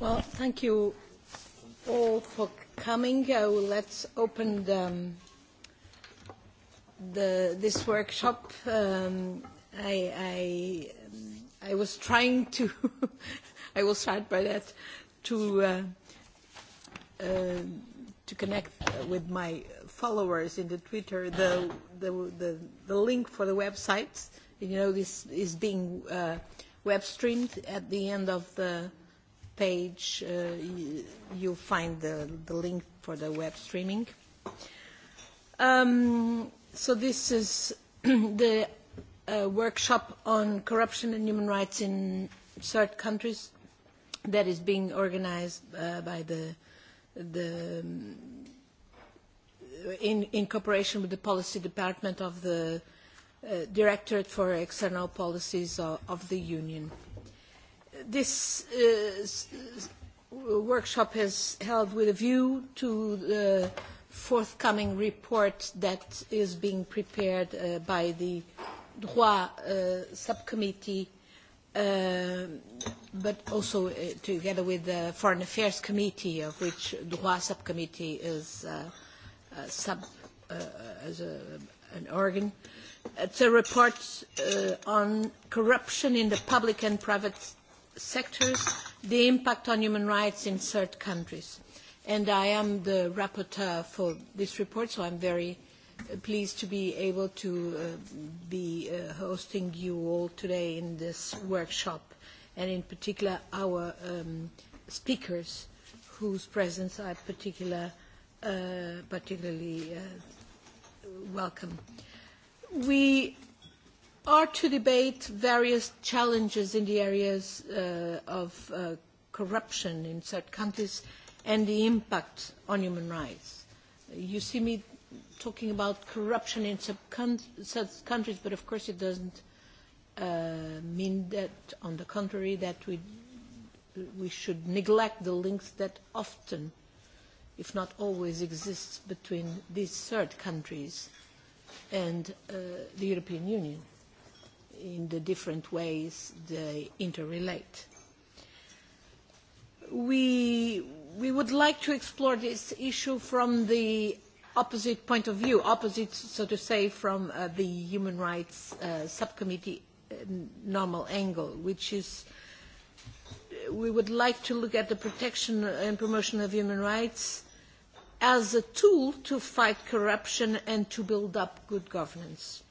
Well, thank you all for coming. Uh, let's open the, the, this workshop. Um, I, I, I was trying to, I will start by that, to, uh, uh, to connect with my followers in the Twitter the, the, the, the link for the website. You know, this is being uh, web streamed at the end of the page you'll find the, the link for the web streaming. so this is the workshop on corruption and human rights in third countries that is being organized by the, the in, in cooperation with the policy department of the Directorate for External Policies of the Union this workshop is held with a view to the forthcoming report that is being prepared by the Droit subcommittee, but also together with the Foreign Affairs Committee, of which Droit subcommittee is an organ. It's a report on corruption in the public and private sectors, the impact on human rights in third countries. And I am the rapporteur for this report, so I'm very pleased to be able to be hosting you all today in this workshop, and in particular our speakers, whose presence I particular, particularly welcome. We are to debate various challenges in the areas of corruption in certain countries and the impact on human rights. You see me talking about corruption in such countries, but of course it doesn't mean that, on the contrary, that we, we should neglect the links that often, if not always, exists between these third countries and the European Union in the different ways they interrelate. We, we would like to explore this issue from the opposite point of view, opposite, so to say, from uh, the Human Rights uh, Subcommittee normal angle, which is we would like to look at the protection and promotion of human rights as a tool to fight corruption and to build up good governance.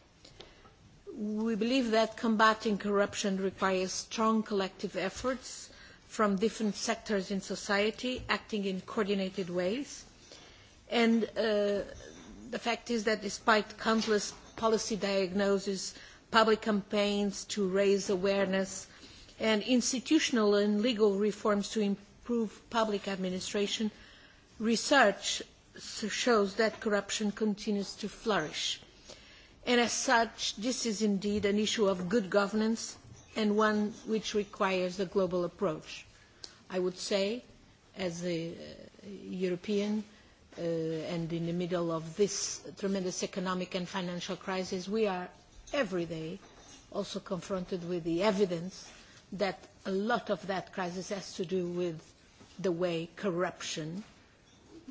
We believe that combating corruption requires strong collective efforts from different sectors in society acting in coordinated ways. And the fact is that despite countless policy diagnoses, public campaigns to raise awareness, and institutional and legal reforms to improve public administration, research shows that corruption continues to flourish And as such, this is indeed an issue of good governance and one which requires a global approach. I would say, as a European, and in the middle of this tremendous economic and financial crisis, we are every day also confronted with the evidence that a lot of that crisis has to do with the way corruption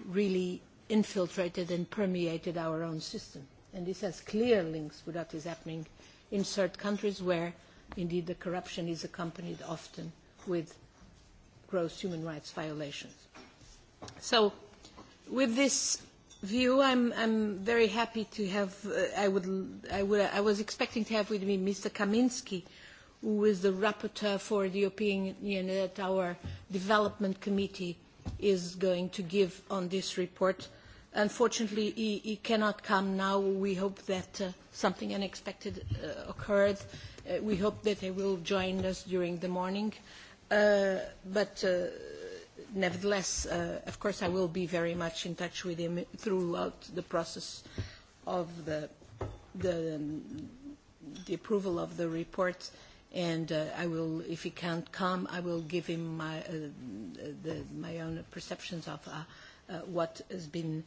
really infiltrated and permeated our own system and this has clear links with what is happening in third countries where indeed the corruption is accompanied often with gross human rights violations. So with this view, I'm, I'm very happy to have, uh, I, would, I, would, I was expecting to have with me Mr. Kaminski, who is the rapporteur for the European Union that our development committee is going to give on this report Unfortunately, he, he cannot come now. We hope that uh, something unexpected uh, occurred. Uh, we hope that he will join us during the morning. Uh, but uh, nevertheless, uh, of course, I will be very much in touch with him throughout the process of the, the, the approval of the report. And uh, I will, if he can't come, I will give him my, uh, the, my own perceptions of uh, uh, what has been uh,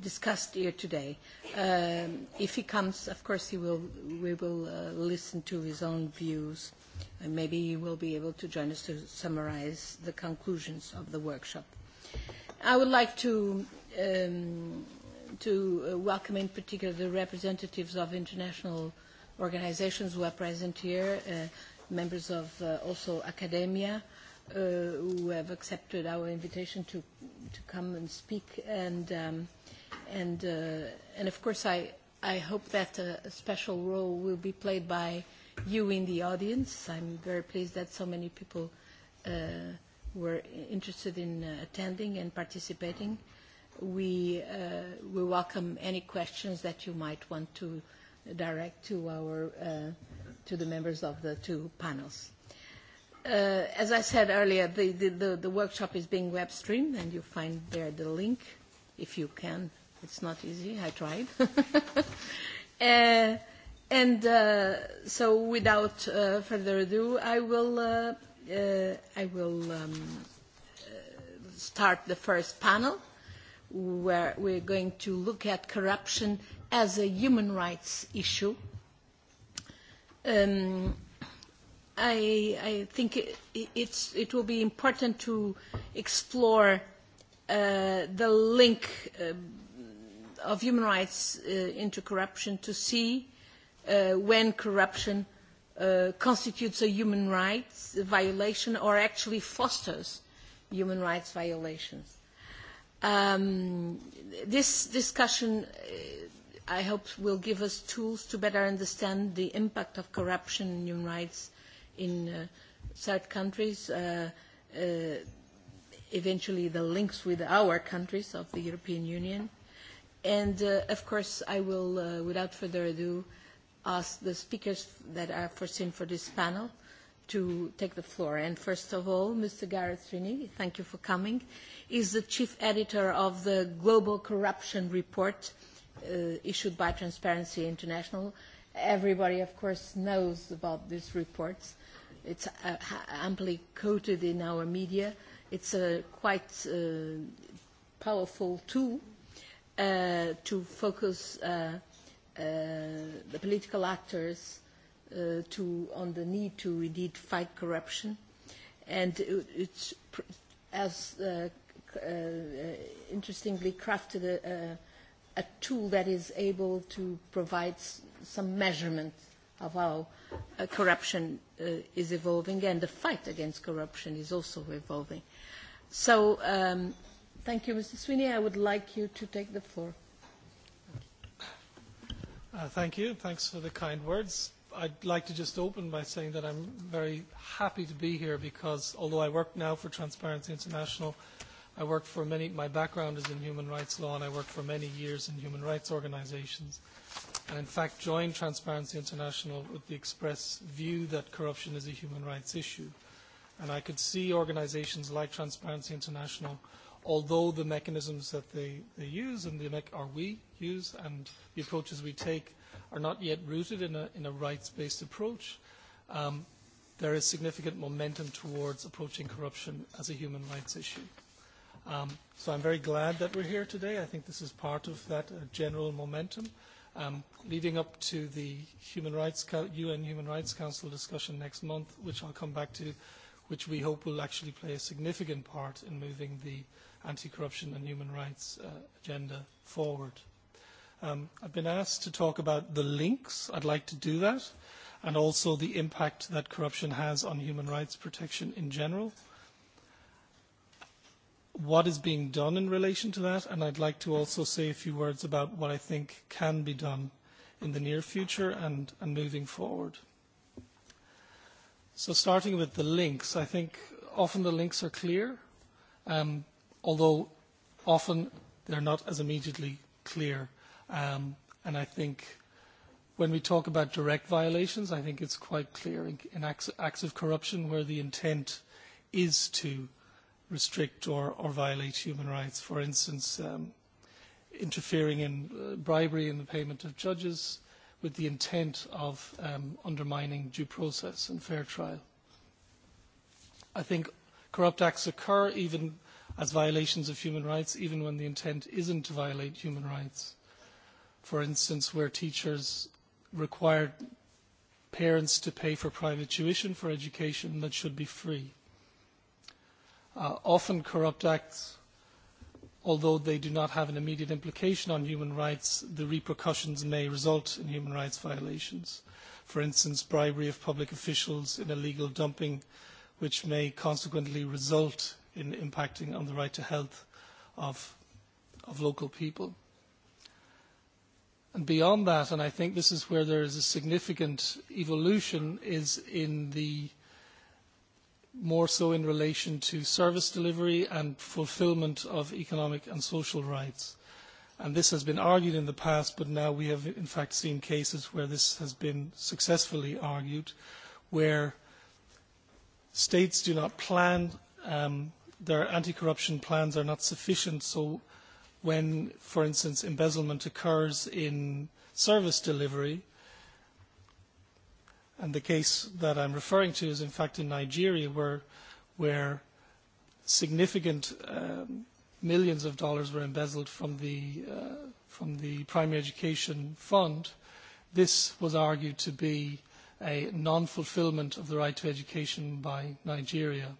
discussed here today. if he comes, of course, he will, we will listen to his own views, and maybe he will be able to join us to summarize the conclusions of the workshop. I would like to, to welcome in particular the representatives of international organizations who are present here, members of also academia, uh, uh, who have accepted our invitation to, to come and speak. And, um, and, uh, and of course, I, I hope that a, special role will be played by you in the audience. I'm very pleased that so many people uh, were interested in uh, attending and participating. We, uh, we welcome any questions that you might want to direct to our uh, to the members of the two panels as I said earlier, the, the, the, the workshop is being web streamed, and you find there the link if you can. It's not easy. I tried. uh, and uh, so, without uh, further ado, I will uh, uh, I will um, uh, start the first panel, where we're going to look at corruption as a human rights issue. Um, I, I think it, it's, it will be important to explore uh, the link uh, of human rights uh, into corruption to see uh, when corruption uh, constitutes a human rights violation or actually fosters human rights violations. Um, this discussion, uh, I hope, will give us tools to better understand the impact of corruption on human rights in third countries, eventually the links with our countries of the European Union. And of course, I will, without further ado, ask the speakers that are foreseen for this panel to take the floor. And first of all, Mr. Gareth Srini, thank you for coming, is the chief editor of the Global Corruption Report uh, issued by Transparency International. Everybody, of course, knows about these reports It's uh, amply quoted in our media. It's a quite uh, powerful tool uh, to focus uh, uh, the political actors uh, to, on the need to indeed fight corruption. And it, it's pr as uh, uh, interestingly crafted a, a, a tool that is able to provide some measurement of how uh, corruption uh, is evolving and the fight against corruption is also evolving. So um, thank you, Mr. Sweeney. I would like you to take the floor. Uh, thank you. Thanks for the kind words. I'd like to just open by saying that I'm very happy to be here because although I work now for Transparency International, I work for many, my background is in human rights law and I work for many years in human rights organizations. Uh, and in fact joined Transparency International with the express view that corruption is a human rights issue. And I could see organisations like Transparency International, although the mechanisms that they, they use and the or we use and the approaches we take are not yet rooted in a, in a rights-based approach, um, there is significant momentum towards approaching corruption as a human rights issue. Um, so I'm very glad that we're here today. I think this is part of that uh, general momentum. Um, leading up to the Human Rights UN Human Rights Council discussion next month, which I'll come back to, which we hope will actually play a significant part in moving the anti-corruption and human rights uh, agenda forward. Um, I've been asked to talk about the links. I'd like to do that, and also the impact that corruption has on human rights protection in general what is being done in relation to that, and I'd like to also say a few words about what I think can be done in the near future and, and moving forward. So starting with the links, I think often the links are clear, um, although often they're not as immediately clear. Um, and I think when we talk about direct violations, I think it's quite clear in, in acts, acts of corruption where the intent is to restrict or, or violate human rights. For instance, um, interfering in uh, bribery in the payment of judges with the intent of um, undermining due process and fair trial. I think corrupt acts occur even as violations of human rights, even when the intent isn't to violate human rights. For instance, where teachers require parents to pay for private tuition for education that should be free often corrupt acts, although they do not have an immediate implication on human rights, the repercussions may result in human rights violations. For instance, bribery of public officials in illegal dumping, which may consequently result in impacting on the right to health of, local people. And beyond that, and I think this is where there is a significant evolution, is in the more so in relation to service delivery and fulfilment of economic and social rights. And this has been argued in the past, but now we have in fact seen cases where this has been successfully argued, where states do not plan, their anti-corruption plans are not sufficient, so when, for instance, embezzlement occurs in service delivery, And the case that I'm referring to is, in fact, in Nigeria, where, where significant um, millions of dollars were embezzled from the, uh, from the primary education fund. This was argued to be a non-fulfillment of the right to education by Nigeria.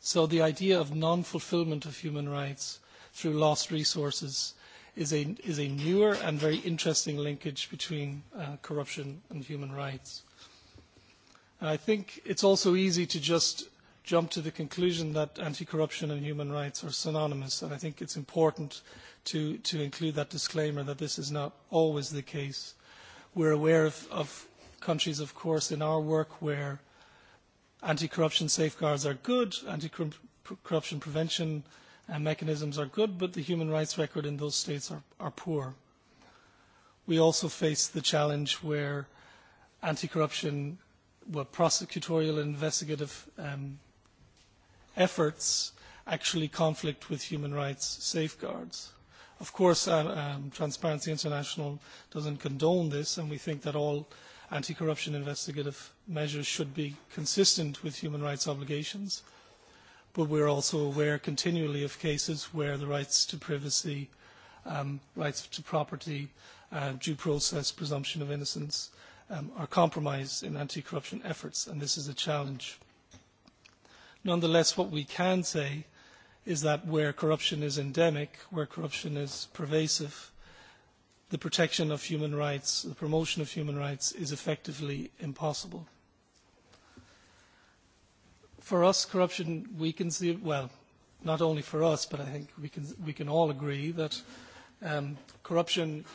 So the idea of non-fulfillment of human rights through lost resources is a, is a newer and very interesting linkage between uh, corruption and human rights. I think it's also easy to just jump to the conclusion that anti-corruption and human rights are synonymous, and I think it's important to, to include that disclaimer that this is not always the case. We're aware of, of countries, of course, in our work where anti-corruption safeguards are good, anti-corruption prevention uh, mechanisms are good, but the human rights record in those states are, are poor. We also face the challenge where anti-corruption, where prosecutorial and investigative efforts actually conflict with human rights safeguards. Of course, Transparency International doesn't condone this, and we think that all anti-corruption investigative measures should be consistent with human rights obligations but we are also aware continually of cases where the rights to privacy, rights to property, due process, presumption of innocence are compromised in anti-corruption efforts, and this is a challenge. Nonetheless, what we can say is that where corruption is endemic, where corruption is pervasive, the protection of human rights, the promotion of human rights is effectively impossible for us, corruption weakens the, well, not only for us, but I think we can, we can all agree that um, corruption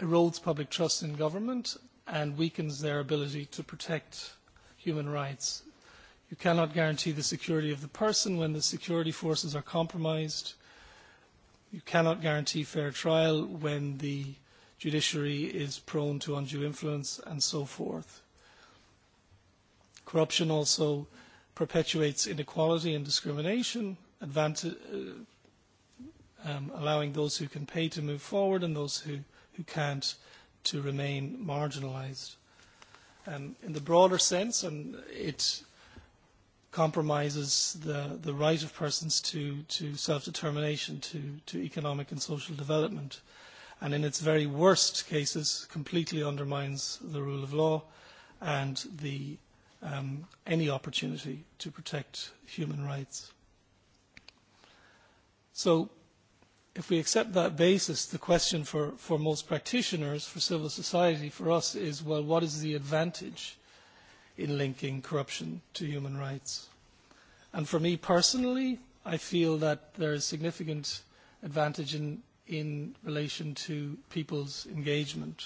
erodes public trust in government and weakens their ability to protect human rights. You cannot guarantee the security of the person when the security forces are compromised. You cannot guarantee fair trial when the judiciary is prone to undue influence and so forth Corruption also perpetuates inequality and discrimination, allowing those who can pay to move forward and those who, who can't to remain marginalised. Um, in the broader sense, and it compromises the, the right of persons to, to self-determination, to, to economic and social development, and in its very worst cases, completely undermines the rule of law and the um, any opportunity to protect human rights. So if we accept that basis, the question for, for most practitioners, for civil society, for us is, well, what is the advantage in linking corruption to human rights? And for me personally, I feel that there is significant advantage in, in relation to people's engagement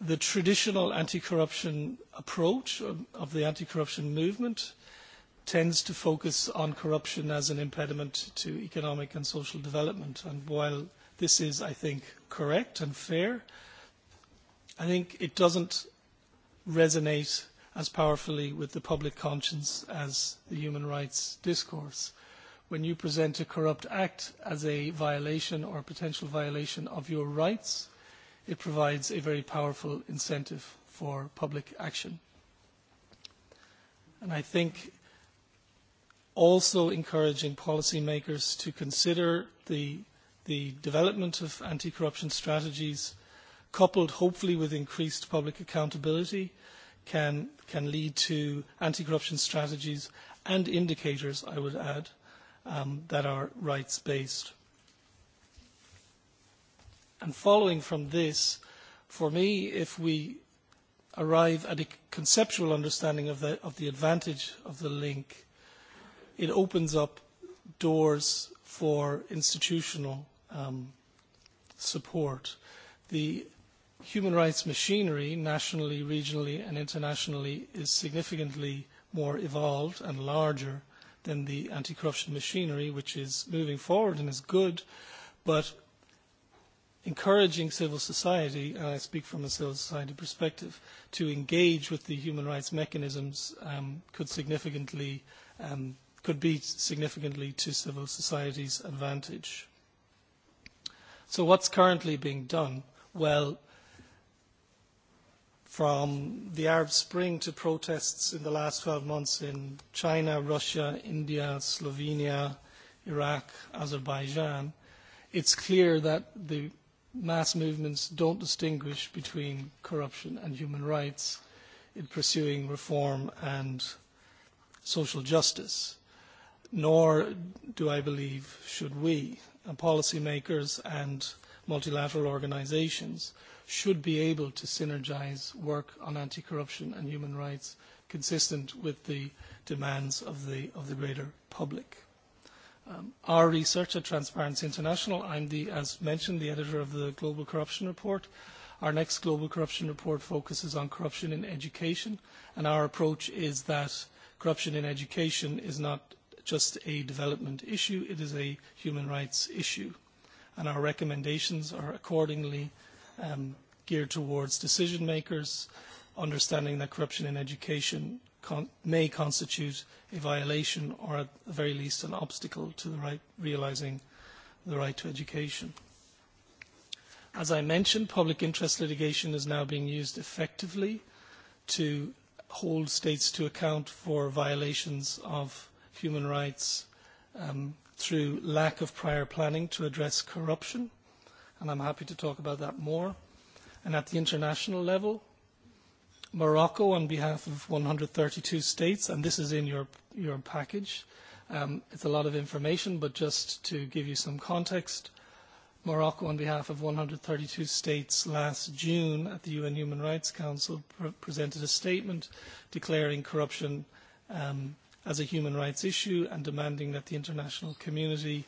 the traditional anti-corruption approach of the anti-corruption movement tends to focus on corruption as an impediment to economic and social development. And while this is, I think, correct and fair, I think it doesn't resonate as powerfully with the public conscience as the human rights discourse. When you present a corrupt act as a violation or potential violation of your rights, it provides a very powerful incentive for public action. And I think also encouraging policymakers to consider the, the development of anti-corruption strategies coupled hopefully with increased public accountability can, can lead to anti-corruption strategies and indicators, I would add, um, that are rights-based. And following from this, for me, if we arrive at a conceptual understanding of the, of the advantage of the link, it opens up doors for institutional um, support. The human rights machinery, nationally, regionally, and internationally, is significantly more evolved and larger than the anti-corruption machinery, which is moving forward and is good, but encouraging civil society, and I speak from a civil society perspective, to engage with the human rights mechanisms um, could significantly um, could be significantly to civil society's advantage. So what's currently being done? Well, from the Arab Spring to protests in the last 12 months in China, Russia, India, Slovenia, Iraq, Azerbaijan, it's clear that the mass movements don't distinguish between corruption and human rights in pursuing reform and social justice, nor do I believe should we. And policymakers and multilateral organisations should be able to synergise work on anti-corruption and human rights consistent with the demands of the, of the greater public our research at Transparency International, I'm the, as mentioned, the editor of the Global Corruption Report. Our next Global Corruption Report focuses on corruption in education, and our approach is that corruption in education is not just a development issue, it is a human rights issue. And our recommendations are accordingly geared towards decision makers, understanding that corruption in education may constitute a violation or at the very least an obstacle to the right realising the right to education. As I mentioned, public interest litigation is now being used effectively to hold states to account for violations of human rights through lack of prior planning to address corruption, and I'm happy to talk about that more. And at the international level, Morocco on behalf of 132 states, and this is in your, your package. Um, it's a lot of information, but just to give you some context, Morocco on behalf of 132 states last June at the UN Human Rights Council presented a statement declaring corruption um, as a human rights issue and demanding that the international community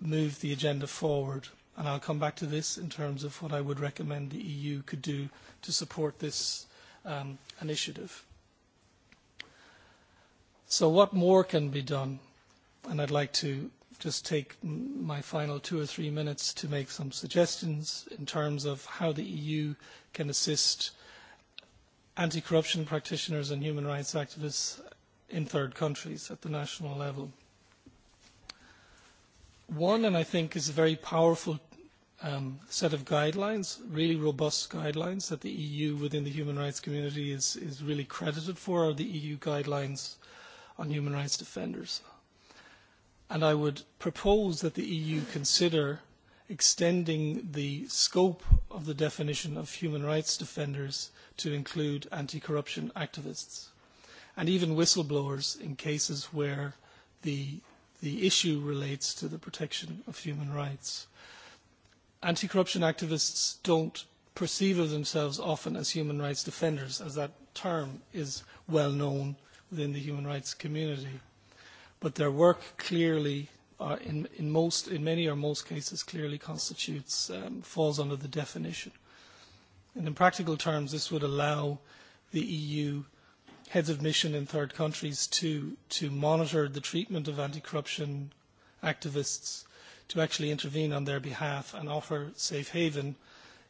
move the agenda forward. And I'll come back to this in terms of what I would recommend the EU could do to support this um, initiative. So what more can be done? And I'd like to just take my final two or three minutes to make some suggestions in terms of how the EU can assist anti-corruption practitioners and human rights activists in third countries at the national level. One, and I think is a very powerful set of guidelines, really robust guidelines that the EU within the human rights community is, is really credited for are the EU guidelines on human rights defenders. And I would propose that the EU consider extending the scope of the definition of human rights defenders to include anti-corruption activists and even whistleblowers in cases where the, the issue relates to the protection of human rights anti-corruption activists don't perceive of themselves often as human rights defenders, as that term is well known within the human rights community. But their work clearly, uh, in, in, most, in many or most cases, clearly constitutes, um, falls under the definition. And in practical terms, this would allow the EU heads of mission in third countries to, to monitor the treatment of anti-corruption activists to actually intervene on their behalf and offer safe haven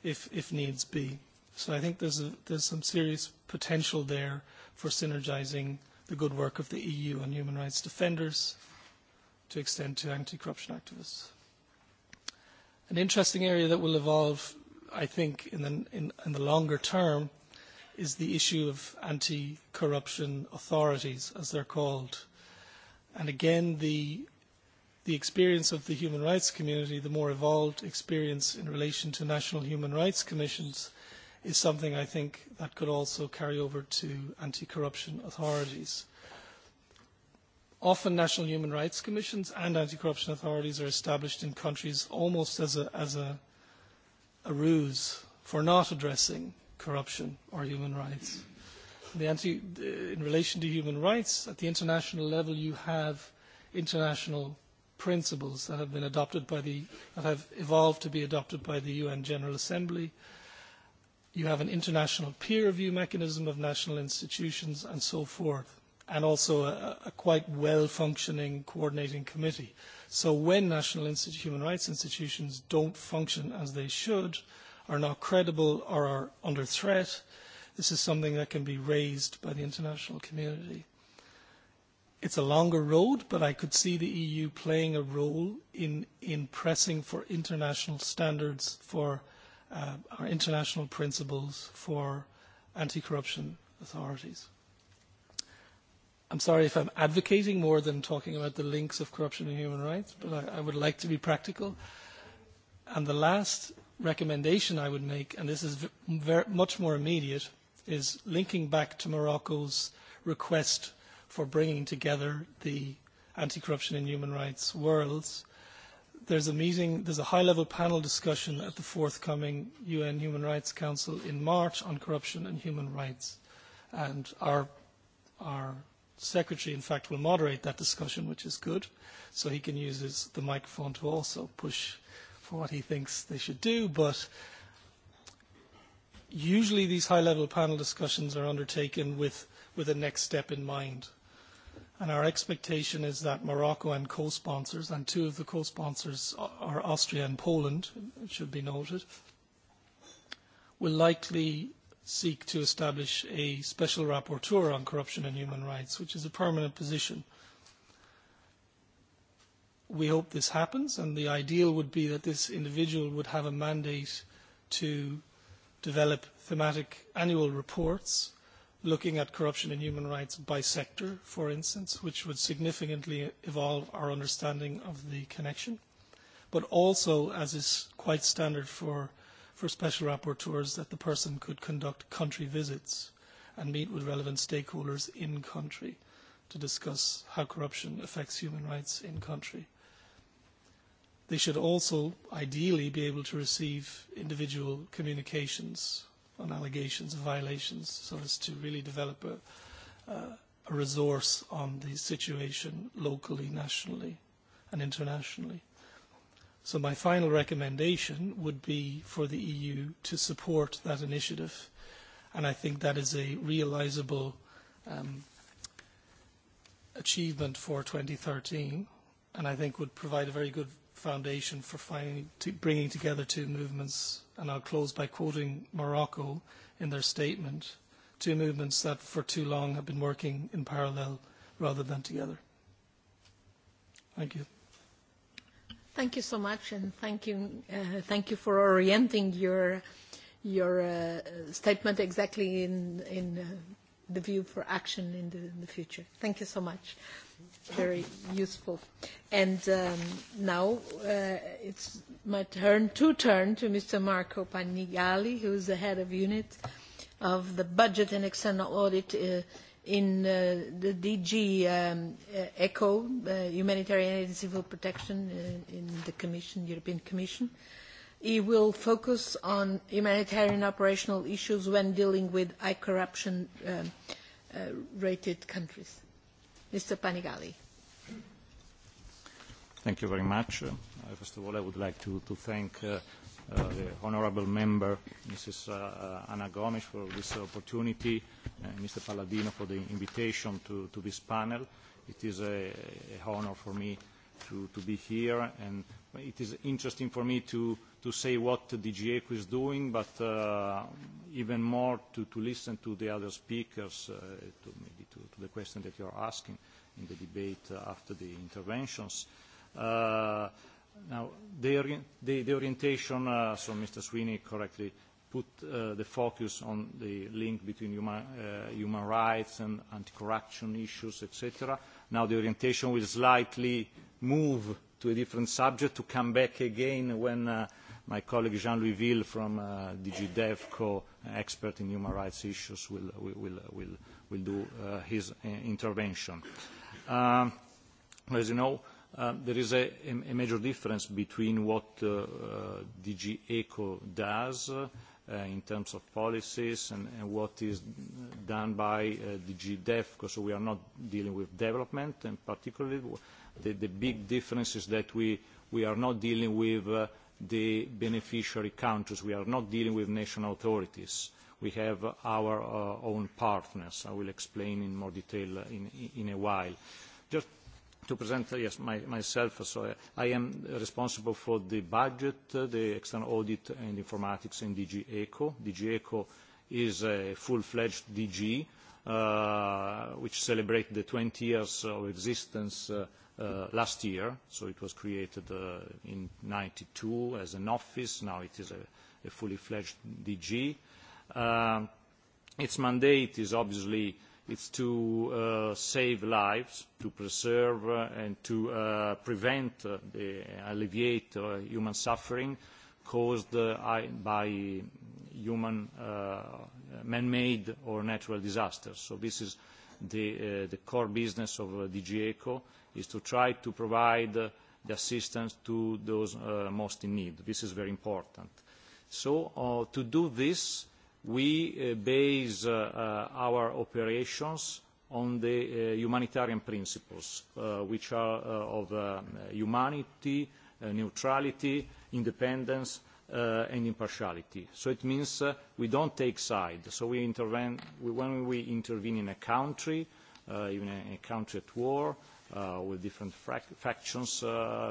if, if needs be. So I think there's, a, there's some serious potential there for synergising the good work of the EU on human rights defenders to extend to anti-corruption activists. An interesting area that will evolve, I think, in the, in, in the longer term is the issue of anti-corruption authorities, as they're called. And again, the the experience of the human rights community, the more evolved experience in relation to national human rights commissions, is something I think that could also carry over to anti-corruption authorities. Often national human rights commissions and anti-corruption authorities are established in countries almost as a, as a, a ruse for not addressing corruption or human rights. The anti, in relation to human rights, at the international level you have international principles that have been adopted by the that have evolved to be adopted by the UN General Assembly. You have an international peer review mechanism of national institutions and so forth, and also a, a quite well-functioning coordinating committee. So when national institu- human rights institutions don't function as they should, are not credible or are under threat, this is something that can be raised by the international community It's a longer road, but I could see the EU playing a role in, in pressing for international standards, for uh, our international principles, for anti-corruption authorities. I'm sorry if I'm advocating more than talking about the links of corruption and human rights, but I, I would like to be practical. And the last recommendation I would make, and this is very, much more immediate, is linking back to Morocco's request for bringing together the anti-corruption and human rights worlds. There's a meeting, there's a high-level panel discussion at the forthcoming UN Human Rights Council in March on corruption and human rights. And our, our secretary, in fact, will moderate that discussion, which is good. So he can use his, the microphone to also push for what he thinks they should do. But usually these high-level panel discussions are undertaken with, with a next step in mind – And our expectation is that Morocco and co-sponsors, and two of the co-sponsors are Austria and Poland, it should be noted, will likely seek to establish a special rapporteur on corruption and human rights, which is a permanent position. We hope this happens, and the ideal would be that this individual would have a mandate to develop thematic annual reports looking at corruption and human rights by sector, for instance, which would significantly evolve our understanding of the connection, but also, as is quite standard for, for special rapporteurs, that the person could conduct country visits and meet with relevant stakeholders in country to discuss how corruption affects human rights in country. They should also, ideally, be able to receive individual communications on allegations of violations so as to really develop a, uh, a resource on the situation locally, nationally and internationally. So my final recommendation would be for the EU to support that initiative and I think that is a realisable um, achievement for 2013 and I think would provide a very good foundation for finding, to bringing together two movements, and I'll close by quoting Morocco in their statement, two movements that for too long have been working in parallel rather than together. Thank you. Thank you so much, and thank you, uh, thank you for orienting your your uh, statement exactly in in uh, the view for action in the, in the future. Thank you so much very useful. And um, now uh, it's my turn to turn to Mr. Marco Panigali, who is the head of unit of the budget and external audit uh, in uh, the DG um, uh, ECHO, uh, Humanitarian Aid and Civil Protection uh, in the Commission, European Commission. He will focus on humanitarian operational issues when dealing with high corruption uh, uh, rated countries. Mr. Thank you very much. first of all, I would like to, thank the honorable member, Mrs. Ana Anna Gomes, for this opportunity, and Mr. Palladino for the invitation to, this panel. It is a, a honor for me to, be here, and it is interesting for me to to say what the DG ECO is doing, but uh, even more to, to listen to the other speakers, uh, to maybe to, to the question that you are asking in the debate after the interventions. Uh, now, the, the, the orientation, uh, so Mr. Sweeney correctly put uh, the focus on the link between human, uh, human rights and anti-corruption issues, etc. Now the orientation will slightly move to a different subject to come back again when uh, my colleague Jean Louis Ville from uh, DG DevCo, expert in human rights issues, will, will, will, will do uh, his intervention. Um, as you know, uh, there is a, a major difference between what uh, uh, DG ECO does uh, in terms of policies and, and what is done by uh, DG DEFCO. So we are not dealing with development, and particularly the, the big difference is that we, we are not dealing with uh, the beneficiary countries. We are not dealing with national authorities. We have our own partners. I will explain in more detail in a while. Just to present yes, my, myself, so I am responsible for the budget, the external audit and informatics in DG ECO. DG ECO is a full-fledged DG which celebrates the 20 years of existence last year. so It was created in 1992 as an office. Now it is a fully fledged DG. Its mandate is obviously to save lives, to preserve, and to prevent, the alleviate human suffering caused by human man-made or natural disasters. So This is the core business of DG ECO, is to try to provide the assistance to those most in need. This is very important. So to do this, we base our operations on the humanitarian principles, which are of humanity, neutrality, independence, and impartiality. So it means we don't take sides. So we we when we intervene in a country, even a country at war, with different factions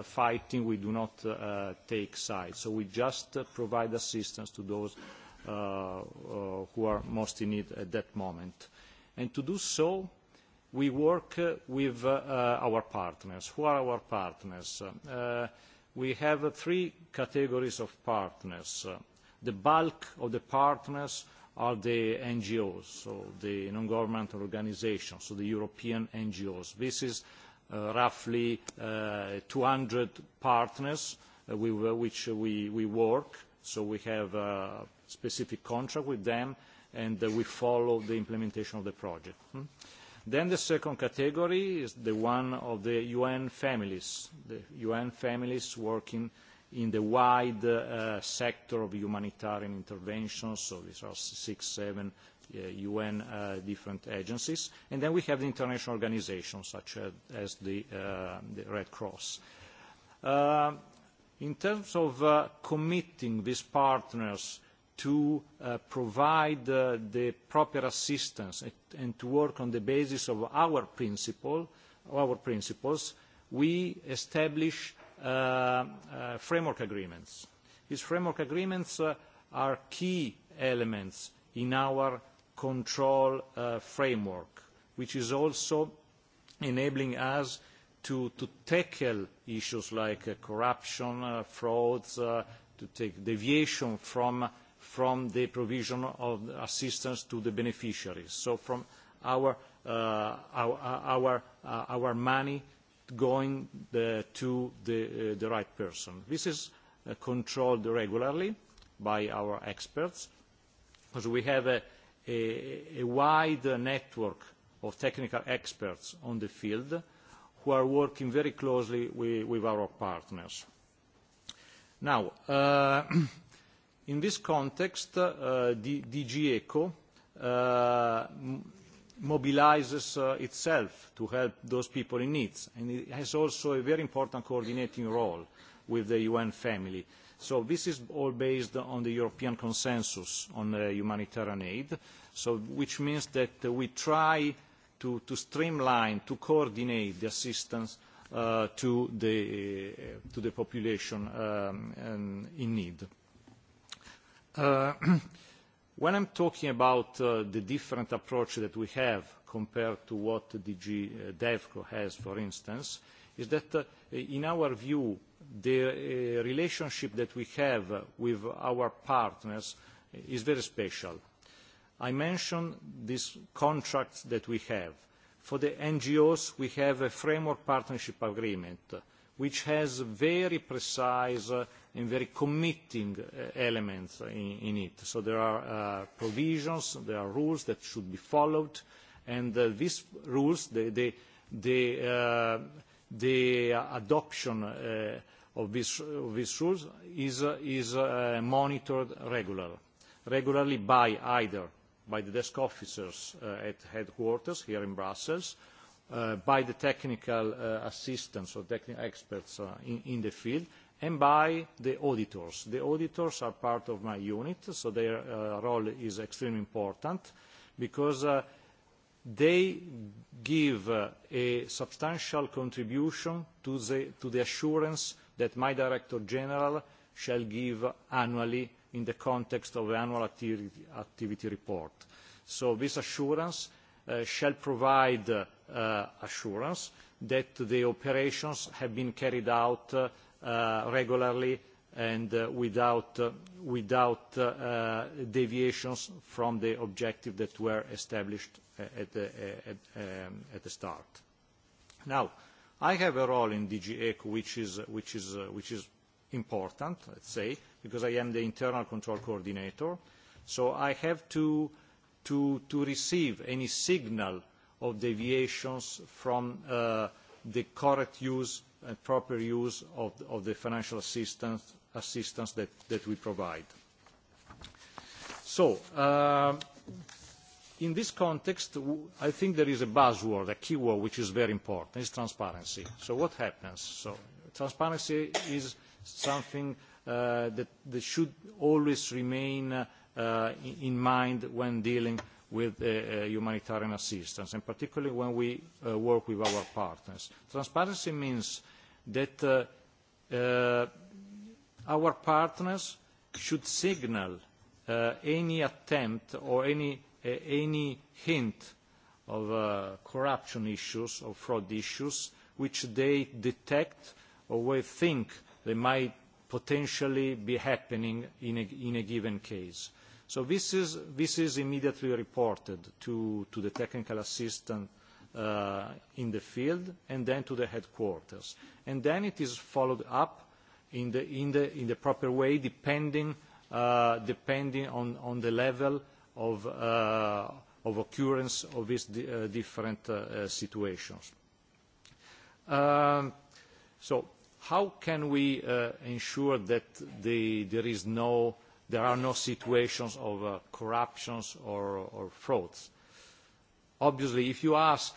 fighting. We do not take sides. So we just provide assistance to those who are most in need at that moment. And to do so, we work with our partners. Who are our partners? we have three categories of partners. The bulk of the partners are the NGOs, so the non-governmental organisations, so the European NGOs. This is roughly two hundred partners with which we work. So we have a specific contract with them, and we follow the implementation of the project. Then the second category is the one of the UN families, the UN families working in the wide sector of humanitarian interventions. So these are six, seven UN different agencies. And then we have the international organizations such as the, Red Cross. in terms of committing these partners to provide the proper assistance and to work on the basis of our, principles, we establish framework agreements. These framework agreements are key elements in our control framework, which is also enabling us to, tackle issues like corruption, frauds, to take deviation from, the provision of assistance to the beneficiaries. So from our, money going to the, right person. This is controlled regularly by our experts because we have a a, wide network of technical experts on the field who are working very closely with, our partners. Now, in this context, DG ECO mobilises mobilizes itself to help those people in need, and it has also a very important coordinating role with the UN family So this is all based on the European consensus on humanitarian aid, which means that we try to, streamline, to coordinate the assistance to, the, population in need. when I am talking about the different approach that we have compared to what DG DEVCO has, for instance, is that in our view, the relationship that we have with our partners is very special. I mentioned this contract that we have. For the NGOs, we have a framework partnership agreement, which has very precise and very committing elements in it. So there are provisions, there are rules that should be followed, and these rules, the adoption of these rules is monitored regularly by either by the desk officers at headquarters here in Brussels, by the technical assistants or technical experts in the field, and by the auditors. The auditors are part of my unit, so their role is extremely important because they give a substantial contribution to the assurance that my Director General shall give annually in the context of the annual activity report. So this assurance shall provide assurance that the operations have been carried out regularly and without deviations from the objective that were established at the start. Now, I have a role in DG ECO which is, which is, which is important, let's say, because I am the internal control coordinator. So I have to, to, to receive any signal of deviations from the correct use and proper use of, the financial assistance, that, we provide. So in this context, I think there is a buzzword, a keyword, which is very important, is transparency. So what happens? So transparency is something that, should always remain in mind when dealing with humanitarian assistance, and particularly when we work with our partners. Transparency means that our partners should signal any attempt or any any hint of corruption issues, or fraud issues, which they detect or we think they might potentially be happening in a, given case. So this is, immediately reported to, the technical assistant in the field and then to the headquarters. And then it is followed up in the, in in the the proper way depending, on, the level of, occurrence of these different situations. so how can we ensure that there are no situations of corruptions or, frauds? Obviously, if you ask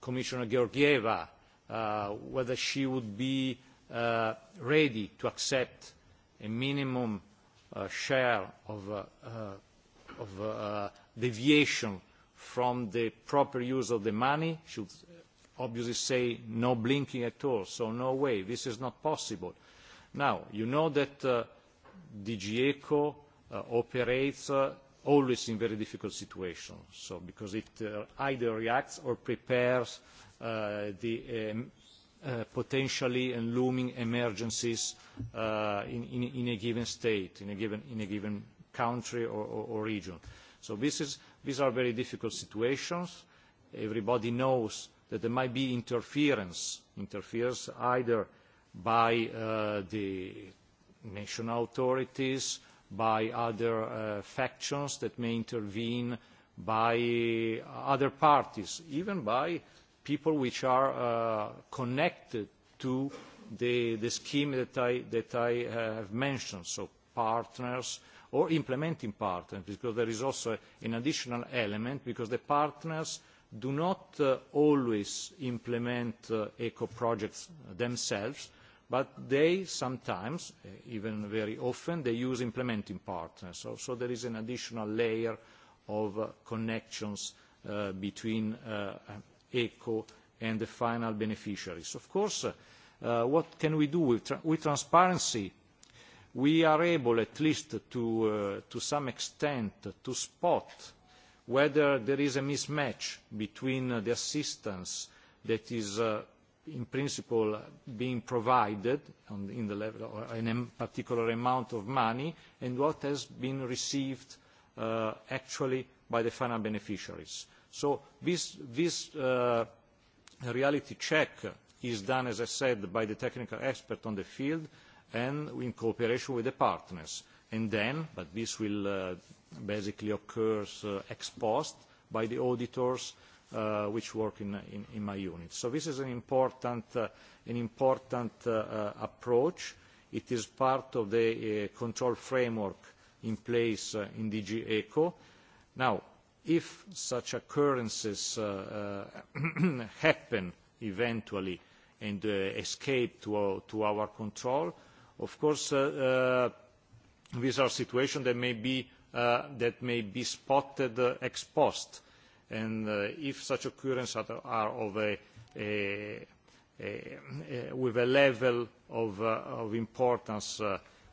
Commissioner Georgieva whether she would be ready to accept a minimum share of deviation from the proper use of the money should obviously say no blinking at all. So no way, this is not possible. Now, you know that DG ECO operates always in very difficult situations, so because it uh either reacts or prepares uh the potentially and looming emergencies in a given state, in a given country or region. So these are very difficult situations. Everybody knows that there might be interference, interference either by the national authorities, by other factions that may intervene, by other parties, even by people which are connected to the, the scheme that I, that I have mentioned, so partners or implementing partners, because there is also an additional element, because the partners do not always implement eco projects themselves, but they sometimes, even very often, they use implementing partners. So, there is an additional layer of connections between ECHO, and the final beneficiaries. Of course, what can we do with, transparency? We are able, at least to, some extent, to spot whether there is a mismatch between the assistance that is in principle being provided in the level of a particular amount of money and what has been received actually by the final beneficiaries. So this, this reality check is done, as I said, by the technical expert on the field and in cooperation with the partners. And then, but this will basically occur ex post by the auditors which work in, my unit. So this is an important, approach. It is part of the control framework in place in DG ECO. Now, if such occurrences happen eventually and escape to our control, of course, these are situations that may be spotted ex post. and If such occurrences are of a with a level of importance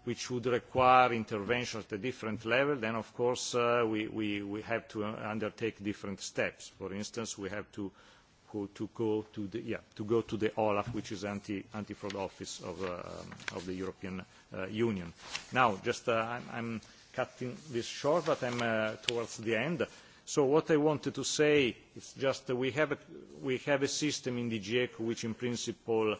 which would require intervention at a different level, then of course we, have to undertake different steps. For instance, we have to, go, to the, yeah, to go to the OLAF, which is anti, anti-fraud office of, the European Union. Now, just uh, I'm, cutting this short, but I'm uh, towards the end. So what I wanted to say is just that we have a, we have a system in DG ECO which in principle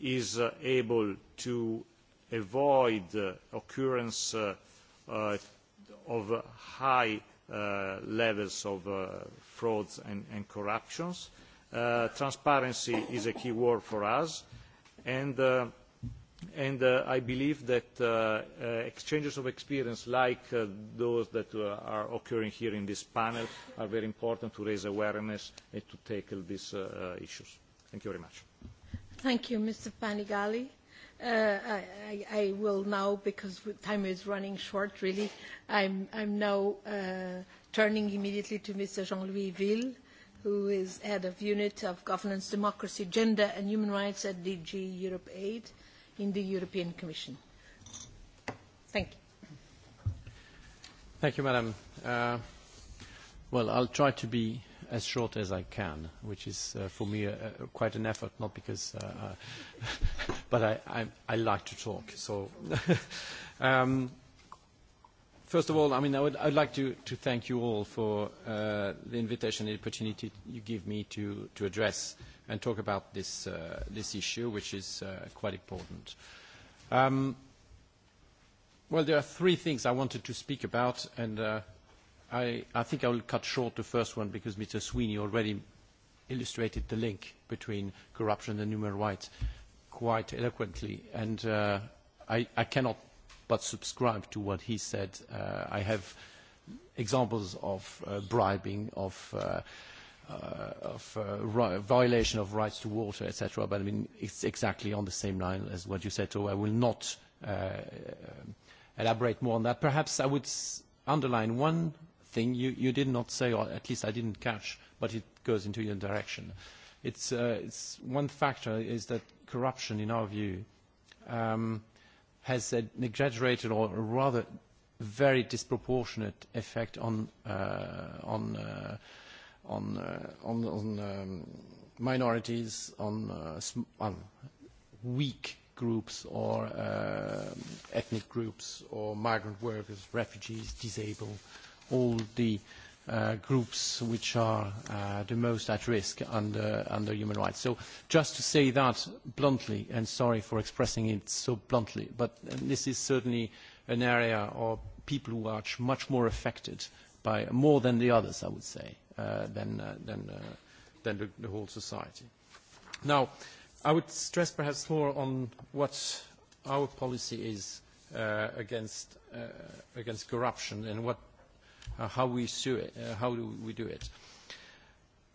is able to avoid the occurrence of high levels of frauds and corruption. Transparency is a key word for us, and I believe that exchanges of experience like those that are occurring here in this panel are very important to raise awareness and to tackle these issues. Thank you very much. Thank you, Mr. Panigali I, I will now, because time is running short, really, I'm, I'm now uh, turning immediately to Mr. Jean-Louis Ville, who is head of unit of governance, democracy, gender and human rights at DG Europe Aid in the European Commission. Thank you. Thank you, Madam. Uh, well, I'll try to be as short as I can, which is uh, for me uh, quite an effort, not because, uh, but I, I, I like to talk. So, um, first of all, I mean, I would I'd like to, to thank you all for uh, the invitation and the opportunity you give me to, to address and talk about this, uh, this issue, which is uh, quite important. Um, well, there are three things I wanted to speak about, and uh, I I think I will cut short the first one because Mr. Sweeney already illustrated the link between corruption and human rights quite eloquently. And uh, I, I cannot but subscribe to what he said. Uh, I have examples of uh, bribing, of, uh, uh, of uh, violation of rights to water, etc. But I mean, it's exactly on the same line as what you said. So I will not uh, elaborate more on that. Perhaps I would underline one thing you, you did not say, or at least I didn't catch, but it goes into your direction. It's, uh, it's one factor is that corruption, in our view, um, has an exaggerated or rather very disproportionate effect on uh, on uh, on uh, on, on um, minorities, on, uh, on weak groups or uh, ethnic groups or migrant workers, refugees, disabled all the groups which are the most at risk under human rights. So just to say that bluntly, and sorry for expressing it so bluntly, but this is certainly an area of people who are much more affected by more than the others, I would say, than than the whole society. Now, I would stress perhaps more on what our policy is against corruption and what uh, how we sue it, uh, how do we do it.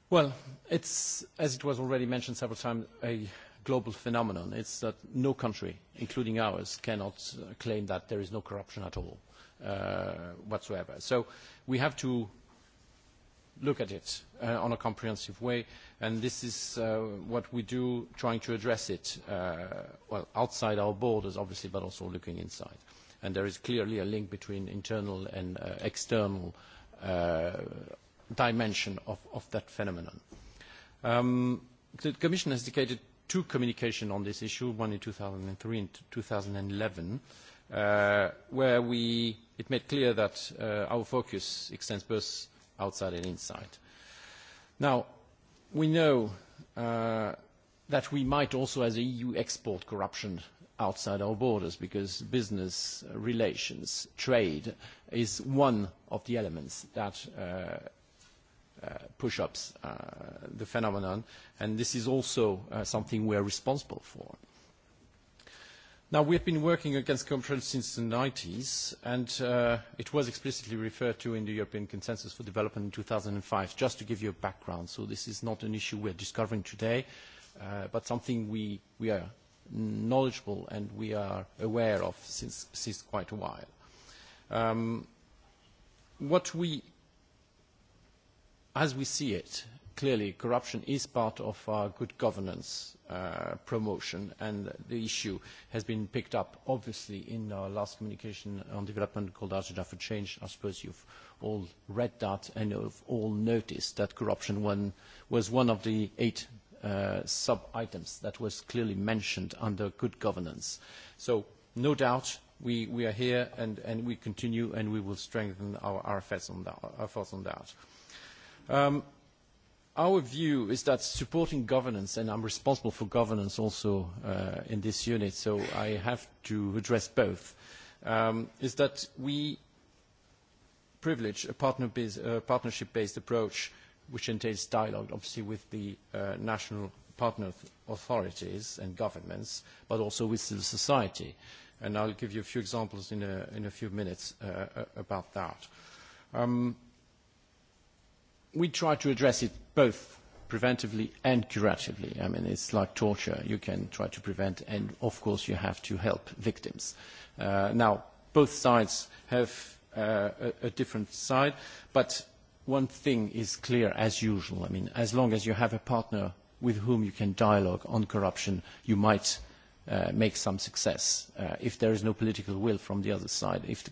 Well, it's, as it was already mentioned several times, a global phenomenon. It's that no country, including ours, cannot claim that there is no corruption at all uh, whatsoever. So we have to look at it uh, on a comprehensive way, and this is uh, what we do, trying to address it, uh, well, outside our borders, obviously, but also looking inside. Uh, and there is clearly a link between internal and external dimension of that phenomenon. The Commission has dedicated two communications on this issue, one in two thousand and three and two thousand and eleven, where we it made clear that our focus extends both outside and inside. Now, we know that we might also, as the EU, export corruption outside our borders because business relations, trade is one of the elements that push up the phenomenon, and this is also something we are responsible for. Now, we have been working against corruption since the 90s, and it was explicitly referred to in the European Consensus for Development in 2005, just to give you a background. So this is not an issue we are discovering today, but something we we are knowledgeable and we are aware of since, since quite a while. Um, what we, as we see it, clearly corruption is part of our good governance uh, promotion and the issue has been picked up obviously in our last communication on development called Agenda for Change. I suppose you've all read that and have all noticed that corruption one, was one of the eight sub-items that was clearly mentioned under good governance. So no doubt we, we are here and, and we continue and we will strengthen our, our efforts on that. Efforts on that. Um, our view is that supporting governance, and I'm responsible for governance also uh, in this unit, so I have to address both, um, is that we privilege a partner-based uh, partnership approach which entails dialogue, obviously, with the national partner authorities and governments, but also with civil society. And I'll give you a few examples in a, in a few minutes about that. we try to address it both preventively and curatively. I mean, it's like torture. You can try to prevent, and of course, you have to help victims. now, both sides have a a different side, but one thing is clear as usual. I mean, as long as you have a partner with whom you can dialogue on corruption, you might make some success if there is no political will from the other side, if the,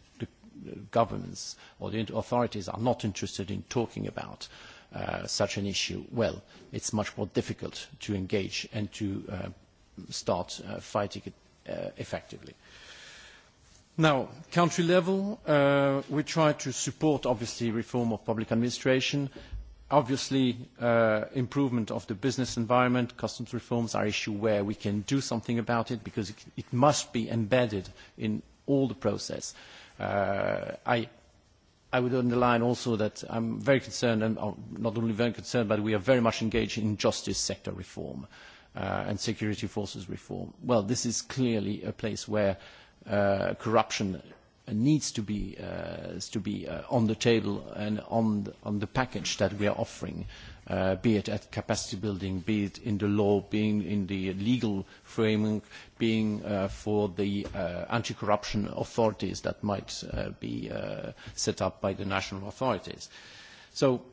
governments or the authorities are not interested in talking about such an issue, well, it's much more difficult to engage and to start fighting it effectively. Uh, Now, country level, uh, we try to support, obviously, reform of public administration. Obviously, uh, improvement of the business environment, customs reforms are issue where we can do something about it because it, it must be embedded in all the process. Uh, I I would underline also that I'm very concerned, and not only very concerned, but we are very much engaged in justice sector reform and security forces reform. Well, this is clearly a place where uh, corruption needs to be, uh, to be uh, on the table and on the, on the package that we are offering, uh, be it at capacity building, be it in the law, being in the legal framework, being uh, for the uh, anti-corruption authorities that might uh, be uh, set up by the national authorities. So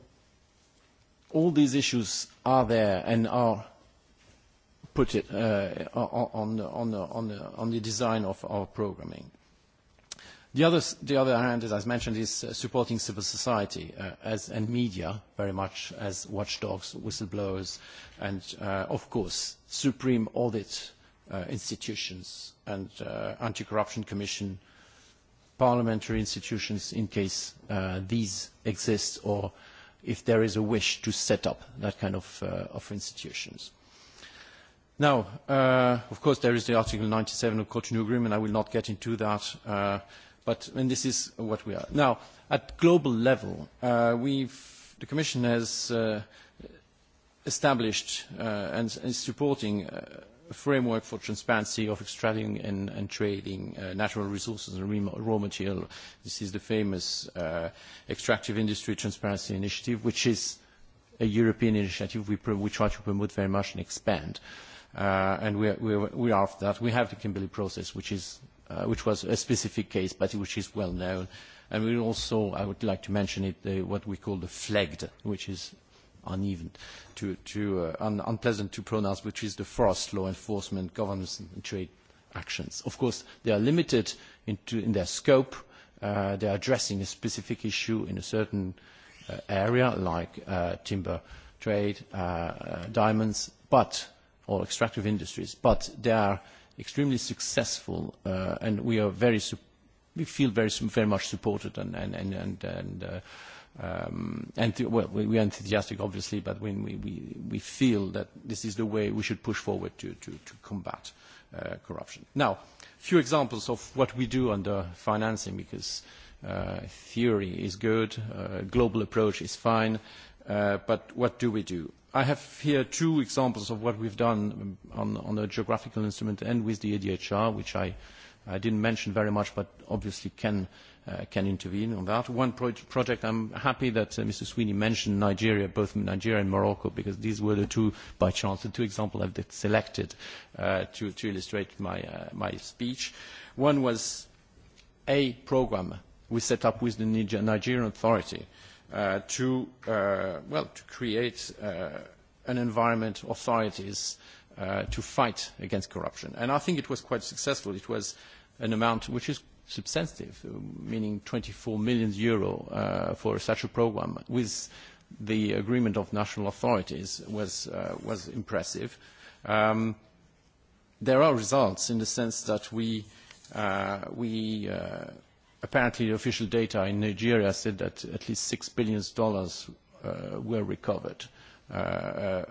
all these issues are there and are put it uh, on, on, on, on the design of our programming. The other, the other hand, as I mentioned, is supporting civil society uh, as, and media very much as watchdogs, whistleblowers, and uh, of course, supreme audit uh, institutions and uh, anti-corruption commission, parliamentary institutions in case uh, these exist or if there is a wish to set up that kind of, uh, of institutions Now, of course, there is the Article 97 of Cotonou Agreement. I will not get into that, but and this is what we are. Now, at global level, we've, the Commission has established and is supporting a framework for transparency of extracting and, and trading uh, natural resources and raw material. This is the famous uh, Extractive Industry Transparency Initiative, which is a European initiative we, pro we try to promote very much and expand. Uh, and we are, we, are, after that. We have the Kimberley process, which, is, uh, which was a specific case, but which is well known. And we also, I would like to mention it, the, what we call the FLEGD, which is uneven, to, to, uh, un, unpleasant to pronounce, which is the forest law enforcement, governance and trade actions. Of course, they are limited in their scope. Uh, they are addressing a specific issue in a certain uh, area, like uh, timber trade, uh, diamonds, but or extractive industries, but they are extremely successful, uh, and we are very we feel very very much supported and and and and, and uh, um, and well, we, we are enthusiastic, obviously, but when we, we, we feel that this is the way we should push forward to, to, to combat uh, corruption. Now, a few examples of what we do under financing, because uh, theory is good, uh, global approach is fine, uh, but what do we do? I have here two examples of what we've done on, on a geographical instrument and with the ADHR, which I, I didn't mention very much, but obviously can, uh, can intervene on that. One pro project, I'm happy that uh, Mr. Sweeney mentioned Nigeria, both Nigeria and Morocco, because these were the two, by chance, the two examples I've selected uh, to, to illustrate my, uh, my speech. One was a program we set up with the Nigerian authority uh, to, well, to create an environment, authorities, to fight against corruption. And I think it was quite successful. It was an amount which is substantive, meaning 24 million euro for such a program with the agreement of national authorities was, was impressive. there are results in the sense that we, we apparently official data in Nigeria said that at least six billion dollars uh, were recovered. Uh,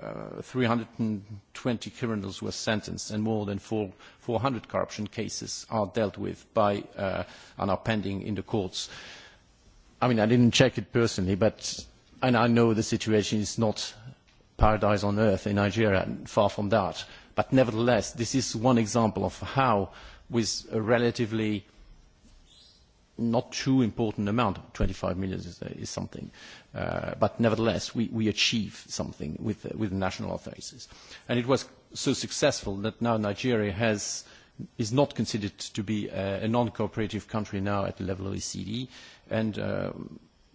twenty criminals were sentenced and more than four hundred corruption cases are dealt with by uh, and are pending in the courts. I mean, I didn't check it personally, but and I know the situation is not paradise on earth in Nigeria, far from that. But nevertheless, this is one example of how, with a relatively not too important amount. 25 million is, is something. Uh, but nevertheless, we, we achieve something with, uh, with national authorities. And it was so successful that now Nigeria has, is not considered to be a, a non-cooperative country now at the level of ECD. And uh,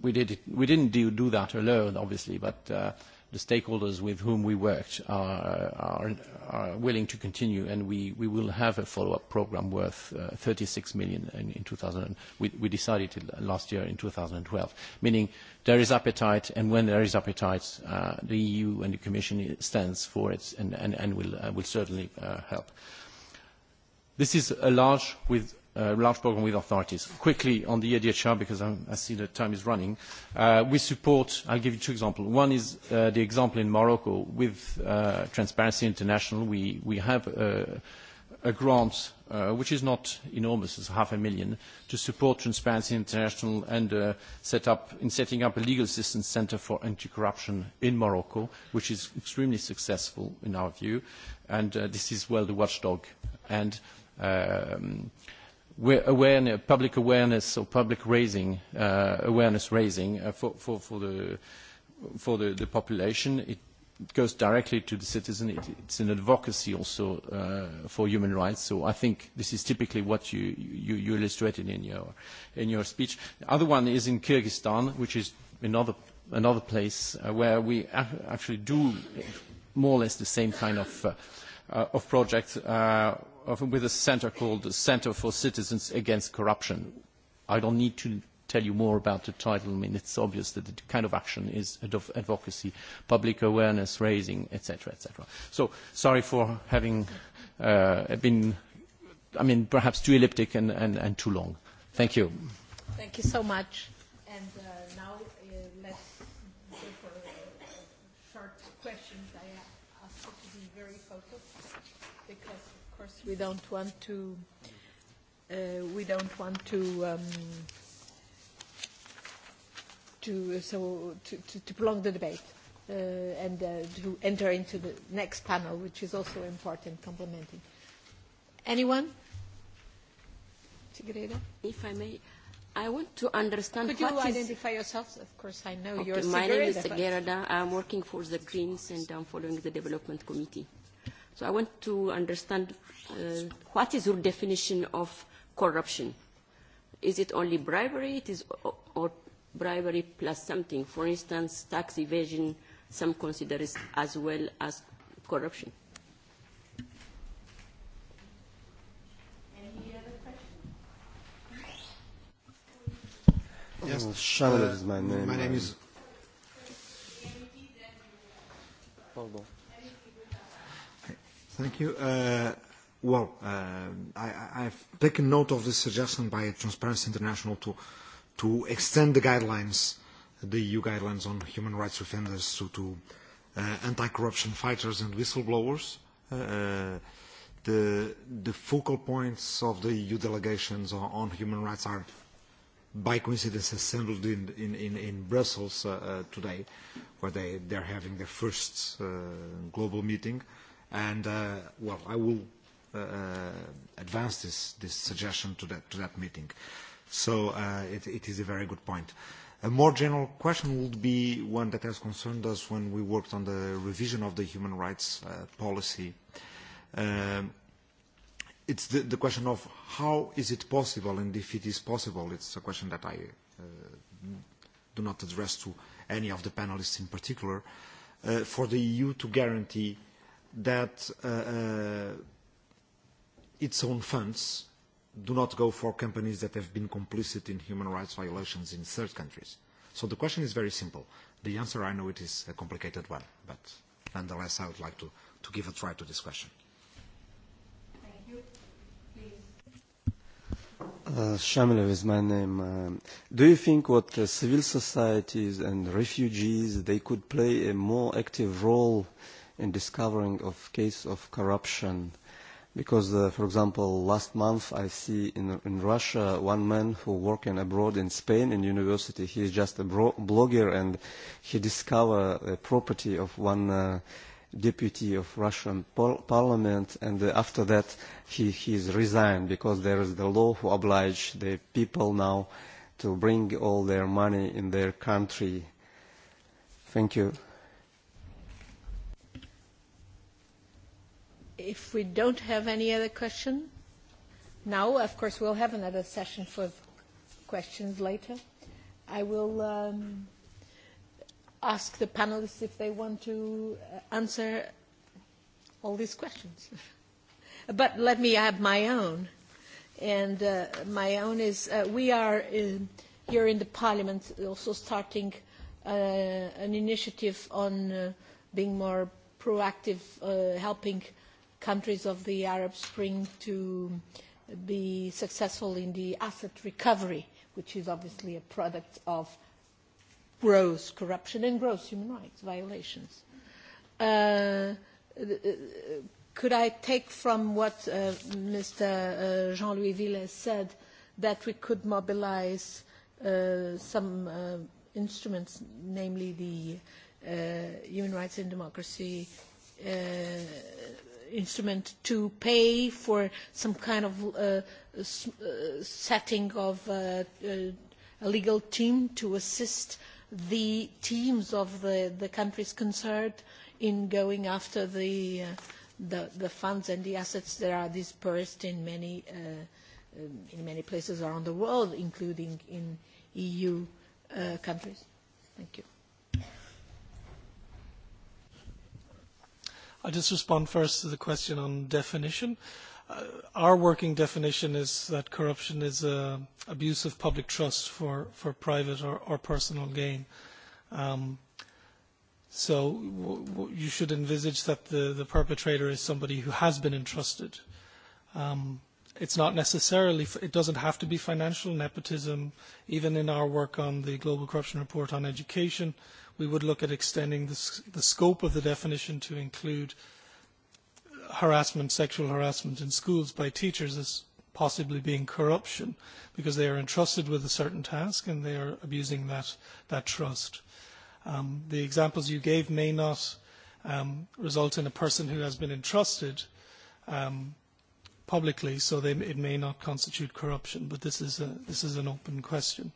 we, did it, we didn't do, do that alone, obviously, but uh, the stakeholders with whom we worked are, are, are willing to continue, and we, we will have a follow-up program worth uh, 36 million in, in 2000. We, we decided it last year in 2012, meaning there is appetite, and when there is appetite, uh, the EU and the Commission stands for it and, and, and will, uh, will certainly uh, help. This is a large with large programme with authorities. Quickly on the EDHR because I, I see that time is running, uh, we support, I'll give you two examples. One is uh, the example in Morocco with uh, Transparency International. We, we have a, a grant, uh, which is not enormous, it's half a million, to support Transparency International and uh, set up, in setting up a legal assistance center for anti-corruption in Morocco, which is extremely successful in our view. And uh, this is, well, the watchdog. And um, awareness, public awareness or public raising, uh, awareness raising uh, for, for, for, the, for the, the population. It goes directly to the citizen. It, it's an advocacy also uh, for human rights. So I think this is typically what you, you, you illustrated in your, in your speech. The other one is in Kyrgyzstan, which is another, another place uh, where we actually do more or less the same kind of, uh, uh, of projects uh, with a center called the Center for Citizens Against Corruption. I don't need to tell you more about the title. I mean, it's obvious that the kind of action is advocacy, public awareness raising, etc., etc. So sorry for having uh, been, I mean, perhaps too elliptic and, and, and too long. Thank you. Thank you so much. And, uh, course, we don't want to uh, we don't want to um, to so to, to, to prolong the debate uh, and uh, to enter into the next panel, which is also important, complementing. Anyone? Sigureda? If I may. I want to understand Could what you is... identify yourself? Of course, I know okay, you're My name is Sigureda. I'm working for the Greens and I'm following the Development Committee. So I want to understand uh, what is your definition of corruption? Is it only bribery? It is or bribery plus something. For instance, tax evasion, some consider it as well as corruption. Yes, Shamil is my name. My name is thank you. Uh, well, uh, I, I've taken note of the suggestion by Transparency International to, to extend the guidelines, the EU guidelines on human rights offenders to, to uh, anti-corruption fighters and whistleblowers. Uh, the, the focal points of the EU delegations on, on human rights are by coincidence assembled in, in, in, in Brussels uh, uh, today, where they, they're having their first uh, global meeting. Uh, And, uh, well, I will uh, advance this, this suggestion to that, to that meeting. So uh, it, it is a very good point. A more general question would be one that has concerned us when we worked on the revision of the human rights uh, policy. Um, it's the, the question of how is it possible, and if it is possible, it's a question that I uh, do not address to any of the panelists in particular, uh, for the EU to guarantee uh, that its own funds do not go for companies that have been complicit in human rights violations in third countries. So the question is very simple. The answer, I know it is a complicated one, but nonetheless, I would like to, to give a try to this question. Uh, Shamilov is my name. Um, do you think what uh, civil societies and refugees, they could play a more active role uh, in discovering of case of corruption. Because, uh, for example, last month I see in, in Russia one man who working abroad in Spain in university. He is just a bro blogger and he discover a property of one uh, deputy of Russian parliament, and after that he, he is resigned because there is the law who oblige the people now to bring all their money in their country. Thank you. if we don't have any other question now, of course, we'll have another session for questions later. I will um, ask the panelists if they want to answer all these questions. but let me add my own. And uh, my own is uh, we are in, here in the Parliament also starting uh, an initiative on uh, being more proactive, uh, helping countries of the Arab Spring to be successful in the asset recovery, which is obviously a product of gross corruption and gross human rights violations. could I take from what Mr. Jean-Louis Villers said that we could mobilise some instruments, namely the Human Rights and Democracy instrument to pay for some kind of uh, setting of uh, a legal team to assist the teams of the, the countries concerned in going after the, uh, the, the funds and the assets that are dispersed in many, uh, in many places around the world, including in EU uh, countries. Thank you. I'll just respond first to the question on definition. Our working definition is that corruption is an abuse of public trust for, for private or, or personal gain. Um so w w you should envisage that the, the perpetrator is somebody who has been entrusted. Um, it's not necessarily, it doesn't have to be financial nepotism. Even in our work on the Global Corruption Report on Education, we would look at extending the, the scope of the definition to include harassment, sexual harassment in schools by teachers as possibly being corruption because they are entrusted with a certain task and they are abusing that, that trust. Um, the examples you gave may not um, result in a person who has been entrusted um, publicly, so they, it may not constitute corruption, but this is, a, this is an open question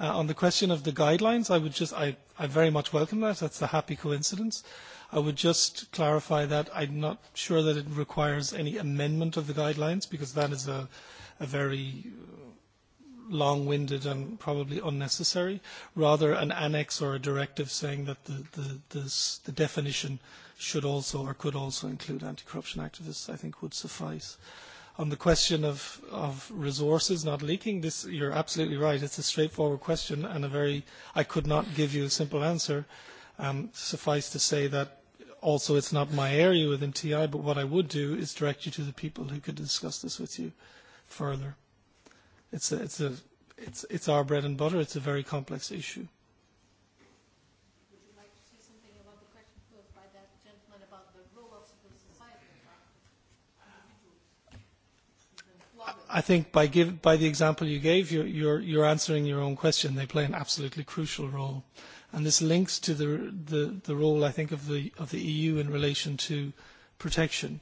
on the question of the guidelines, I would just, I, I very much welcome that. That's a happy coincidence. I would just clarify that I'm not sure that it requires any amendment of the guidelines because that is a, very long-winded and probably unnecessary, rather an annex or a directive saying that the, definition should also or could also include anti-corruption activists, I think would suffice. On the question of, of resources not leaking, this you're absolutely right. It's a straightforward question and a very, I could not give you a simple answer. Um, suffice to say that also it's not my area within TI, but what I would do is direct you to the people who could discuss this with you further. It's, a, it's, a, it's, it's our bread and butter. It's a very complex issue. I think by, give, by the example you gave, you're, you're, you're answering your own question. They play an absolutely crucial role. And this links to the, the, the role, I think, of the, of the EU in relation to protection,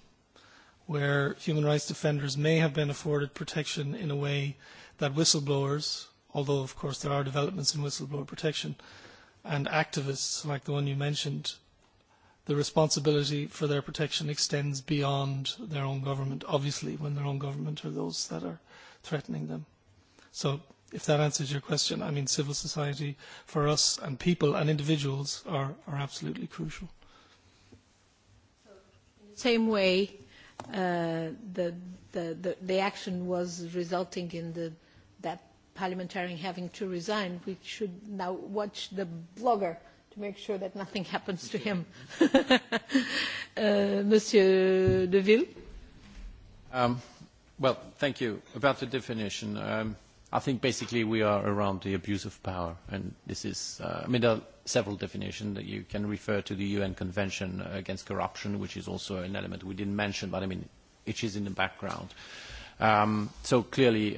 where human rights defenders may have been afforded protection in a way that whistleblowers, although, of course, there are developments in whistleblower protection, and activists like the one you mentioned the responsibility for their protection extends beyond their own government, obviously, when their own government are those that are threatening them. So if that answers your question, I mean, civil society for us and people and individuals are, are absolutely crucial. In the same way, uh, the, the, the, the action was resulting in the, that parliamentarian having to resign, we should now watch the blogger to make sure that nothing happens to him. Monsieur Deville. Um, well, thank you. About the definition, um, I think basically we are around the abuse of power, and this is, uh, I mean, there are several definitions that you can refer to the UN Convention against corruption, which is also an element we didn't mention, but I mean, it is in the background. Uh, So clearly,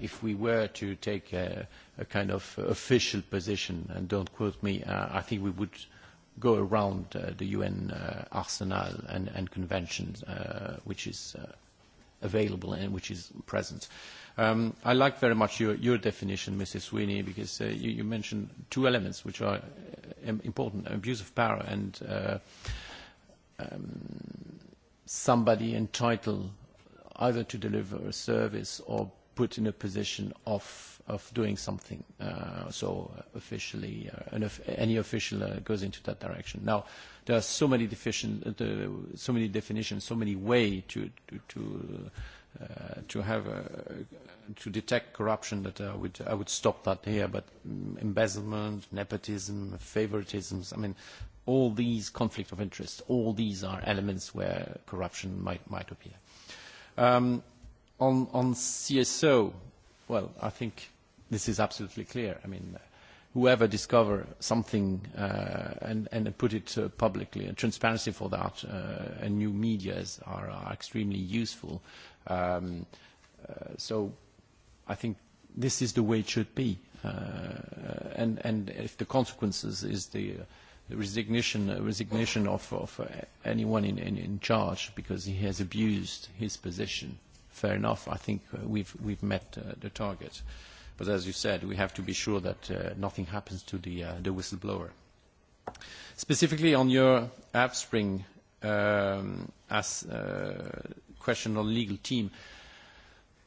if we were to take a kind of official position, and don't quote me, I think we would go around the UN arsenal and conventions which is available and which is present. I like very much your definition, Mrs. Sweeney, because you mentioned two elements which are important: abuse of power and somebody entitled either to deliver a service or put in a position of of doing something. Uh, so officially, uh, any official uh, goes into that direction. Now, there are so many deficient, uh, so many definitions, so many ways to to to, uh, to have to detect corruption that I would I would stop that here. But embezzlement, nepotism, favoritisms. I mean, all these conflict of interest, all these are elements where corruption might might appear. On CSO, well, I think this is absolutely clear. I mean, whoever discover something uh, and, and put it uh, publicly, and transparency for that, uh, and new medias are, are extremely useful. Um, uh, so I think this is the way it should be. Uh, and, and if the consequences is the... Uh, resignation, resignation of, of anyone in, in, in charge because he has abused his position. Fair enough. I think we've, we've met uh, the target. But as you said, we have to be sure that uh, nothing happens to the, uh, the whistleblower. Specifically on your AppSpring um, as, uh, question on legal team,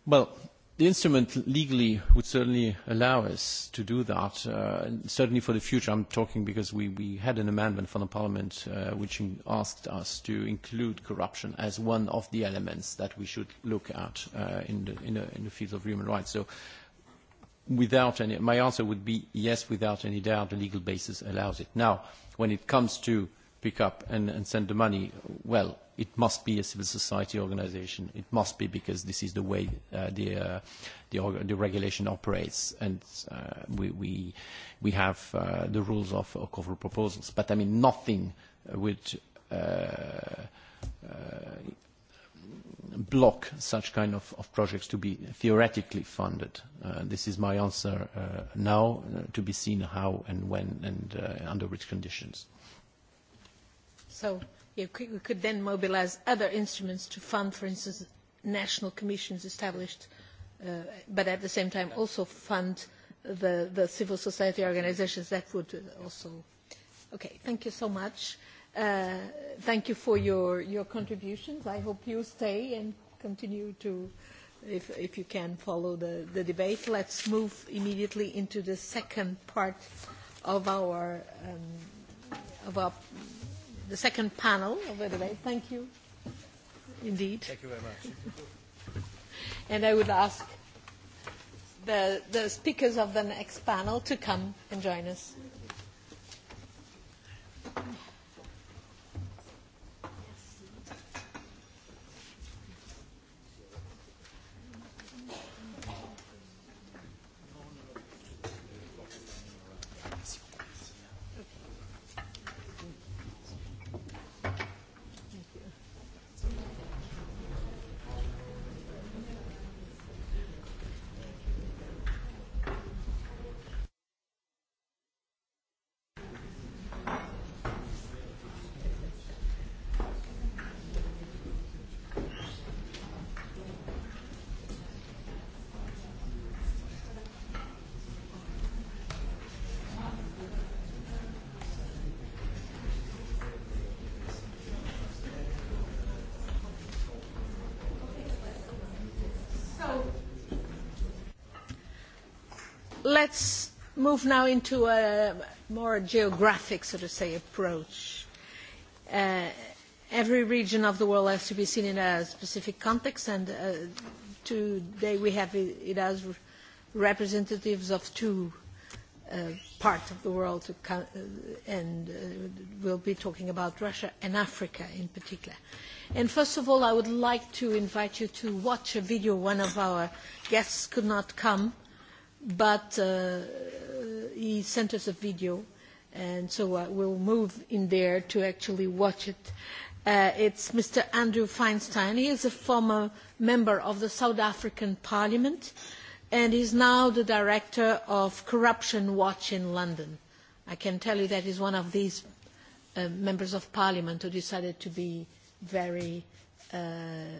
well, the instrument legally would certainly allow us to do that, uh, and certainly for the future. I'm talking because we, we had an amendment from the Parliament uh, which asked us to include corruption as one of the elements that we should look at uh, in, the, in, the, in the field of human rights. So without any, my answer would be yes, without any doubt, the legal basis allows it. Now, when it comes to pick up and, and send the money, well, it must be a civil society organization. It must be because this is the way uh, the, uh, the, org the regulation operates, and uh, we, we, we have uh, the rules of, of cover proposals. But I mean, nothing would uh, uh, block such kind of, of projects to be theoretically funded. Uh, this is my answer uh, now, uh, to be seen how and when and uh, under which conditions. So we could then mobilise other instruments to fund, for instance, national commissions established, but at the same time also fund the, the civil society organisations that would also. Okay, thank you so much. Uh, thank you for your, your contributions. I hope you stay and continue to, if, if you can, follow the, the debate. Let's move immediately into the second part of our, um, of our the second panel of the debate. Thank you. Indeed. Thank you very much. and I would ask the, the speakers of the next panel to come and join us. move now into a more geographic, so to say, approach. every region of the world has to be seen in a specific context, and today we have it as representatives of two parts of the world, and we'll be talking about Russia and Africa in particular. And first of all, I would like to invite you to watch a video. One of our guests could not come, but he sent us a video, and so uh, we'll move in there to actually watch it. Uh, it's Mr. Andrew Feinstein. He is a former member of the South African Parliament, and is now the director of Corruption Watch in London. I can tell you that he's one of these uh, members of Parliament who decided to be very, uh,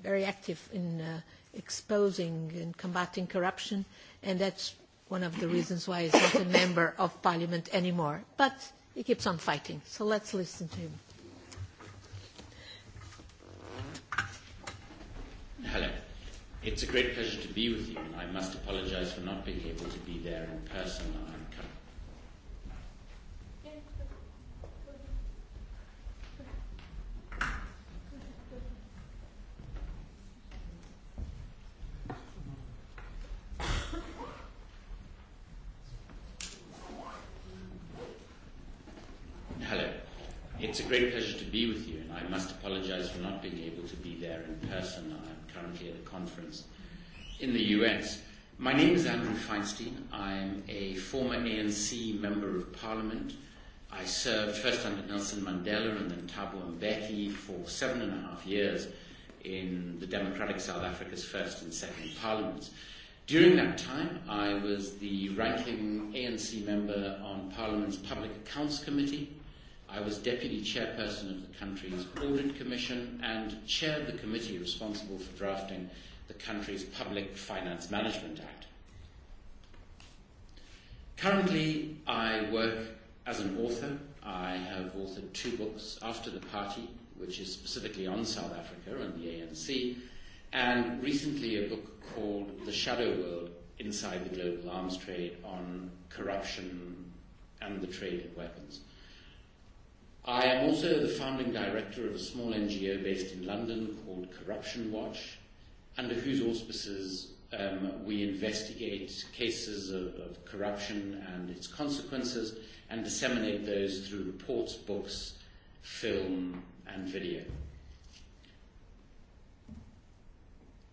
very active in uh, exposing and combating corruption, and that's one of the reasons why he's not a member of parliament anymore. But he keeps on fighting, so let's listen to him. Hello. It's a great pleasure to be with you, and I must apologize for not being able to be there in person. I'm great pleasure to be with you, and I must apologize for not being able to be there in person. I'm currently at a conference in the US. My name is Andrew Feinstein. I'm a former ANC Member of Parliament. I served first under Nelson Mandela and then Thabo Mbeki for seven and a half years in the Democratic South Africa's first and second parliaments. During that time, I was the ranking ANC member on Parliament's Public Accounts Committee, I was deputy chairperson of the country's audit commission and chaired the committee responsible for drafting the country's Public Finance Management Act. Currently, I work as an author. I have authored two books, After the Party, which is specifically on South Africa and the ANC, and recently a book called The Shadow World Inside the Global Arms Trade on Corruption and the Trade in Weapons. I am also the founding director of a small NGO based in London called Corruption Watch, under whose auspices um, we investigate cases of, of corruption and its consequences and disseminate those through reports, books, film, and video.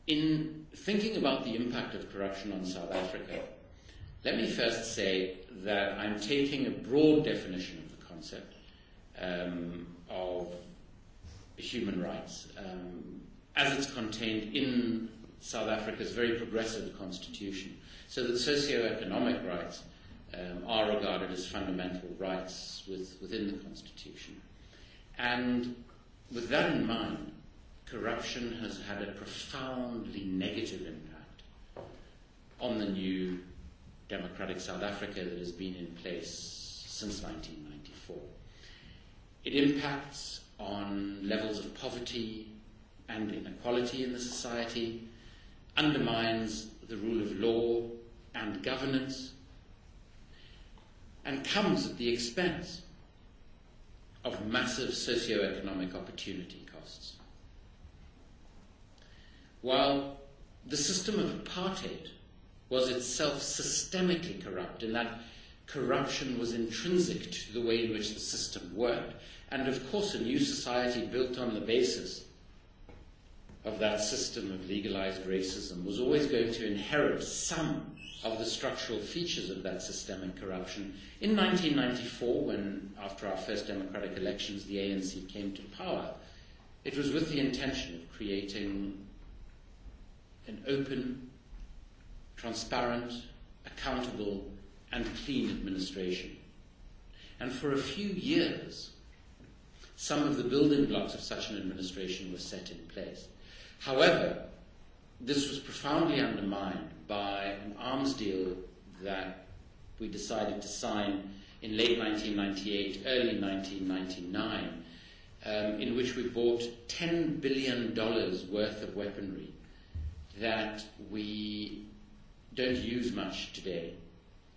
In thinking about the impact of corruption on South Africa, let me first say that I'm taking a broad definition of the concept um, of human rights, um, as it's contained in South Africa's very progressive constitution, so that socio-economic rights um, are regarded as fundamental rights with, within the constitution. And with that in mind, corruption has had a profoundly negative impact on the new democratic South Africa that has been in place since 1994. It impacts on levels of poverty and inequality in the society, undermines the rule of law and governance, and comes at the expense of massive socio-economic opportunity costs. While the system of apartheid was itself systemically corrupt in that corruption was intrinsic to the way in which the system worked, and of course a new society built on the basis of that system of legalized racism was always going to inherit some of the structural features of that systemic corruption. In 1994, when after our first democratic elections the ANC came to power, it was with the intention of creating an open, transparent, accountable, and clean administration. And for a few years, some of the building blocks of such an administration were set in place. However, this was profoundly undermined by an arms deal that we decided to sign in late 1998, early 1999, um, in which we bought $10 billion worth of weaponry that we don't use much today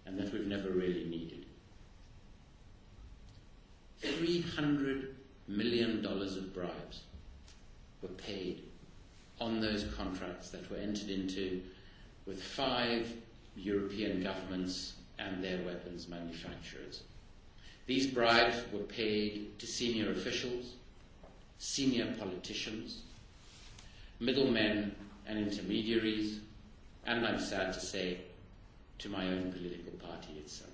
and that we've never really needed. 300 million dollars of bribes were paid on those contracts that were entered into with five European governments and their weapons manufacturers. These bribes were paid to senior officials, senior politicians, middlemen and intermediaries, and I'm sad to say, to my own political party itself.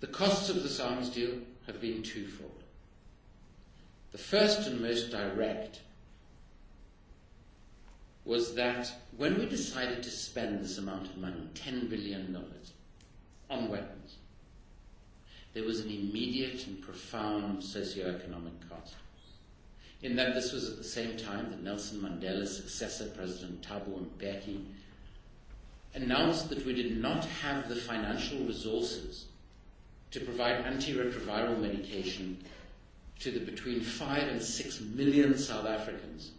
The costs of this arms deal have been twofold. The first and most direct was that when we decided to spend this amount of money, $10 billion, on weapons, there was an immediate and profound socioeconomic cost. In that this was at the same time that Nelson Mandela's successor, President Thabo Mbeki, announced that we did not have the financial resources to provide antiretroviral medication to the between 5 and 6 million South Africans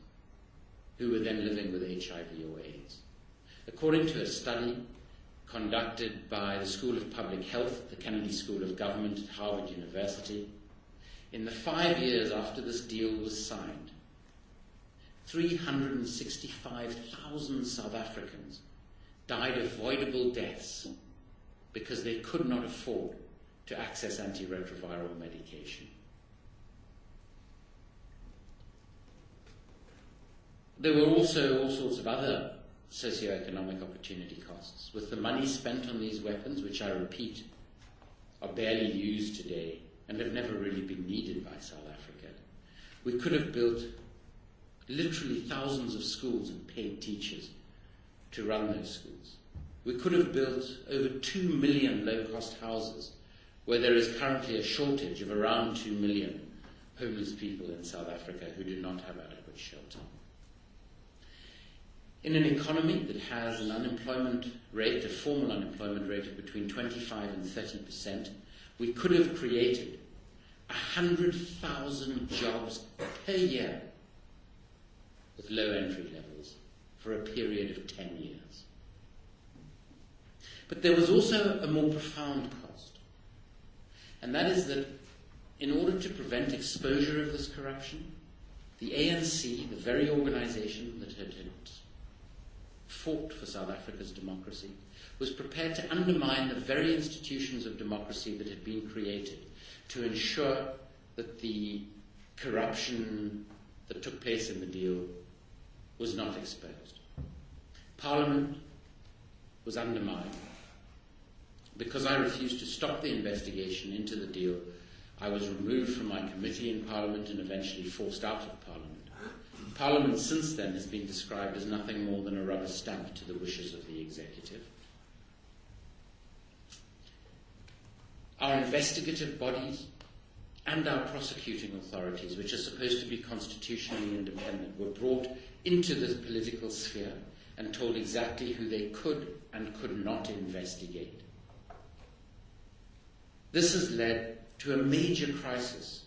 who were then living with HIV or AIDS. According to a study conducted by the School of Public Health, the Kennedy School of Government at Harvard University, in the five years after this deal was signed, 365,000 South Africans died avoidable deaths because they could not afford to access antiretroviral medication. There were also all sorts of other socioeconomic opportunity costs, with the money spent on these weapons, which I repeat are barely used today and have never really been needed by South Africa. We could have built literally thousands of schools and paid teachers to run those schools. We could have built over two million low cost houses where there is currently a shortage of around 2 million homeless people in South Africa who do not have adequate shelter. In an economy that has an unemployment rate, a formal unemployment rate of between 25 and 30 percent, we could have created 100,000 jobs per year with low entry levels for a period of 10 years. But there was also a more profound cost and that is that in order to prevent exposure of this corruption, the ANC, the very organisation that had, had fought for South Africa's democracy, was prepared to undermine the very institutions of democracy that had been created to ensure that the corruption that took place in the deal was not exposed. Parliament was undermined Because I refused to stop the investigation into the deal, I was removed from my committee in Parliament and eventually forced out of Parliament. Parliament since then has been described as nothing more than a rubber stamp to the wishes of the executive. Our investigative bodies and our prosecuting authorities, which are supposed to be constitutionally independent, were brought into the political sphere and told exactly who they could and could not investigate This has led to a major crisis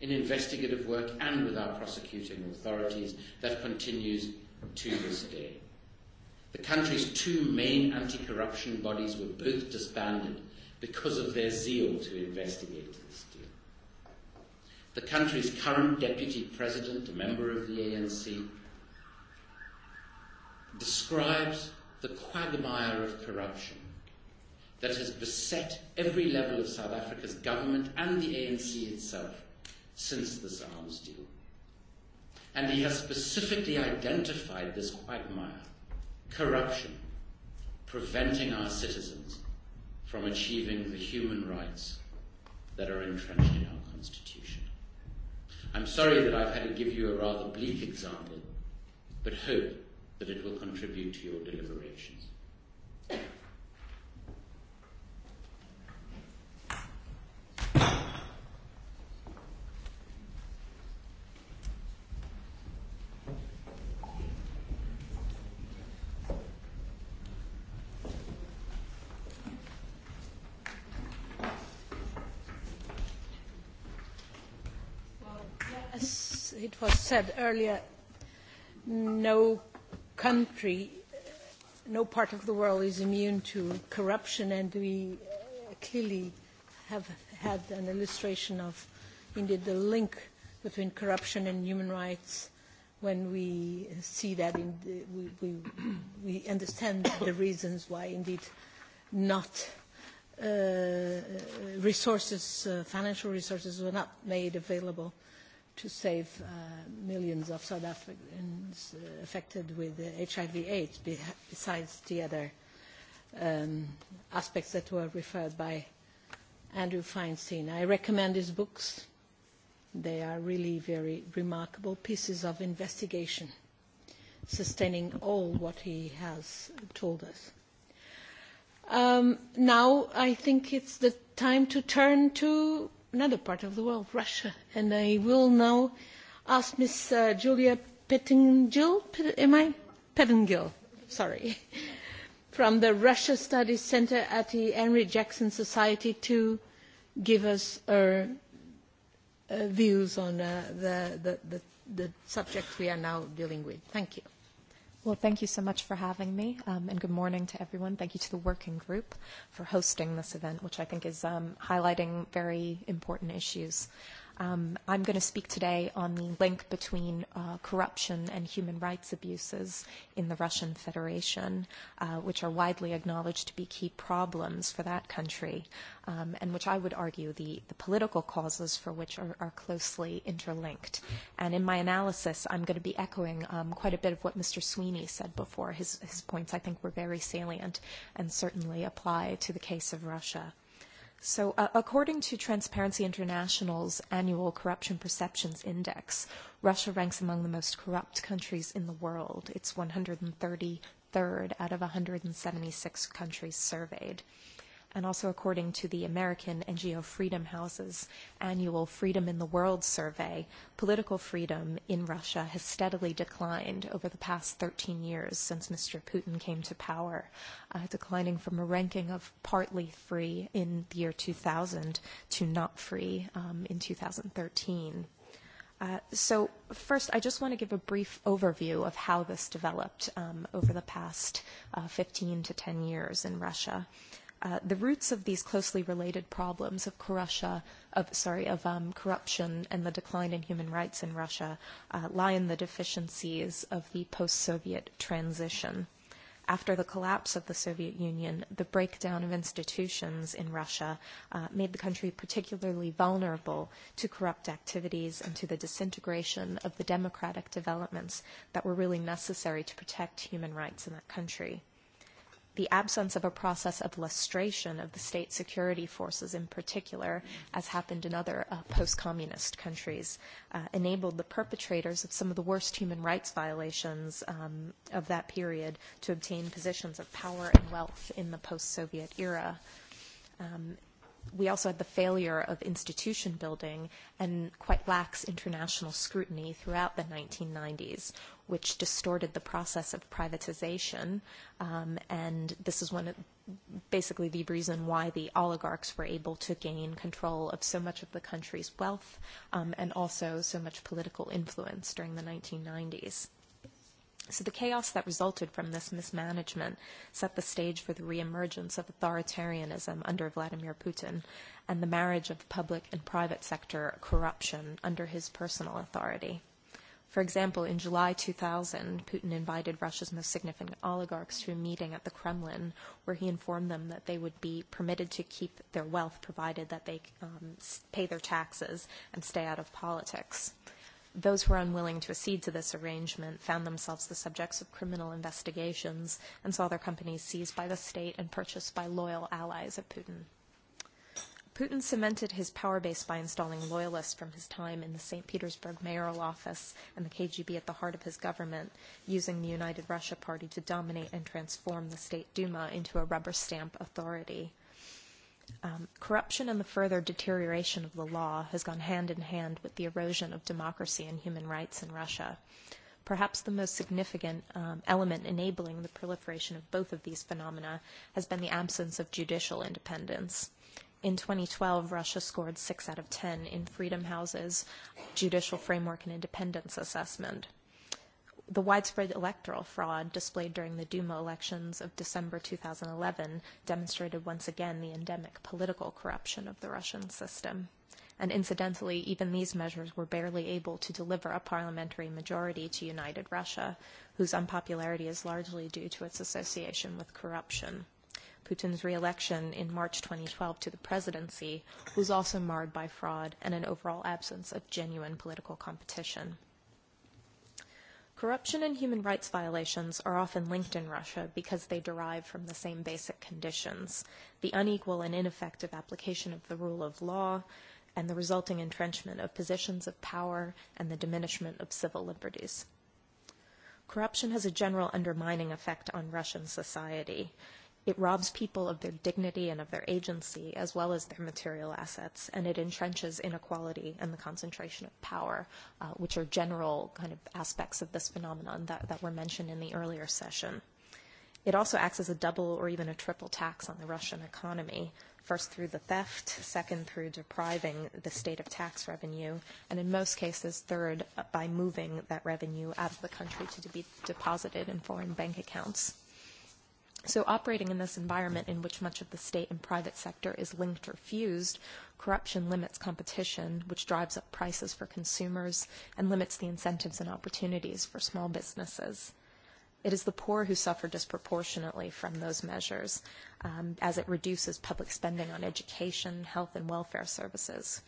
in investigative work and with our prosecuting authorities that continues to this day. The country's two main anti-corruption bodies were both disbanded because of their zeal to investigate this deal. The country's current deputy president, a member of the ANC, describes the quagmire of corruption that has beset every level of South Africa's government and the ANC itself since this arms deal. And he has specifically identified this quagmire corruption, preventing our citizens from achieving the human rights that are entrenched in our Constitution. I'm sorry that I've had to give you a rather bleak example, but hope that it will contribute to your deliberations. said earlier, no country, no part of the world is immune to corruption, and we clearly have had an illustration of indeed the link between corruption and human rights when we see that in the, we, we, we understand the reasons why indeed not uh, resources, uh, financial resources were not made available uh, to save uh, millions of South Africans affected with HIV-AIDS, besides the other um, aspects that were referred by Andrew Feinstein. I recommend his books. They are really very remarkable pieces of investigation, sustaining all what he has told us. Um, now I think it's the time to turn to another part of the world, Russia. And I will now ask Ms. Uh, Julia Pettingill, am I? Pettingill, sorry, from the Russia Studies Center at the Henry Jackson Society to give us her uh, views on uh, the, the, the, the subject we are now dealing with. Thank you. Well, thank you so much for having me, um, and good morning to everyone. Thank you to the working group for hosting this event, which I think is um, highlighting very important issues. Um, I'm going to speak today on the link between uh, corruption and human rights abuses in the Russian Federation, uh, which are widely acknowledged to be key problems for that country, um, and which I would argue the, the political causes for which are, are closely interlinked. And in my analysis, I'm going to be echoing um, quite a bit of what Mr. Sweeney said before. His, his points, I think, were very salient and certainly apply to the case of Russia. So uh, according to Transparency International's annual Corruption Perceptions Index, Russia ranks among the most corrupt countries in the world. It's 133rd out of 176 countries surveyed and also according to the American NGO Freedom House's annual Freedom in the World survey, political freedom in Russia has steadily declined over the past 13 years since Mr. Putin came to power, uh, declining from a ranking of partly free in the year 2000 to not free um, in 2013. Uh, so first, I just want to give a brief overview of how this developed um, over the past uh, 15 to 10 years in Russia. Uh, the roots of these closely related problems of Russia, of sorry, of um, corruption and the decline in human rights in Russia uh, lie in the deficiencies of the post-Soviet transition. After the collapse of the Soviet Union, the breakdown of institutions in Russia uh, made the country particularly vulnerable to corrupt activities and to the disintegration of the democratic developments that were really necessary to protect human rights in that country the absence of a process of lustration of the state security forces in particular, as happened in other uh, post-communist countries, uh, enabled the perpetrators of some of the worst human rights violations um, of that period to obtain positions of power and wealth in the post-Soviet era. Um, we also had the failure of institution building and quite lax international scrutiny throughout the 1990s, which distorted the process of privatization. Um, and this is one of basically the reason why the oligarchs were able to gain control of so much of the country's wealth um, and also so much political influence during the 1990s. So the chaos that resulted from this mismanagement set the stage for the reemergence of authoritarianism under Vladimir Putin and the marriage of public and private sector corruption under his personal authority. For example, in July 2000, Putin invited Russia's most significant oligarchs to a meeting at the Kremlin where he informed them that they would be permitted to keep their wealth provided that they um, pay their taxes and stay out of politics. Those who were unwilling to accede to this arrangement found themselves the subjects of criminal investigations and saw their companies seized by the state and purchased by loyal allies of Putin. Putin cemented his power base by installing loyalists from his time in the St. Petersburg mayoral office and the KGB at the heart of his government, using the United Russia Party to dominate and transform the State Duma into a rubber stamp authority. Um, corruption and the further deterioration of the law has gone hand in hand with the erosion of democracy and human rights in Russia. Perhaps the most significant um, element enabling the proliferation of both of these phenomena has been the absence of judicial independence. In 2012, Russia scored 6 out of 10 in Freedom House's Judicial Framework and Independence Assessment the widespread electoral fraud displayed during the Duma elections of December 2011 demonstrated once again the endemic political corruption of the Russian system. And incidentally, even these measures were barely able to deliver a parliamentary majority to United Russia, whose unpopularity is largely due to its association with corruption. Putin's re-election in March 2012 to the presidency was also marred by fraud and an overall absence of genuine political competition. Corruption and human rights violations are often linked in Russia because they derive from the same basic conditions the unequal and ineffective application of the rule of law, and the resulting entrenchment of positions of power and the diminishment of civil liberties. Corruption has a general undermining effect on Russian society It robs people of their dignity and of their agency, as well as their material assets, and it entrenches inequality and the concentration of power, uh, which are general kind of aspects of this phenomenon that, that were mentioned in the earlier session. It also acts as a double or even a triple tax on the Russian economy, first through the theft, second through depriving the state of tax revenue, and in most cases, third, by moving that revenue out of the country to be deposited in foreign bank accounts. So operating in this environment in which much of the state and private sector is linked or fused, corruption limits competition, which drives up prices for consumers and limits the incentives and opportunities for small businesses. It is the poor who suffer disproportionately from those measures, um, as it reduces public spending on education, health, and welfare services,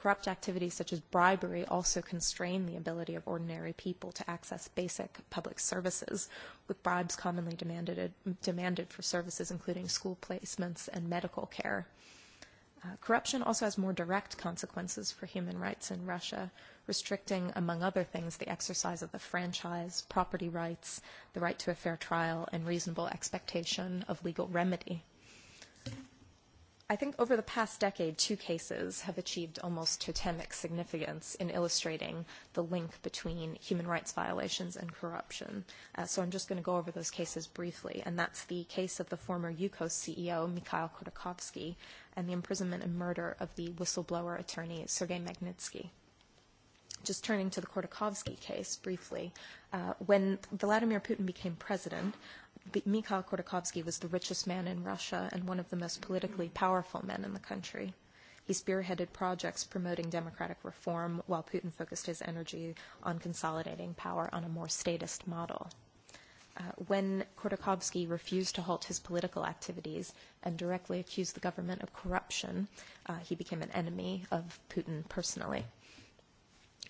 Corrupt activities such as bribery also constrain the ability of ordinary people to access basic public services, with bribes commonly demanded, demanded for services including school placements and medical care. Uh, corruption also has more direct consequences for human rights in Russia, restricting, among other things, the exercise of the franchise, property rights, the right to a fair trial, and reasonable expectation of legal remedy. I think over the past decade, two cases have achieved almost totemic significance in illustrating the link between human rights violations and corruption. Uh, so I'm just going to go over those cases briefly, and that's the case of the former Yukos CEO, Mikhail Khodorkovsky, and the imprisonment and murder of the whistleblower attorney, Sergei Magnitsky just turning to the Khodorkovsky case briefly, uh, when Vladimir Putin became president, Mikhail Khodorkovsky was the richest man in Russia and one of the most politically powerful men in the country. He spearheaded projects promoting democratic reform while Putin focused his energy on consolidating power on a more statist model. Uh, when Khodorkovsky refused to halt his political activities and directly accused the government of corruption, uh, he became an enemy of Putin personally.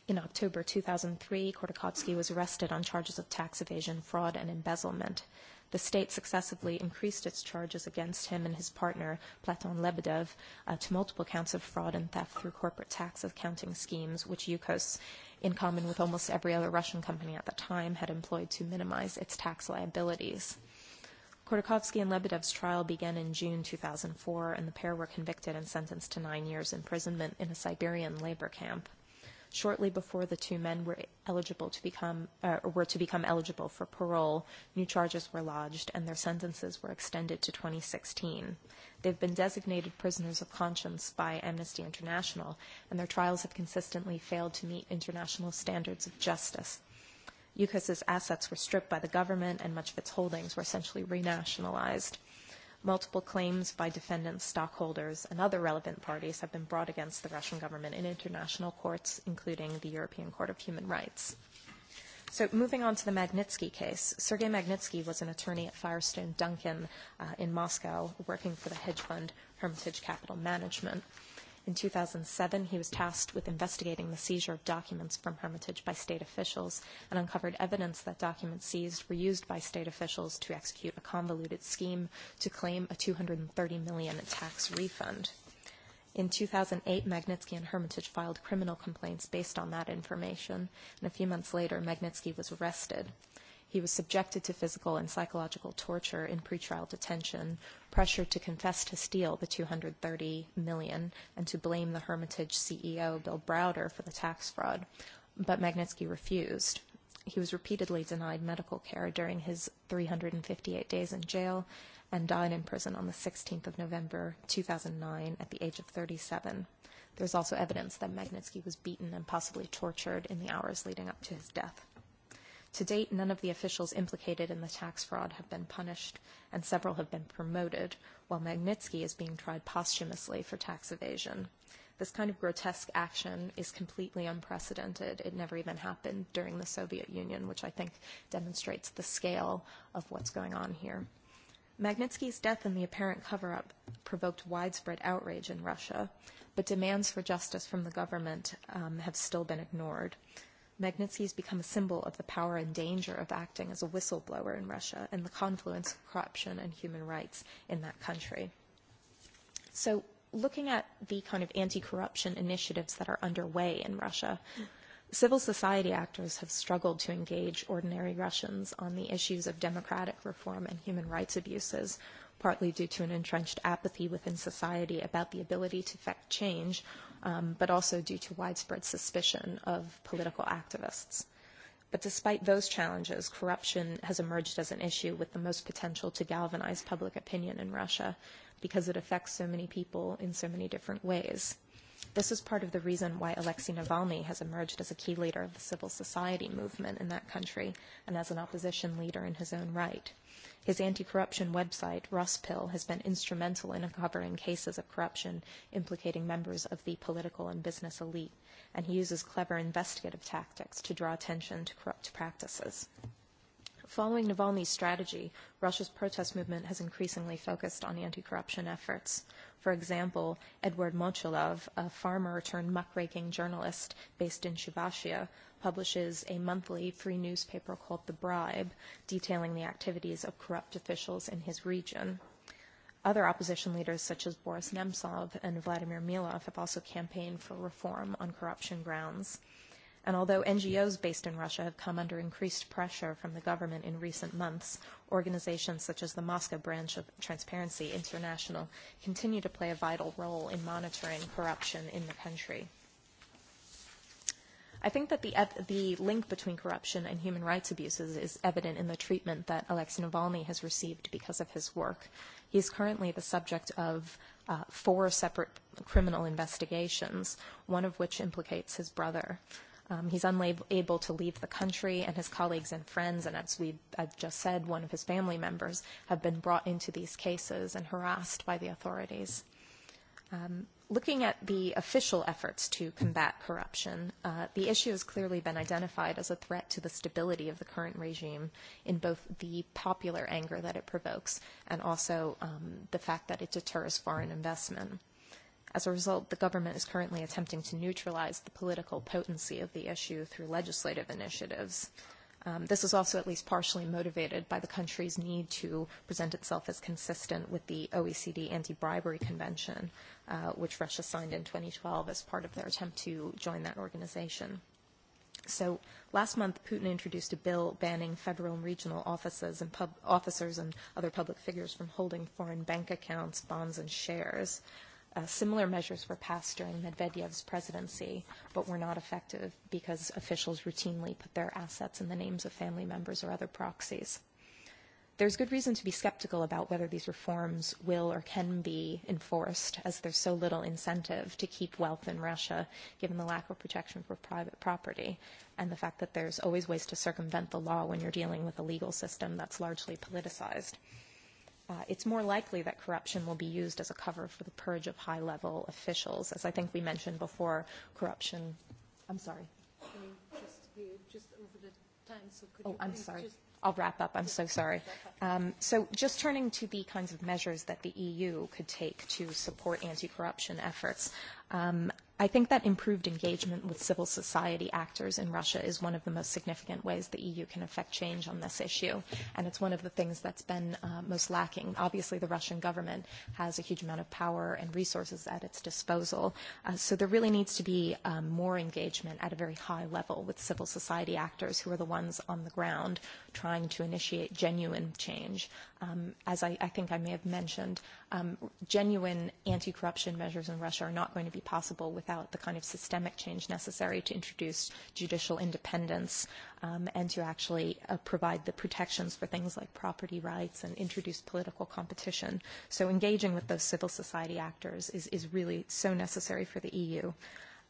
In October 2003, Khodorkovsky was arrested on charges of tax evasion, fraud, and embezzlement the state successively increased its charges against him and his partner, Platon Lebedev, uh, to multiple counts of fraud and theft through corporate tax accounting schemes, which Yukos, in common with almost every other Russian company at the time, had employed to minimize its tax liabilities. Khodorkovsky and Lebedev's trial began in June 2004, and the pair were convicted and sentenced to nine years imprisonment in a Siberian labor camp shortly before the two men were eligible to become uh, were to become eligible for parole, new charges were lodged and their sentences were extended to 2016. They've been designated prisoners of conscience by Amnesty International, and their trials have consistently failed to meet international standards of justice. UCAS's assets were stripped by the government, and much of its holdings were essentially renationalized. Multiple claims by defendants, stockholders, and other relevant parties have been brought against the Russian government in international courts, including the European Court of Human Rights. So moving on to the Magnitsky case, Sergei Magnitsky was an attorney at Firestone Duncan uh, in Moscow working for the hedge fund Hermitage Capital Management. In 2007, he was tasked with investigating the seizure of documents from Hermitage by state officials and uncovered evidence that documents seized were used by state officials to execute a convoluted scheme to claim a 230 million tax refund. In 2008, Magnitsky and Hermitage filed criminal complaints based on that information, and a few months later, Magnitsky was arrested. He was subjected to physical and psychological torture in pretrial detention, pressured to confess to steal the 230 million and to blame the Hermitage CEO Bill Browder for the tax fraud, but Magnitsky refused. He was repeatedly denied medical care during his 358 days in jail and died in prison on the 16th of November 2009 at the age of 37. There's also evidence that Magnitsky was beaten and possibly tortured in the hours leading up to his death. To date, none of the officials implicated in the tax fraud have been punished, and several have been promoted, while Magnitsky is being tried posthumously for tax evasion. This kind of grotesque action is completely unprecedented. It never even happened during the Soviet Union, which I think demonstrates the scale of what's going on here. Magnitsky's death and the apparent cover up provoked widespread outrage in Russia, but demands for justice from the government um, have still been ignored. Magnitsky has become a symbol of the power and danger of acting as a whistleblower in Russia and the confluence of corruption and human rights in that country. So looking at the kind of anti-corruption initiatives that are underway in Russia, civil society actors have struggled to engage ordinary Russians on the issues of democratic reform and human rights abuses, partly due to an entrenched apathy within society about the ability to effect change, um, but also due to widespread suspicion of political activists. But despite those challenges, corruption has emerged as an issue with the most potential to galvanize public opinion in Russia because it affects so many people in so many different ways. This is part of the reason why Alexei Navalny has emerged as a key leader of the civil society movement in that country and as an opposition leader in his own right. His anti-corruption website, Ruspill, has been instrumental in uncovering cases of corruption implicating members of the political and business elite, and he uses clever investigative tactics to draw attention to corrupt practices. Following Navalny's strategy, Russia's protest movement has increasingly focused on anti-corruption efforts. For example, Edward Mochilov, a farmer-turned muckraking journalist based in Shuvashia, publishes a monthly free newspaper called The Bribe, detailing the activities of corrupt officials in his region. Other opposition leaders such as Boris Nemtsov and Vladimir Milov have also campaigned for reform on corruption grounds. And although NGOs based in Russia have come under increased pressure from the government in recent months, organizations such as the Moscow branch of Transparency International continue to play a vital role in monitoring corruption in the country. I think that the, the link between corruption and human rights abuses is evident in the treatment that Alexei Navalny has received because of his work. He is currently the subject of uh, four separate criminal investigations, one of which implicates his brother. Um, he's unable to leave the country, and his colleagues and friends, and as we, I've just said, one of his family members, have been brought into these cases and harassed by the authorities. Um, looking at the official efforts to combat corruption, uh, the issue has clearly been identified as a threat to the stability of the current regime in both the popular anger that it provokes and also um, the fact that it deters foreign investment. As a result, the government is currently attempting to neutralize the political potency of the issue through legislative initiatives. Um, this is also at least partially motivated by the country's need to present itself as consistent with the OECD Anti-Bribery Convention, uh, which Russia signed in 2012 as part of their attempt to join that organization. So last month, Putin introduced a bill banning federal and regional offices and pub- officers and other public figures from holding foreign bank accounts, bonds, and shares. Uh, similar measures were passed during Medvedev's presidency, but were not effective because officials routinely put their assets in the names of family members or other proxies. There's good reason to be skeptical about whether these reforms will or can be enforced, as there's so little incentive to keep wealth in Russia, given the lack of protection for private property, and the fact that there's always ways to circumvent the law when you're dealing with a legal system that's largely politicized uh, it's more likely that corruption will be used as a cover for the purge of high level officials. As I think we mentioned before, corruption. I'm sorry. oh, I'm sorry. I'll wrap up. I'm so sorry. Um, so, just turning to the kinds of measures that the EU could take to support anti corruption efforts. Um, I think that improved engagement with civil society actors in Russia is one of the most significant ways the EU can affect change on this issue. And it's one of the things that's been uh, most lacking. Obviously, the Russian government has a huge amount of power and resources at its disposal. Uh, so there really needs to be um, more engagement at a very high level with civil society actors who are the ones on the ground trying to initiate genuine change. Um, as I, I think I may have mentioned, um, genuine anti-corruption measures in Russia are not going to be possible with without the kind of systemic change necessary to introduce judicial independence um, and to actually uh, provide the protections for things like property rights and introduce political competition. So engaging with those civil society actors is, is really so necessary for the EU.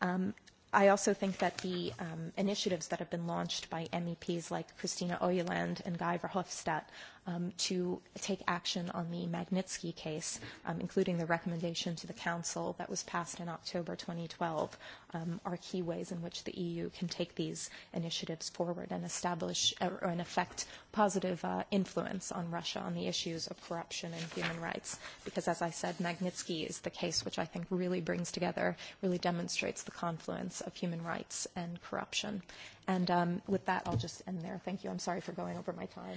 Um, I also think that the um, initiatives that have been launched by MEPs like Christina Oyuland and Guy Verhofstadt um, to take action on the Magnitsky case, um, including the recommendation to the Council that was passed in October 2012, um, are key ways in which the EU can take these initiatives forward and establish or, or in effect positive uh, influence on Russia on the issues of corruption and human rights. Because as I said, Magnitsky is the case which I think really brings together, really demonstrates the confluence of human rights and corruption. And um, with that, I'll just end there. Thank you. I'm sorry for going over my time.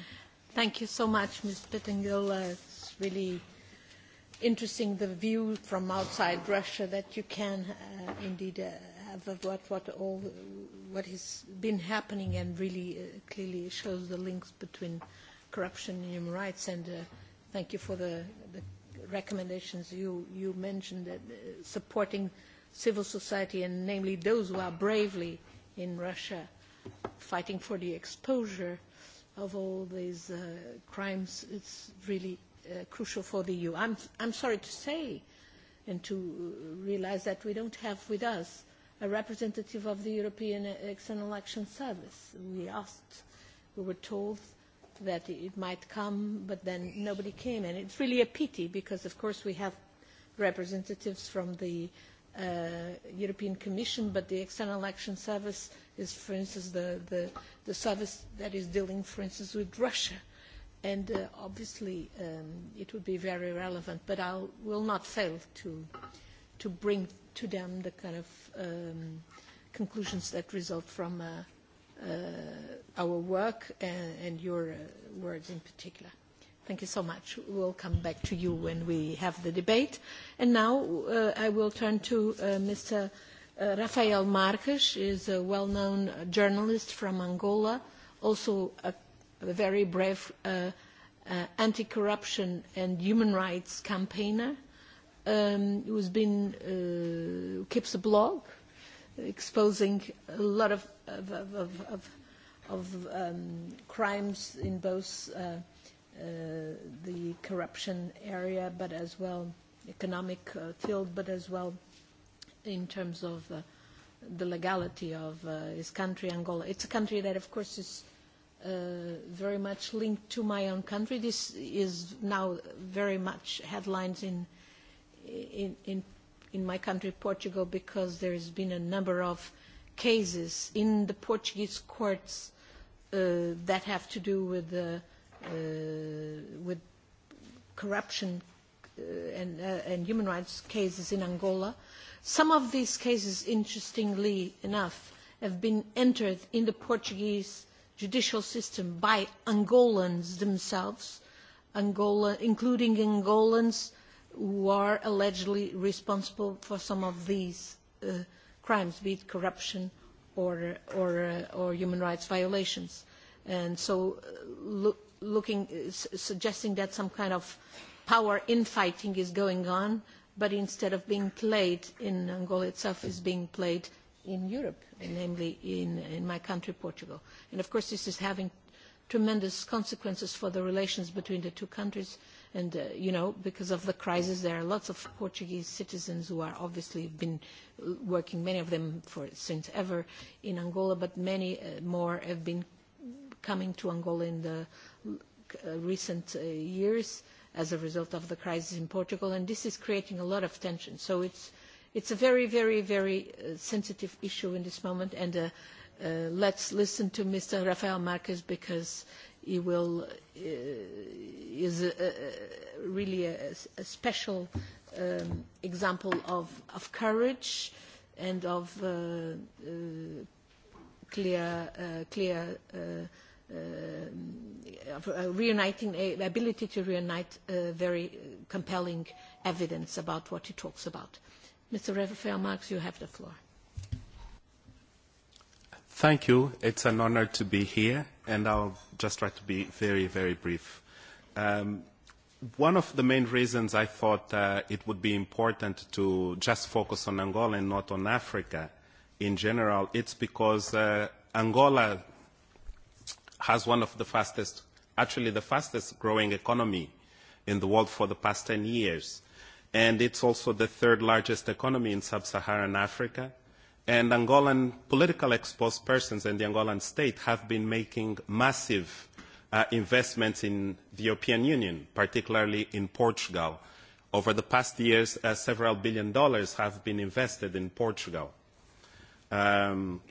Thank you so much, Ms. Pettengill. it's really interesting the view from outside Russia that you can uh, indeed uh, have of what, what, all, what has been happening and really uh, clearly shows the links between corruption and human rights. And uh, thank you for the, the recommendations you, you mentioned, that, uh, supporting civil society and namely those who are bravely in Russia fighting for the exposure of all these uh, crimes, is really uh, crucial for the EU. I'm, I'm sorry to say and to realize that we don't have with us a representative of the European External Action Service. We asked, we were told that it might come, but then nobody came. And it's really a pity because, of course, we have representatives from the uh, European Commission, but the External Action Service is, for instance, the, the, the service that is dealing, for instance, with Russia. And uh, obviously, um, it would be very relevant, but I will not fail to, to bring to them the kind of um, conclusions that result from uh, uh, our work and, and your uh, words in particular. Thank you so much. We'll come back to you when we have the debate. And now uh, I will turn to uh, Mr. Rafael Marques, is a well-known journalist from Angola, also a, a very brave uh, uh, anti-corruption and human rights campaigner um, who's been uh, keeps a blog exposing a lot of of, of, of, of um, crimes in both uh, the corruption area, but as well economic uh, field, but as well in terms of uh, the legality of uh, his country, Angola. It's a country that, of course, is uh, very much linked to my own country. This is now very much headlines in in in, in my country, Portugal, because there has been a number of cases in the Portuguese courts uh, that have to do with the uh with corruption and, uh and human rights cases in Angola. Some of these cases, interestingly enough, have been entered in the Portuguese judicial system by Angolans themselves, Angola, including Angolans who are allegedly responsible for some of these uh crimes, be it corruption or, or, uh or human rights violations. And so look looking, suggesting that some kind of power infighting is going on, but instead of being played in Angola itself, is being played in Europe, namely in, in my country, Portugal. And of course, this is having tremendous consequences for the relations between the two countries. And, uh, you know, because of the crisis, there are lots of Portuguese citizens who are obviously been working, many of them for since ever in Angola, but many uh, more have been coming to Angola in the recent years as a result of the crisis in Portugal, and this is creating a lot of tension. So it's, it's a very, very, very sensitive issue in this moment, and uh, uh, let's listen to Mr. Rafael Marquez because he will, uh, is a, a, really a, a special um, example of, of courage and of uh, uh, clear, uh, clear uh, reuniting ability to reunite very compelling evidence about what he talks about. Mr. Raphael Marx, you have the floor. Thank you. It's an honor to be here, and I'll just try to be very, very brief. Um, one of the main reasons I thought uh, it would be important to just focus on Angola and not on Africa in general, it's because uh, Angola has one of the fastest, actually the fastest growing economy in the world for the past 10 years. And it's also the third largest economy in sub-Saharan Africa. And Angolan political exposed persons and the Angolan state have been making massive uh, investments in the European Union, particularly in Portugal. Over the past years, uh, several billion dollars have been invested in Portugal. Um,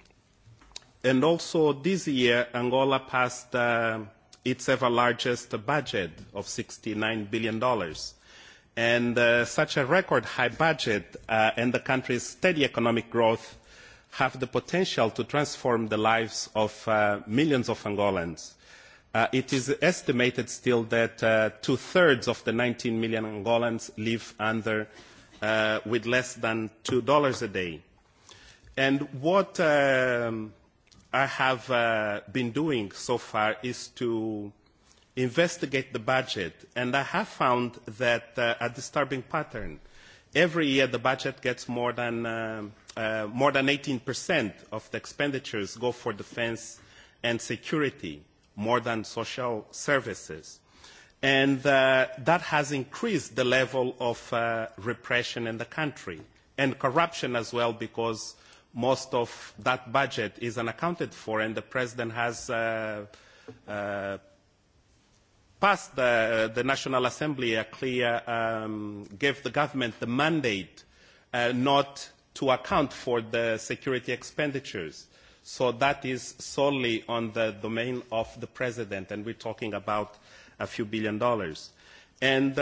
And also this year, Angola passed uh, its ever largest budget of $69 billion. And uh, such a record high budget uh, and the country's steady economic growth have the potential to transform the lives of uh, millions of Angolans. Uh, it is estimated still that uh, two-thirds of the 19 million Angolans live under uh, with less than $2 a day. And what um, I have uh, been doing so far is to investigate the budget, and I have found that uh, a disturbing pattern. Every year, the budget gets more than uh, uh, more than 18% of the expenditures go for defence and security, more than social services, and uh, that has increased the level of uh, repression in the country and corruption as well, because most of that budget is unaccounted for, and the president has uh, uh, passed the, the National Assembly a clear, um, gave the government the mandate uh, not to account for the security expenditures. So that is solely on the domain of the president, and we're talking about a few billion dollars And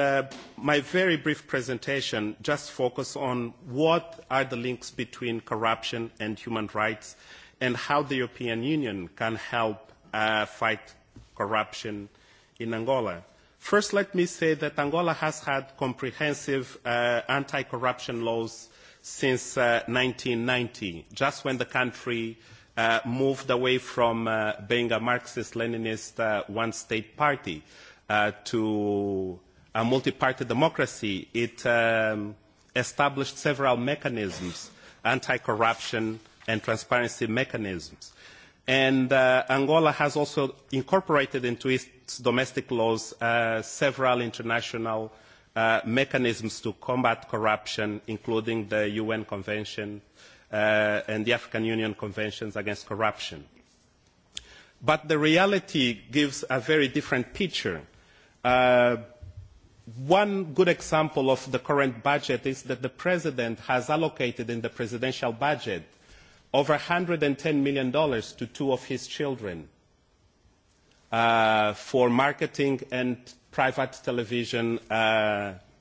my very brief presentation just focuses on what are the links between corruption and human rights and how the European Union can help fight corruption in Angola. First, let me say that Angola has had comprehensive anti-corruption laws since ninety, just when the country uh moved away from uh being a Marxist-Leninist uh one-state party uh to a multi-party democracy, it um, established several mechanisms, anti-corruption and transparency mechanisms. And uh, Angola has also incorporated into its domestic laws uh, several international uh, mechanisms to combat corruption, including the UN Convention uh, and the African Union Conventions Against Corruption. But the reality gives a very different picture. Uh, One good example of the current budget is that the President has allocated in the presidential budget over one hundred and ten million to two of his children for marketing and private television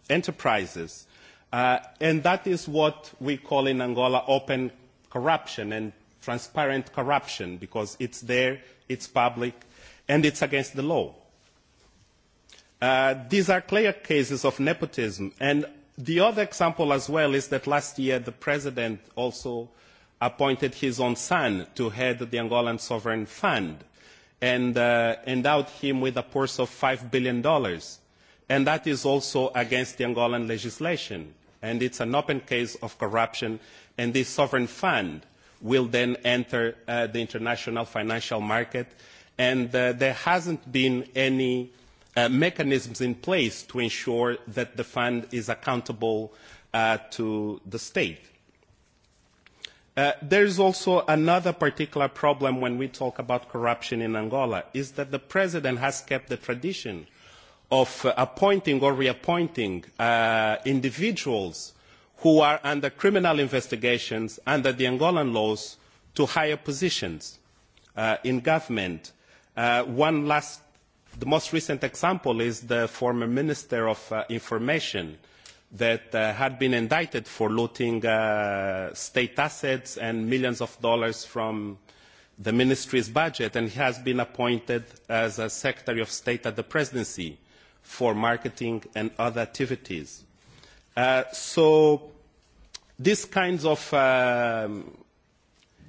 enterprises. and that is what we call in Angola open corruption and transparent corruption because it's there, it's public, and it's against the law these are clear cases of nepotism. And the other example as well is that last year the president also appointed his own son to head the Angolan Sovereign Fund and endowed him with a purse of five billion. And that is also against the Angolan legislation. And it's an open case of corruption. And this sovereign fund will then enter the international financial market. And there hasn't been any mechanisms in place to ensure that the fund is accountable to the state. there is also another particular problem when we talk about corruption in Angola, is that the president has kept the tradition of appointing or reappointing individuals who are under criminal investigations under the Angolan laws to higher positions in government. one last The most recent example is the former Minister of Information that had been indicted for looting state assets and millions of dollars from the ministry's budget, and he has been appointed as a Secretary of State at the Presidency for marketing and other activities. so these kinds of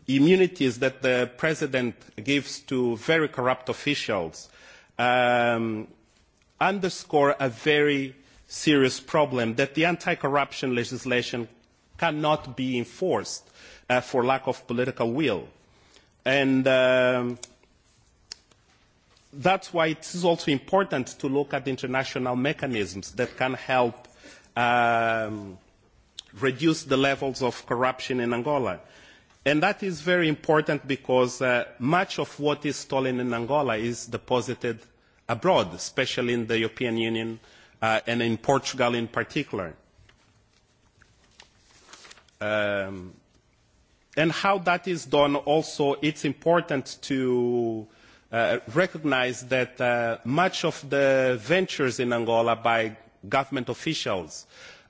immunities that the President gives to very corrupt officials underscore a very serious problem that the anti-corruption legislation cannot be enforced for lack of political will. And that is why it is also important to look at international mechanisms that can help reduce the levels of corruption in Angola And that is very important because much of what is stolen in Angola is deposited abroad, especially in the European Union and in Portugal in particular. and how that is done also, it's important to recognise that much of the ventures in Angola by government officials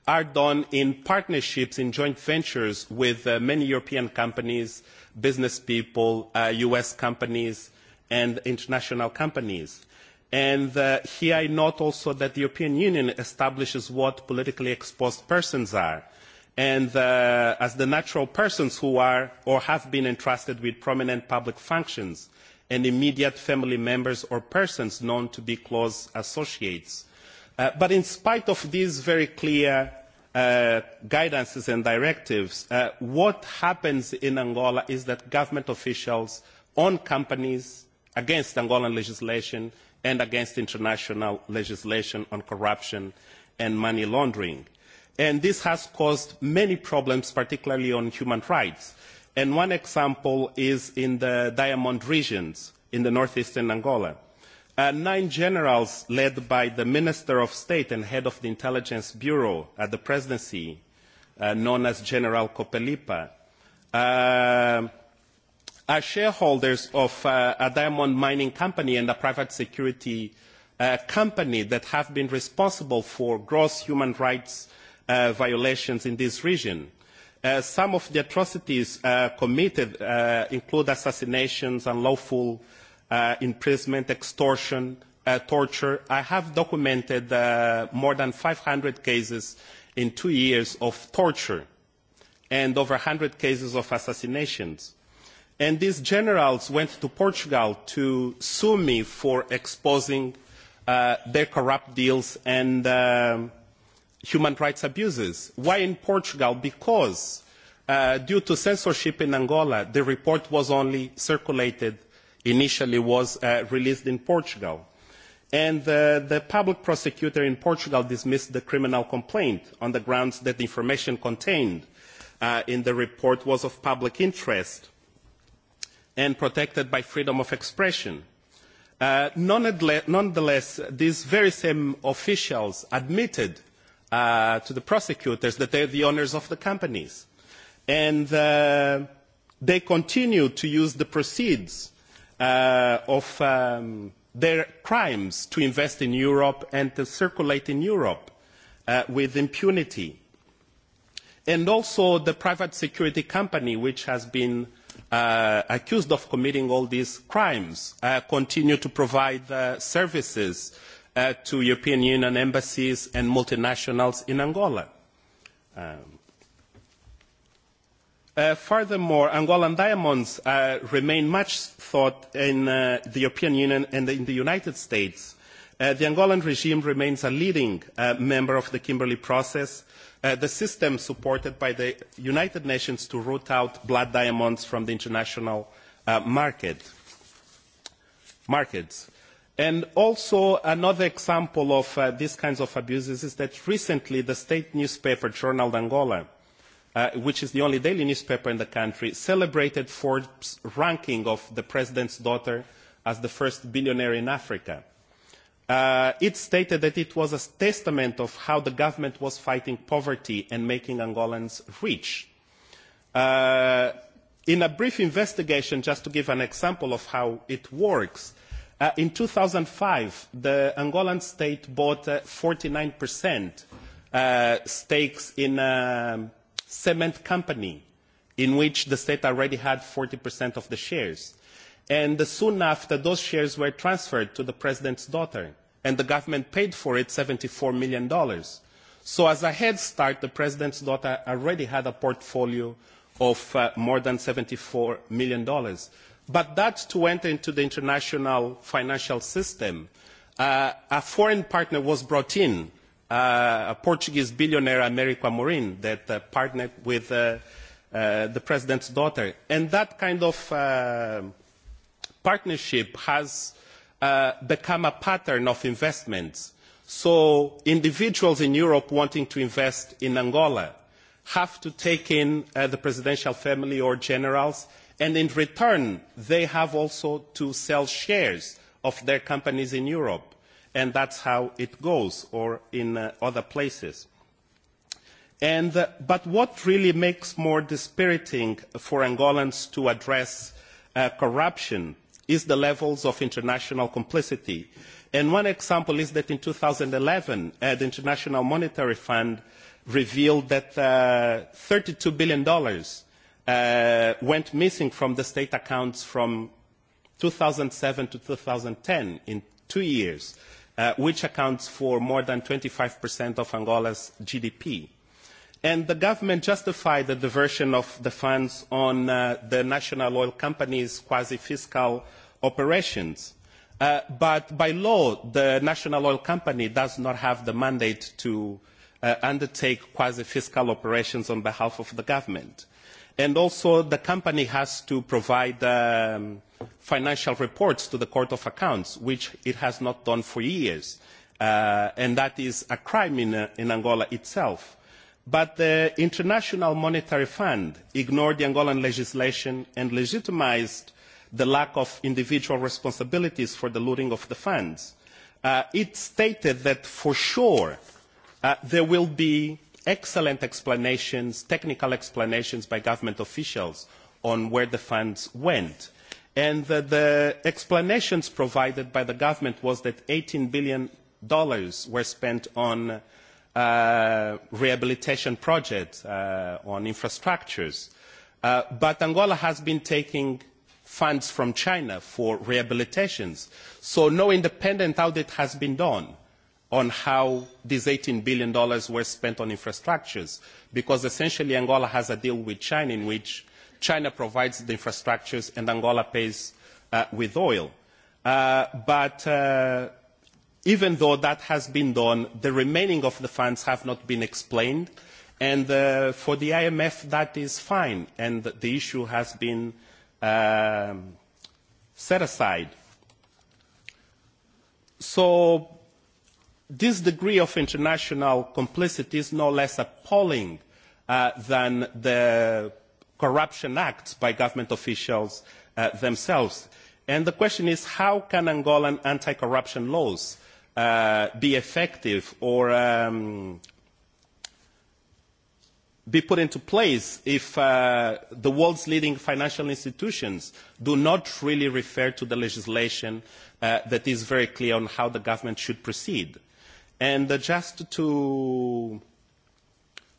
are done in partnerships, in joint ventures with many European companies, business people, US companies, and international companies. And here I note also that the European Union establishes what politically exposed persons are. And as the natural persons who are or have been entrusted with prominent public functions and immediate family members or persons known to be close associates. but in spite of these very clear guidances and directives, what happens in Angola is that government officials own companies against Angolan legislation and against international legislation on corruption and money laundering. And this has caused many problems, particularly on human rights. And one example is in the diamond regions in the northeastern Angola nine generals led by the Minister of State and head of the Intelligence Bureau at the presidency, known as General Kopelipa, are shareholders of a diamond mining company and a private security company that have been responsible for gross human rights violations in this region. some of the atrocities committed include assassinations, unlawful uh, imprisonment, extortion, uh, torture. I have documented uh, more than 500 cases in two years of torture and over 100 cases of assassinations. And these generals went to Portugal to sue me for exposing uh, their corrupt deals and uh, human rights abuses. Why in Portugal? Because uh, due to censorship in Angola, the report was only circulated initially was released in Portugal. And the public prosecutor in Portugal dismissed the criminal complaint on the grounds that the information contained in the report was of public interest and protected by freedom of expression. nonetheless, these very same officials admitted to the prosecutors that they are the owners of the companies. And they continue to use the proceeds of their crimes to invest in Europe and to circulate in Europe with impunity. And also the private security company, which has been accused of committing all these crimes, continue to provide services to European Union embassies and multinationals in Angola. Um, furthermore, Angolan diamonds remain much sought in the European Union and in the United States. the Angolan regime remains a leading member of the Kimberley process, the system supported by the United Nations to root out blood diamonds from the international markets. also another example of these kinds of abuses is that recently the state newspaper Journal d'Angola which is the only daily newspaper in the country, celebrated Forbes' ranking of the president's daughter as the first billionaire in Africa. it stated that it was a testament of how the government was fighting poverty and making Angolans rich. in a brief investigation, just to give an example of how it works, uh, in 2005, the Angolan state bought uh, 49% uh, stakes in cement company in which the state already had 40% of the shares. And soon after, those shares were transferred to the president's daughter, and the government paid for it $74 million. So as a head start, the president's daughter already had a portfolio of uh, more than $74 million. But that to enter into the international financial system, uh, a foreign partner was brought in a Portuguese billionaire, Américo Amorim, that partnered with the president's daughter. And that kind of partnership has become a pattern of investments. So individuals in Europe wanting to invest in Angola have to take in the presidential family or generals, and in return, they have also to sell shares of their companies in Europe and that's how it goes, or in uh, other places. And, uh, but what really makes more dispiriting for Angolans to address uh, corruption is the levels of international complicity. And one example is that in 2011, uh, the International Monetary Fund revealed that uh, $32 billion uh, went missing from the state accounts from 2007 to 2010 in two years which accounts for more than twenty 25% of Angola's GDP. And the government justified the diversion of the funds on the national oil company's quasi-fiscal operations. but by law, the national oil company does not have the mandate to undertake quasi-fiscal operations on behalf of the government and also the company has to provide financial reports to the Court of Accounts, which it has not done for years. and that is a crime in, Angola itself. But the International Monetary Fund ignored the Angolan legislation and legitimised the lack of individual responsibilities for the looting of the funds. it stated that for sure there will be excellent explanations, technical explanations by government officials on where the funds went. And the explanations provided by the government was that eighteen billion were spent on rehabilitation projects, on infrastructures. but Angola has been taking funds from China for rehabilitation, so no independent audit has been done on how these $18 billion were spent on infrastructures, because essentially Angola has a deal with China in which China provides the infrastructures and Angola pays with oil. but even though that has been done, the remaining of the funds have not been explained. And for the IMF, that is fine. And the issue has been set aside. So this degree of international complicity is no less appalling than the corruption acts by government officials themselves. And the question is, how can Angolan anti-corruption laws be effective or be put into place if the world's leading financial institutions do not really refer to the legislation that is very clear on how the government should proceed? And just to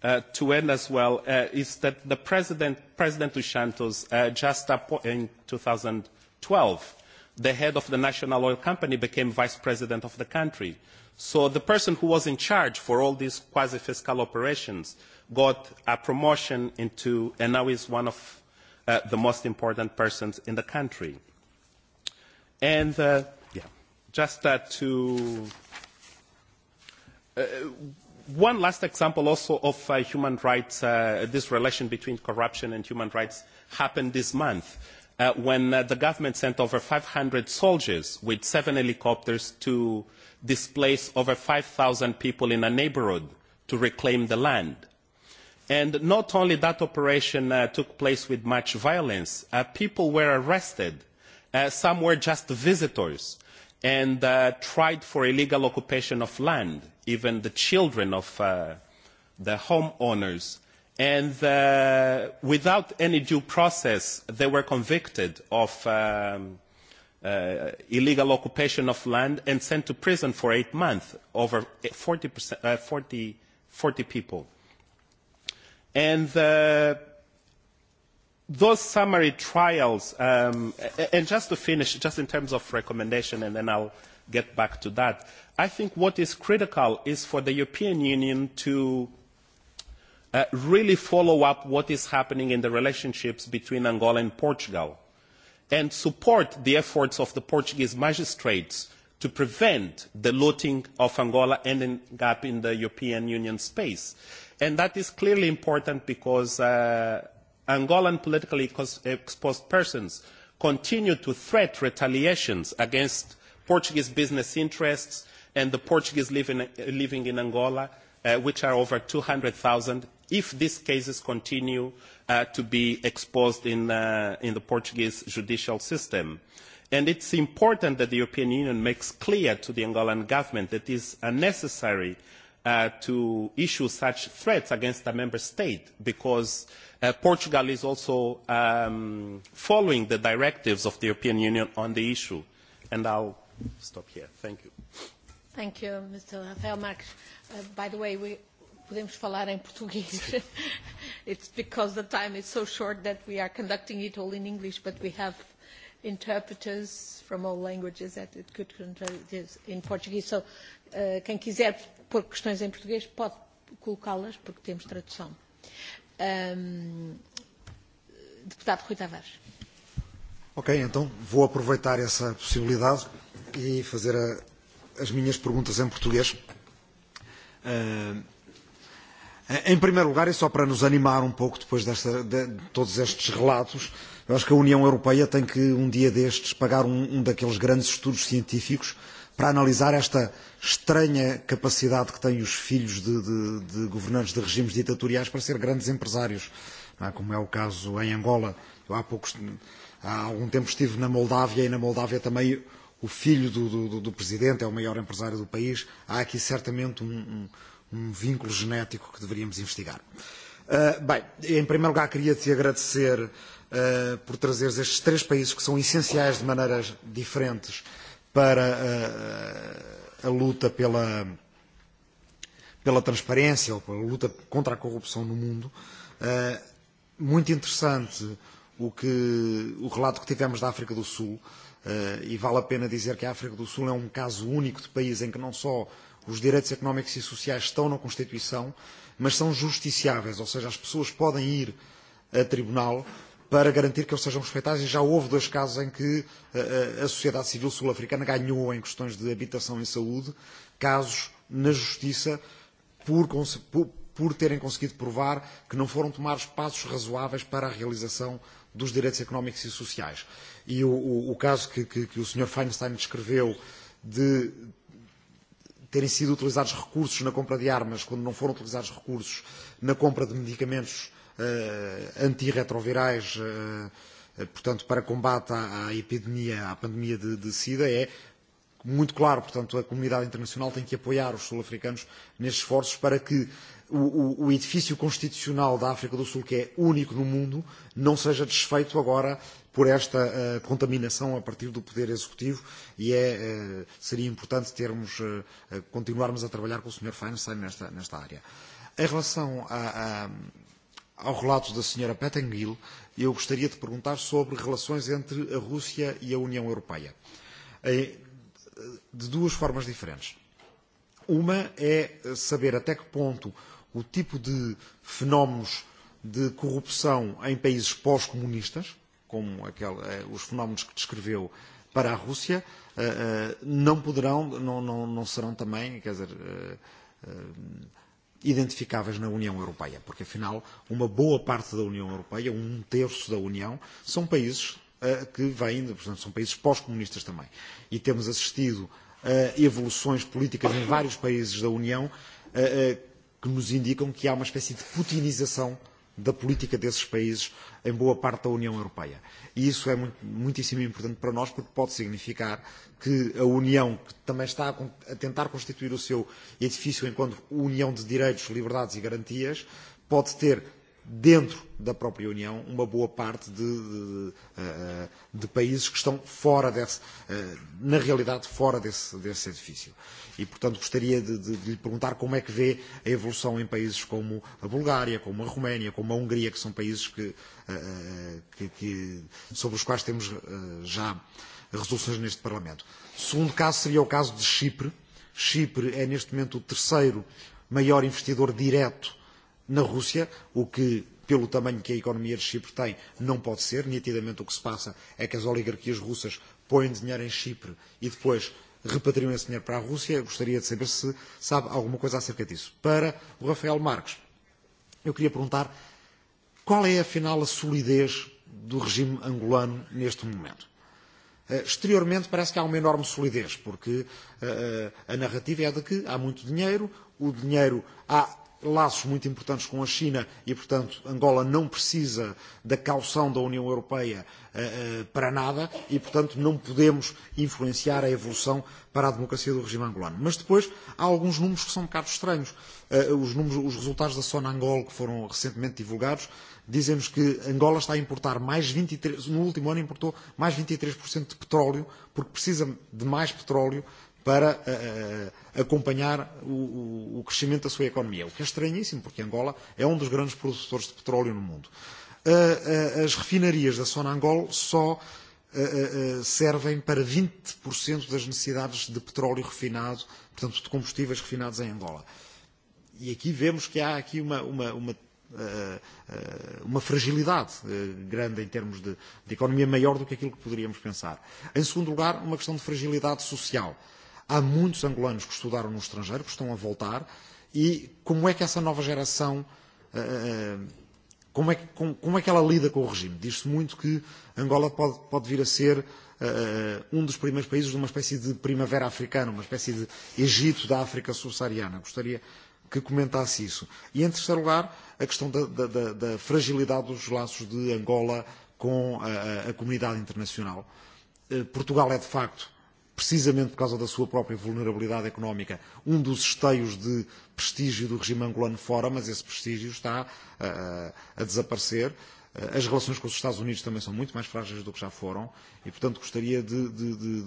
end as well is that the president, President Ushantos, Santos, just in 2012, the head of the national oil company became vice president of the country. So the person who was in charge for all these quasi-fiscal operations got a promotion into, and now is one of the most important persons in the country. And yeah, just uh, to one last example also of human rights, this relation between corruption and human rights happened this month when the government sent over five hundred soldiers with seven helicopters to displace over five 5,000 people in a neighbourhood to reclaim the land. And not only that operation took place with much violence, people were arrested. some were just visitors and tried for illegal occupation of land even the children of uh, the homeowners. And uh, without any due process, they were convicted of um, uh, illegal occupation of land and sent to prison for eight months, over 40, uh, 40, 40 people. And uh, those summary trials, um, and just to finish, just in terms of recommendation, and then I'll get back to that. I think what is critical is for the European Union to really follow up what is happening in the relationships between Angola and Portugal and support the efforts of the Portuguese magistrates to prevent the looting of Angola ending up in the European Union space. And that is clearly important because Angolan politically exposed persons continue to threat retaliations against Portuguese business interests and the Portuguese living in Angola, which are over two hundred 200,000, if these cases continue to be exposed in, the Portuguese judicial system. And it is important that the European Union makes clear to the Angolan government that it is unnecessary to issue such threats against a member state because Portugal is also following the directives of the European Union on the issue. And I'll stop here. Thank you. Thank you, Mr. Rafael Marques. Uh, by the way, we podemos falar em português. It's because the time is so short that we are conducting it all in English, but we have interpreters from all languages that it could translate in Portuguese. So, uh, quem quiser pôr questões em português pode colocá-las, porque temos tradução. Um, deputado Rui Tavares. Ok, então vou aproveitar essa possibilidade e fazer a, as minhas perguntas em português. Uh, em primeiro lugar, e só para nos animar um pouco depois desta, de, de todos estes relatos, eu acho que a União Europeia tem que, um dia destes, pagar um, um daqueles grandes estudos científicos para analisar esta estranha capacidade que têm os filhos de, de, de governantes de regimes ditatoriais para ser grandes empresários, não é? como é o caso em Angola. Eu há poucos Há algum tempo estive na Moldávia e na Moldávia também o filho do, do, do presidente é o maior empresário do país. Há aqui certamente um, um, um vínculo genético que deveríamos investigar. Uh, bem, em primeiro lugar queria te agradecer uh, por trazeres estes três países que são essenciais de maneiras diferentes para uh, a luta pela, pela transparência ou pela luta contra a corrupção no mundo. Uh, muito interessante uh, o, que, o relato que tivemos da África do Sul, uh, e vale a pena dizer que a África do Sul é um caso único de país em que não só os direitos económicos e sociais estão na Constituição, mas são justiciáveis, ou seja, as pessoas podem ir a tribunal para garantir que eles sejam respeitados. E já houve dois casos em que a, sociedade civil sul-africana ganhou em questões de habitação e saúde, casos na justiça por, por terem conseguido provar que não foram tomados passos razoáveis para a realização dos direitos económicos e sociais. E o, o, o caso que, que, que o Sr. Feinstein descreveu de terem sido utilizados recursos na compra de armas quando não foram utilizados recursos na compra de medicamentos uh, antirretrovirais, uh, portanto, para combate à, à epidemia, à pandemia de, de SIDA, é muito claro. Portanto, a comunidade internacional tem que apoiar os sul-africanos nestes esforços para que uh, o, o edifício constitucional da África do Sul, que é único no mundo, não seja desfeito agora por esta uh, contaminação a partir do poder executivo e é, uh, seria importante termos, uh, continuarmos a trabalhar com o Sr. Feinstein nesta, nesta área. Em relação a, a, ao relato da Sra. Pettengill, eu gostaria de perguntar sobre relações entre a Rússia e a União Europeia, de duas formas diferentes. Uma é saber até que ponto o tipo de fenómenos de corrupção em países pós-comunistas, como aquele, os fenómenos que descreveu para a Rússia, não poderão, não, não, não serão também, quer dizer, identificáveis na União Europeia, porque afinal uma boa parte da União Europeia, um terço da União, são países que vêm, portanto, são países pós-comunistas também. E temos assistido a evoluções políticas em vários países da União que nos indicam que há uma espécie de putinização da política desses países em boa parte da União Europeia. E isso é muito, muitíssimo importante para nós, porque pode significar que a União, que também está a, a tentar constituir o seu edifício enquanto União de Direitos, Liberdades e Garantias, pode ter dentro da própria União uma boa parte de, de, de países que estão fora desse, na realidade, fora desse, desse edifício. E, portanto, gostaria de, de, de lhe perguntar como é que vê a evolução em países como a Bulgária, como a Roménia, como a Hungria, que são países que, que, que, sobre os quais temos já resoluções neste Parlamento. O segundo caso seria o caso de Chipre. Chipre é, neste momento, o terceiro maior investidor direto na Rússia, o que, pelo tamanho que a economia de Chipre tem, não pode ser. Nitidamente o que se passa é que as oligarquias russas põem dinheiro em Chipre e depois repatriam esse dinheiro para a Rússia. Eu gostaria de saber se sabe alguma coisa acerca disso. Para o Rafael Marques, eu queria perguntar qual é, afinal, a solidez do regime angolano neste momento. Exteriormente parece que há uma enorme solidez, porque a narrativa é de que há muito dinheiro, o dinheiro há laços muito importantes com a China e, portanto, Angola não precisa da caução da União Europeia para nada e, portanto, não podemos influenciar a evolução para a democracia do regime angolano. Mas depois há alguns números que são um bocado estranhos. Os, números, os resultados da Sona Angola, que foram recentemente divulgados, dizem-nos que Angola está a importar mais 23, no último ano importou mais 23% de petróleo, porque precisa de mais petróleo para acompanhar o, crescimento da sua economia. O que é estranhíssimo, porque Angola é um dos grandes produtores de petróleo no mundo. as refinarias da Sonangol só servem para 20% das necessidades de petróleo refinado, portanto, de combustíveis refinados em Angola. E aqui vemos que há aqui uma, uma, uma uma fragilidade grande em termos de, de economia maior do que aquilo que poderíamos pensar. Em segundo lugar, uma questão de fragilidade social. Uh, Há muitos angolanos que estudaram no estrangeiro, que estão a voltar, e como é que essa nova geração como é, que, como, como é que ela lida com o regime? Diz-se muito que Angola pode, pode vir a ser um dos primeiros países de uma espécie de primavera africana, uma espécie de Egito da África subsaariana. Gostaria que comentasse isso. E, em terceiro lugar, a questão da, da, da, fragilidade dos laços de Angola com a, a, a comunidade internacional. Portugal é, de facto, precisamente por causa da sua própria vulnerabilidade económica, um dos esteios de prestígio do regime angolano fora, mas esse prestígio está uh, a desaparecer. As relações com os Estados Unidos também são muito mais frágeis do que já foram e, portanto, gostaria de, de, de,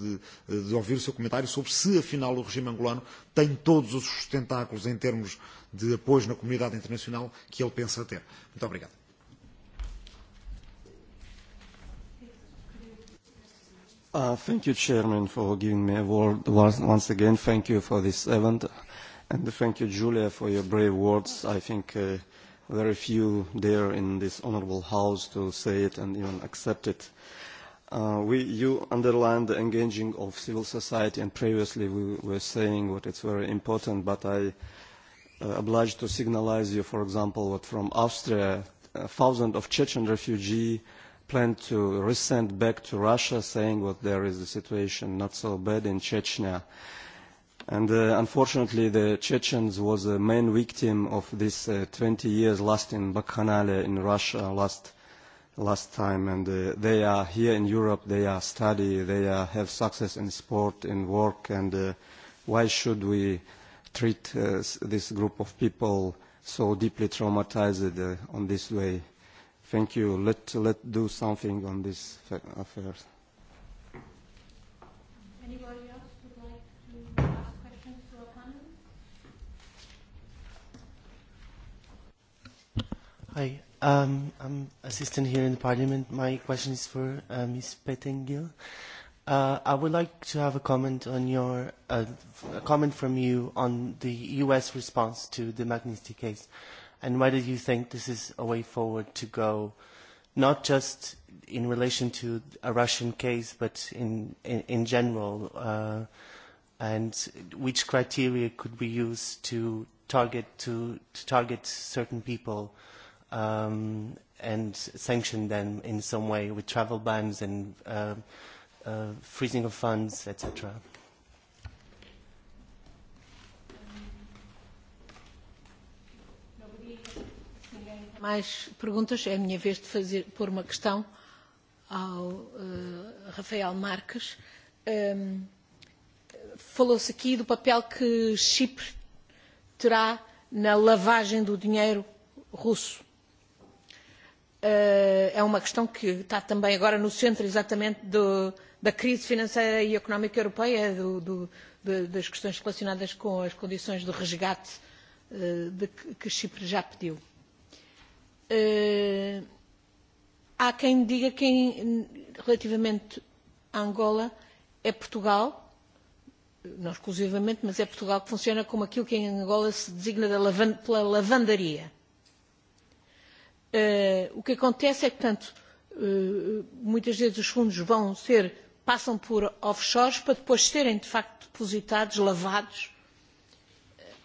de, de ouvir o seu comentário sobre se, afinal, o regime angolano tem todos os sustentáculos em termos de apoio na comunidade internacional que ele pensa ter. Muito obrigado. thank you, Chairman, for giving me a word. Once, once again, thank you for this event. And thank you, Julia, for your brave words. I think uh, very few dare in this honorable house to say it and even accept it. Uh, we, you underlined the engaging of civil society, and previously we were saying what it's very important, but I uh, obliged to signalize you, for example, what from Austria, thousands of Chechen refugees plan to resend back to Russia saying that there is a situation not so bad in Chechnya. And uh, unfortunately, the Chechens was the main victim of this uh, 20 years last in Bacchanale in Russia last last time. And uh, they are here in Europe. They are study. They are, have success in sport, in work. And uh, why should we treat uh, this group of people so deeply traumatized uh, on this way? Thank you. Let let's do something on this affair. Anybody else would like to ask questions to our panel? Hi, um, I'm assistant here in the Parliament. My question is for uh, Ms. Pettengill. Uh, I would like to have a comment on your uh, a comment from you on the U.S. response to the Magnitsky case. Uh, and whether you think this is a way forward to go, not just in relation to a Russian case, but in, in, in general, uh, and which criteria could we use to target, to, to target certain people um, and sanction them in some way with travel bans and uh, uh, freezing of funds, etc.? mais perguntas. É a minha vez de fazer, pôr uma questão ao uh, Rafael Marques. Um, Falou-se aqui do papel que Chipre terá na lavagem do dinheiro russo. Uh, é uma questão que está também agora no centro exatamente do, da crise financeira e económica europeia, do, do, das questões relacionadas com as condições de resgate uh, de, que Chipre já pediu há quem diga que relativamente a Angola é Portugal, não exclusivamente, mas é Portugal que funciona como aquilo que em Angola se designa pela lavandaria. o que acontece é que, portanto, muitas vezes os fundos vão ser, passam por offshores para depois serem, de facto, depositados, lavados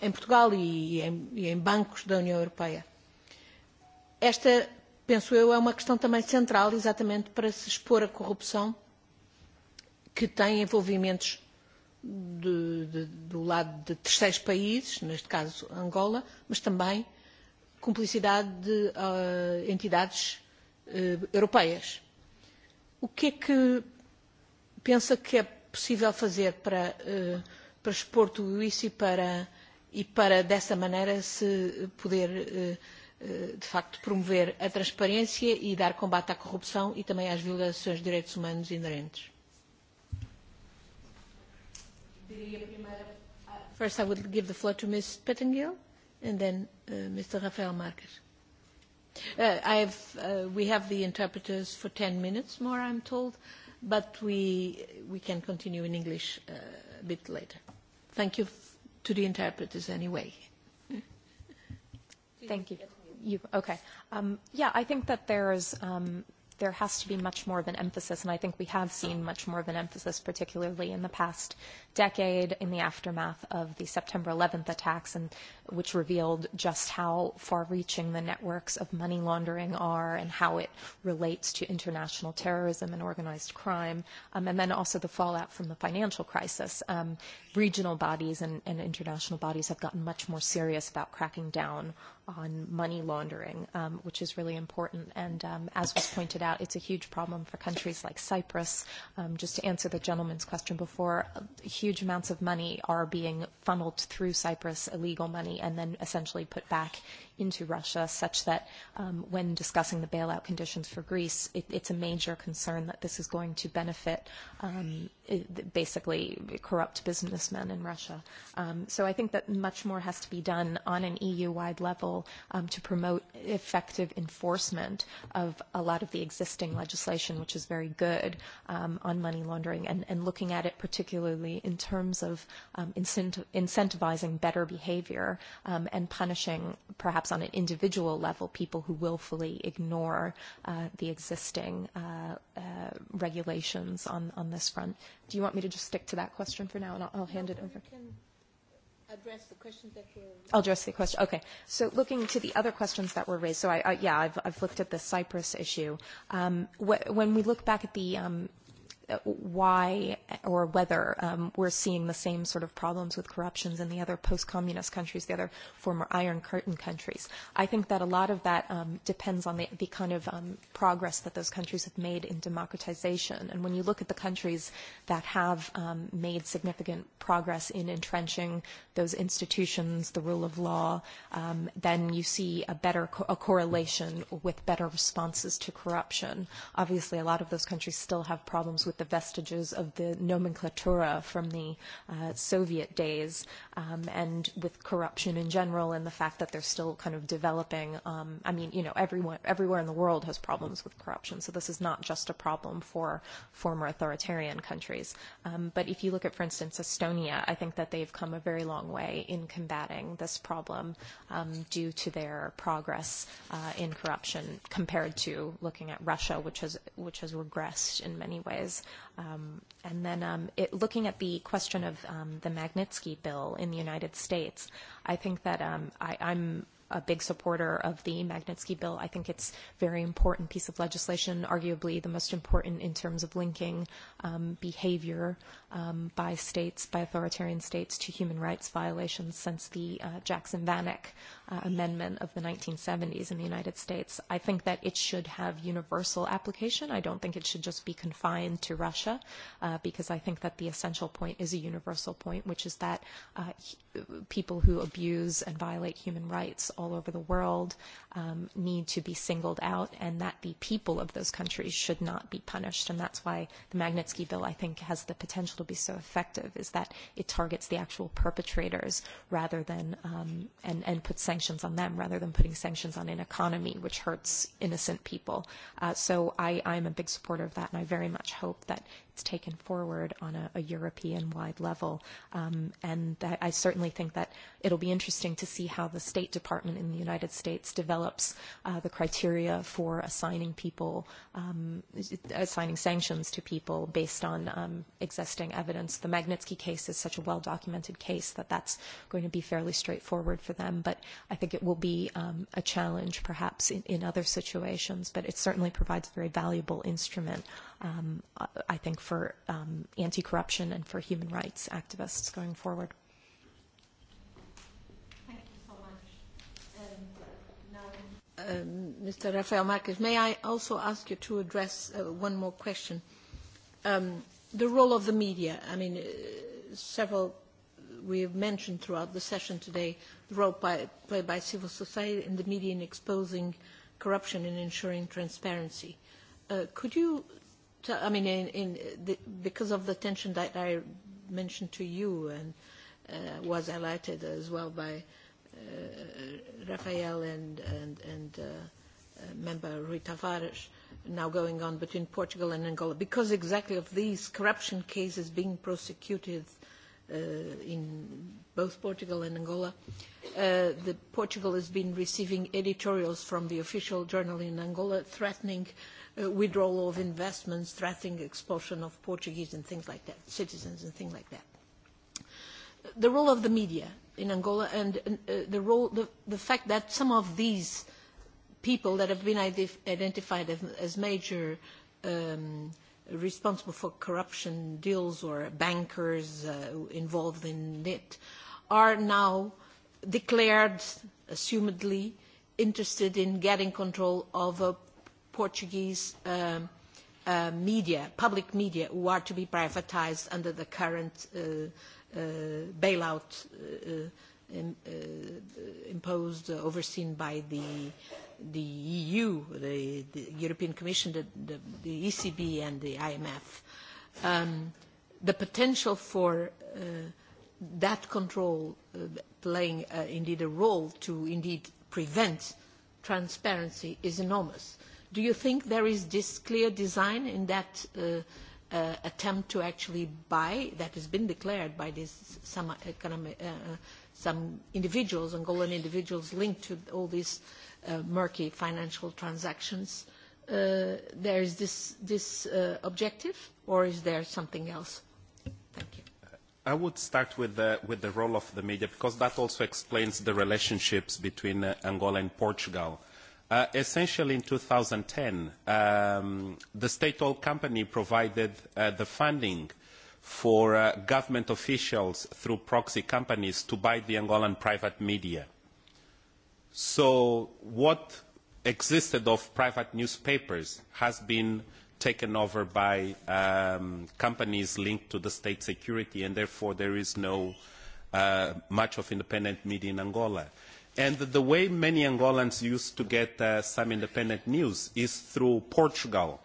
em Portugal e em, e em bancos da União Europeia Esta, penso eu, é uma questão também central, exatamente para se expor a corrupção que tem envolvimentos de, de, do lado de terceiros países, neste caso Angola, mas também cumplicidade de uh, entidades uh, europeias. O que é que pensa que é possível fazer para, uh, para expor tudo isso e para, e para dessa maneira se poder uh, de facto, promover a transparência e dar combate à corrupção e também às violações de direitos humanos inerentes. First, I would give the floor to Ms. Pettengill and then uh, Mr. Rafael Marques. Uh, I have, uh, we have the interpreters for 10 minutes more, I'm told, but we, we can continue in English uh, a bit later. Thank you to the interpreters anyway. Thank you. You, okay. Um, yeah, I think that there's, um, there has to be much more of an emphasis, and I think we have seen much more of an emphasis, particularly in the past decade, in the aftermath of the September 11th attacks, and which revealed just how far-reaching the networks of money laundering are and how it relates to international terrorism and organized crime, um, and then also the fallout from the financial crisis. Um, regional bodies and, and international bodies have gotten much more serious about cracking down on money laundering, um, which is really important. And um, as was pointed out, it's a huge problem for countries like Cyprus. Um, just to answer the gentleman's question before, huge amounts of money are being funneled through Cyprus, illegal money, and then essentially put back into Russia such that um, when discussing the bailout conditions for Greece, it, it's a major concern that this is going to benefit um, basically corrupt businessmen in Russia. Um, so I think that much more has to be done on an EU-wide level um, to promote effective enforcement of a lot of the existing legislation, which is very good um, on money laundering, and, and looking at it particularly in terms of um, incentivizing better behavior um, and punishing perhaps perhaps on an individual level, people who willfully ignore uh, the existing uh, uh, regulations on, on this front. Do you want me to just stick to that question for now, and I'll, I'll hand it over? address the questions that were I'll address the question. Okay. So looking to the other questions that were raised, so I, I yeah, I've, I've looked at the Cyprus issue. Um, wh- when we look back at the um, why or whether um, we're seeing the same sort of problems with corruptions in the other post-communist countries, the other former Iron Curtain countries. I think that a lot of that um, depends on the, the kind of um, progress that those countries have made in democratization. And when you look at the countries that have um, made significant progress in entrenching those institutions, the rule of law, um, then you see a better co- a correlation with better responses to corruption. Obviously, a lot of those countries still have problems with the vestiges of the nomenclatura from the uh, Soviet days um, and with corruption in general and the fact that they're still kind of developing. Um, I mean, you know, everyone, everywhere in the world has problems with corruption. So this is not just a problem for former authoritarian countries. Um, but if you look at, for instance, Estonia, I think that they've come a very long way in combating this problem um, due to their progress uh, in corruption compared to looking at Russia, which has, which has regressed in many ways. Um, and then um, it, looking at the question of um, the Magnitsky bill in the United States, I think that um, I, I'm a big supporter of the Magnitsky bill. I think it's a very important piece of legislation, arguably the most important in terms of linking um, behavior um, by states, by authoritarian states, to human rights violations since the uh, Jackson-Vanik uh, amendment of the 1970s in the United States. I think that it should have universal application. I don't think it should just be confined to Russia uh, because I think that the essential point is a universal point, which is that uh, people who abuse and violate human rights all over the world um, need to be singled out and that the people of those countries should not be punished. And that's why the Magnitsky Bill, I think, has the potential to be so effective, is that it targets the actual perpetrators rather than, um, and, and puts sanctions on them rather than putting sanctions on an economy, which hurts innocent people. Uh, so I, I'm a big supporter of that, and I very much hope that it's taken forward on a, a European-wide level. Um, and that, I certainly think that it'll be interesting to see how the State Department in the United States develops uh, the criteria for assigning people, um, assigning sanctions to people based on um, existing evidence. The Magnitsky case is such a well-documented case that that's going to be fairly straightforward for them. But I think it will be um, a challenge, perhaps, in, in other situations. But it certainly provides a very valuable instrument um, I think, for um, anti-corruption and for human rights activists going forward. Mr. Rafael Marquez, may I also ask you to address uh, one more question? Um, the role of the media. I mean, uh, several we have mentioned throughout the session today the role by, played by civil society and the media in exposing corruption and ensuring transparency. Uh, could you I mean, in, in the, because of the tension that I mentioned to you and uh, was highlighted as well by uh, Rafael and and and uh, member Rui Tavares now going on between Portugal and Angola, because exactly of these corruption cases being prosecuted uh, in both Portugal and Angola, uh, the Portugal has been receiving editorials from the official journal in Angola threatening uh, withdrawal of investments, threatening expulsion of Portuguese and things like that, citizens and things like that. The role of the media in Angola and the role, the, the fact that some of these people that have been identified as, as major um, responsible for corruption deals or bankers uh, involved in it are now declared, assumedly, interested in getting control of a Portuguese media, public media, who are to be privatised under the current bailout imposed, overseen by the, the EU, the, the European Commission, the, the, the ECB and the IMF. Um, the potential for uh, that control uh, playing uh, indeed a role to indeed prevent transparency is enormous Do you think there is this clear design in that attempt to actually buy, that has been declared by these, some, economic, some individuals, Angolan individuals linked to all these murky financial transactions? there is this, this objective, or is there something else? Thank you. I would start with the, with the role of the media, because that also explains the relationships between Angola and Portugal essentially in 2010, um, the state-owned company provided the funding for government officials through proxy companies to buy the Angolan private media. So what existed of private newspapers has been taken over by companies linked to the state security, and therefore there is no much of independent media in Angola And the way many Angolans used to get uh, some independent news is through Portugal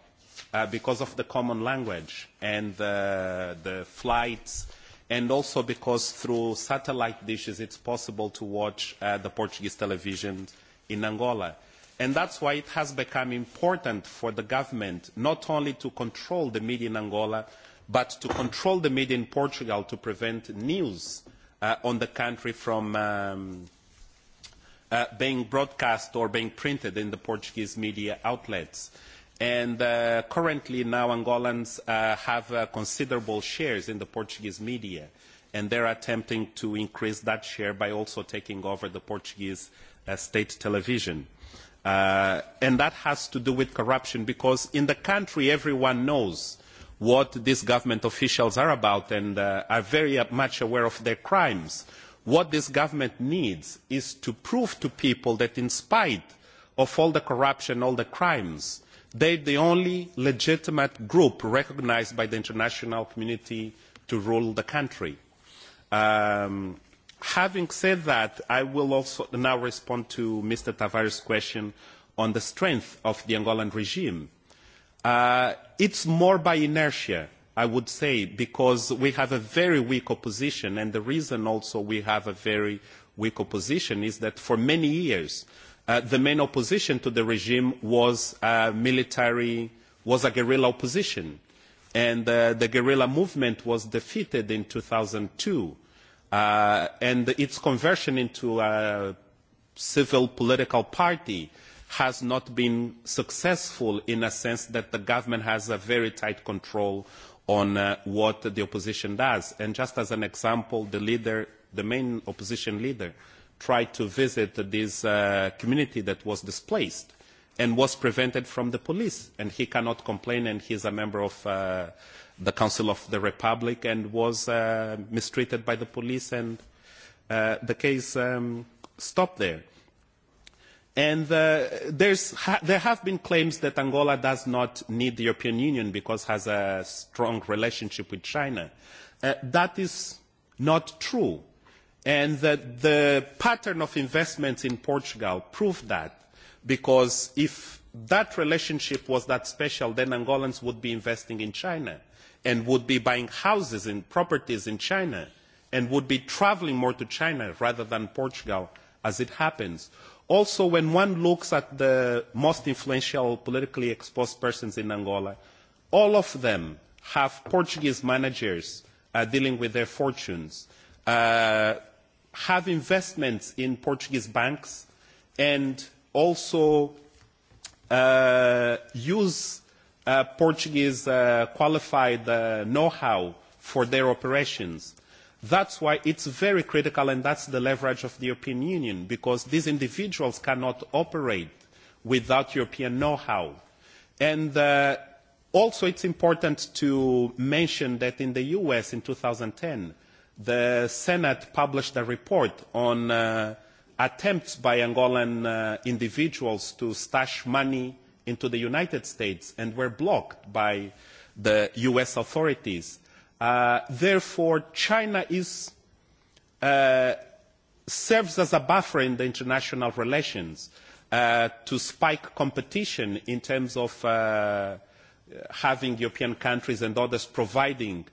uh, because of the common language and the, the flights and also because through satellite dishes it's possible to watch uh, the Portuguese television in Angola. And that's why it has become important for the government not only to control the media in Angola, but to control the media in Portugal to prevent news uh, on the country from um, being broadcast or being printed in the Portuguese media outlets. And currently now Angolans have considerable shares in the Portuguese media and they are attempting to increase that share by also taking over the Portuguese state television. and that has to do with corruption because in the country everyone knows what these government officials are about and are very much aware of their crimes what this government needs is to prove to people that in spite of all the corruption, all the crimes, they are the only legitimate group recognised by the international community to rule the country. having said that, I will also now respond to Mr. Tavares' question on the strength of the Angolan regime. It is more by inertia I would say, because we have a very weak opposition, and the reason also we have a very weak opposition is that for many years the main opposition to the regime was a military, was a guerrilla opposition. And the guerrilla movement was defeated in two 2002. Uh, and its conversion into a civil political party has not been successful in a sense that the government has a very tight control on uh, what the opposition does. And just as an example, the leader, the main opposition leader, tried to visit this uh, community that was displaced and was prevented from the police. And he cannot complain, and he is a member of uh, the Council of the Republic and was uh, mistreated by the police, and uh, the case um, stopped there And uh, there's ha- there have been claims that Angola does not need the European Union because it has a strong relationship with China. Uh, that is not true. And the, the pattern of investments in Portugal proved that because if that relationship was that special, then Angolans would be investing in China and would be buying houses and properties in China and would be travelling more to China rather than Portugal as it happens. Also, when one looks at the most influential politically exposed persons in Angola, all of them have Portuguese managers dealing with their fortunes, have investments in Portuguese banks, and also use Portuguese qualified know-how for their operations That is why it is very critical, and that is the leverage of the European Union, because these individuals cannot operate without European know-how. And also it is important to mention that in the US in ten the Senate published a report on attempts by Angolan individuals to stash money into the United States and were blocked by the US authorities therefore, China is, serves as a buffer in the international relations to spike competition in terms of having European countries and others providing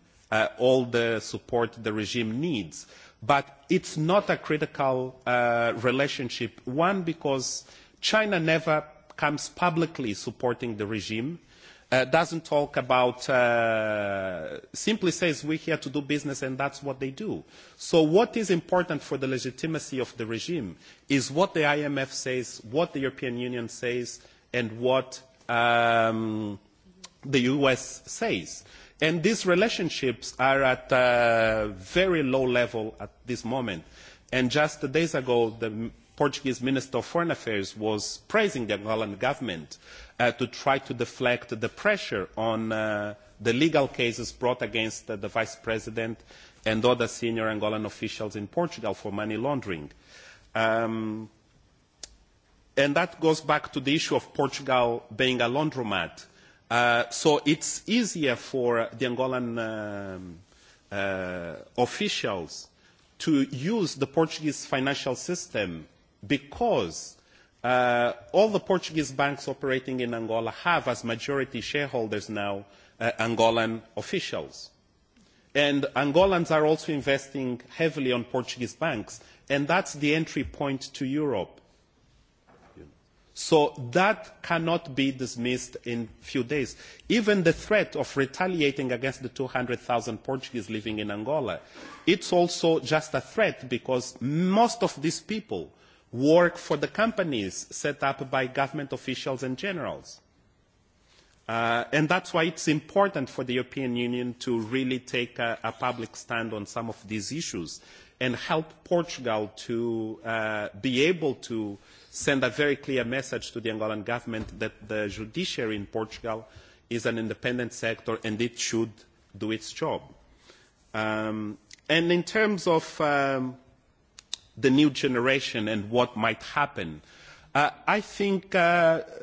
all the support the regime needs. But it is not a critical relationship. One, because China never comes publicly supporting the regime uh, doesn't talk about, uh, simply says we're here to do business and that's what they do. So what is important for the legitimacy of the regime is what the IMF says, what the European Union says, and what um, the US says. And these relationships are at a very low level at this moment. And just days ago, the Portuguese Minister of Foreign Affairs was praising the Angolan government to try to deflect the pressure on the legal cases brought against the Vice President and other senior Angolan officials in Portugal for money laundering. and that goes back to the issue of Portugal being a laundromat. so it's easier for the Angolan officials to use the Portuguese financial system because uh, all the Portuguese banks operating in Angola have as majority shareholders now uh, Angolan officials. And Angolans are also investing heavily on Portuguese banks, and that's the entry point to Europe. So that cannot be dismissed in a few days. Even the threat of retaliating against the two hundred 200,000 Portuguese living in Angola, is also just a threat because most of these people work for the companies set up by government officials and generals. Uh, and that's why it's important for the European Union to really take a, a public stand on some of these issues and help Portugal to uh, be able to send a very clear message to the Angolan government that the judiciary in Portugal is an independent sector and it should do its job. Um, and in terms of um, the new generation and what might happen. I think the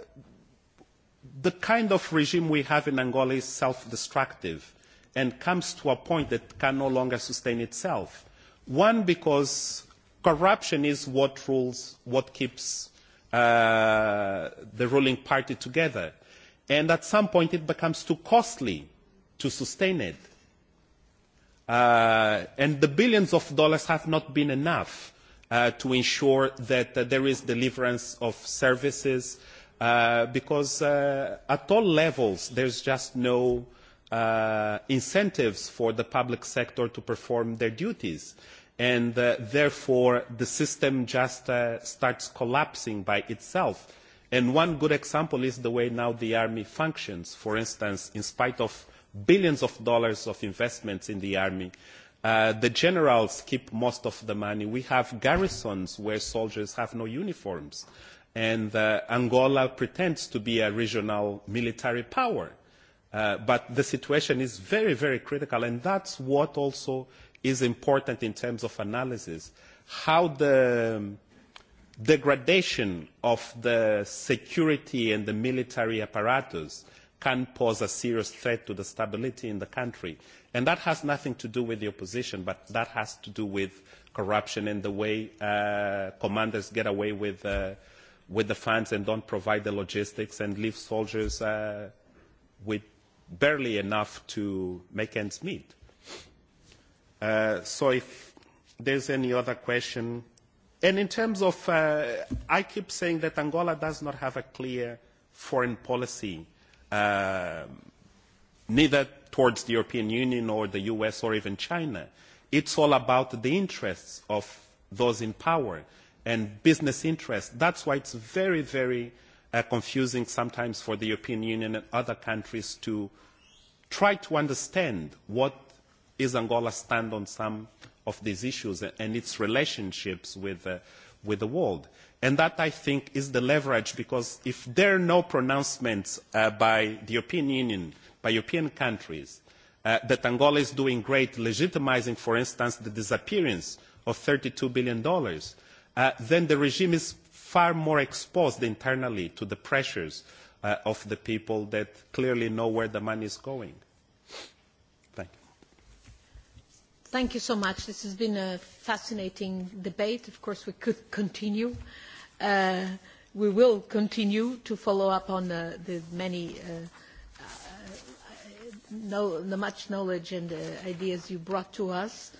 kind of regime we have in Angola is self-destructive and comes to a point that can no longer sustain itself. One, because corruption is what rules, what keeps the ruling party together. And at some point it becomes too costly to sustain it. and the billions of dollars have not been enough to ensure that there is deliverance of services because at all levels there just no incentives for the public sector to perform their duties and therefore the system just starts collapsing by itself. one good example is the way now the army functions. For instance, in spite of billions of dollars of investments in the army, the generals keep most of the money. We have garrisons where soldiers have no uniforms. And Angola pretends to be a regional military power. but the situation is very, very critical. And that's what also is important in terms of analysis. How the degradation of the security and the military apparatus can pose a serious threat to the stability in the country. And that has nothing to do with the opposition, but that has to do with corruption and the way uh, commanders get away with, uh, with the funds and don't provide the logistics and leave soldiers uh, with barely enough to make ends meet. Uh, so if there's any other question. And in terms of, uh, I keep saying that Angola does not have a clear foreign policy neither towards the European Union or the US or even China. It's all about the interests of those in power and business interests. That's why it's very, very uh confusing sometimes for the European Union and other countries to try to understand what is Angola's stand on some of these issues and its relationships with with the world. And that, I think, is the leverage, because if there are no pronouncements by the European Union, by European countries, that Angola is doing great, legitimising, for instance, the disappearance of thirty two billion dollars, then the regime is far more exposed internally to the pressures of the people that clearly know where the money is going Thank you so much. This has been a fascinating debate. Of course, we could continue. Uh, we will continue to follow up on the, the many, uh, no, the much knowledge and uh, ideas you brought to us.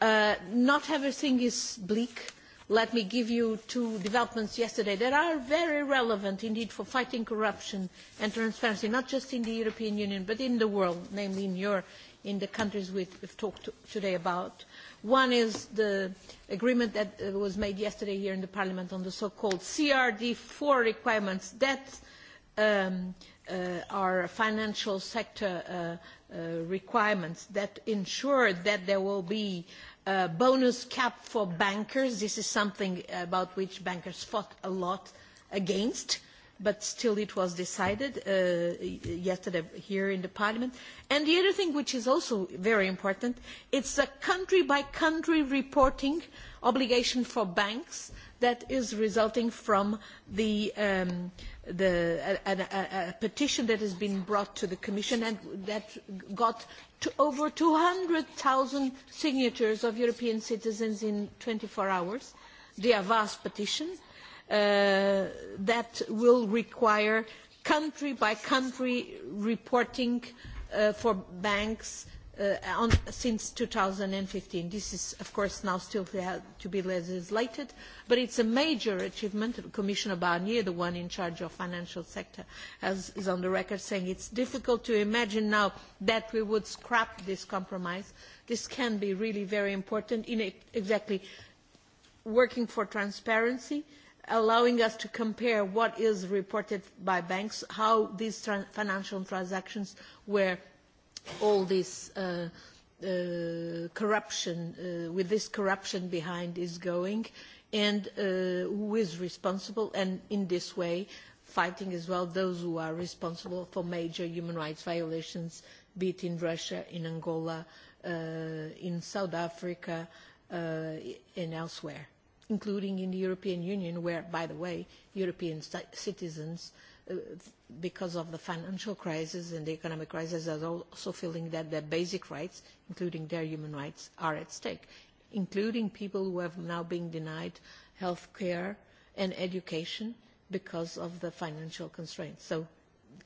Uh, not everything is bleak. Let me give you two developments yesterday that are very relevant indeed for fighting corruption and transparency, not just in the European Union, but in the world, namely in your in the countries we've talked today about. One is the agreement that was made yesterday here in the Parliament on the so-called CRD4 requirements that are financial sector requirements that ensure that there will be a bonus cap for bankers. This is something about which bankers fought a lot against but still it was decided yesterday here in Parliament. And the other thing which is also very important, it's a country-by-country reporting obligation for banks that is resulting from the, petition that has been brought to the Commission and that got to over two hundred 200,000 signatures of European citizens in twenty four hours, the Avas petition that will require country by country reporting for banks on, since 2015. This is, of course, now still to, be legislated, but it's a major achievement. Commissioner Barnier, the one in charge of financial sector, has, is on the record saying it's difficult to imagine now that we would scrap this compromise. This can be really very important in exactly working for transparency, uh, allowing us to compare what is reported by banks, how these financial transactions where all this uh, uh, corruption, uh, with this corruption behind is going, and uh, who is responsible, and in this way fighting as well those who are responsible for major human rights violations, be it in Russia, in Angola, uh, in South Africa, uh, and elsewhere including in the European Union, where, by the way, European citizens, because of the financial crisis and the economic crisis, are also feeling that their basic rights, including their human rights, are at stake, including people who have now been denied health care and education because of the financial constraints. So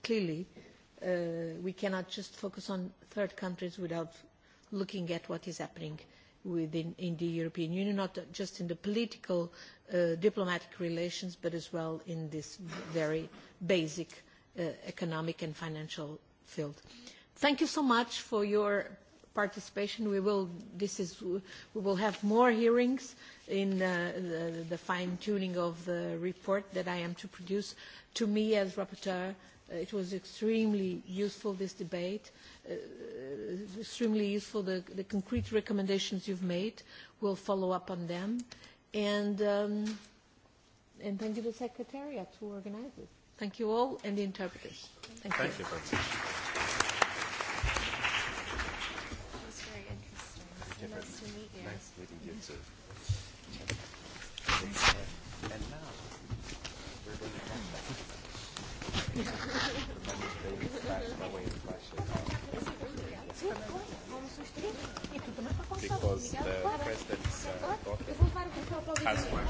clearly, we cannot just focus on third countries without looking at what is happening within in the European Union, not just in the political diplomatic relations, but as well in this very basic economic and financial field. Thank you so much for your participation. We will, this is, we will have more hearings in the, the fine-tuning of the report that I am to produce. To me, as rapporteur, It was extremely useful, this debate, extremely useful, the, the concrete recommendations you've made. We'll follow up on them. And, um, and thank you to the Secretariat who organised it. Thank you all and the interpreters. Thank, thank you. you. Nice meeting you too. And now Because the president's uh, daughter has one.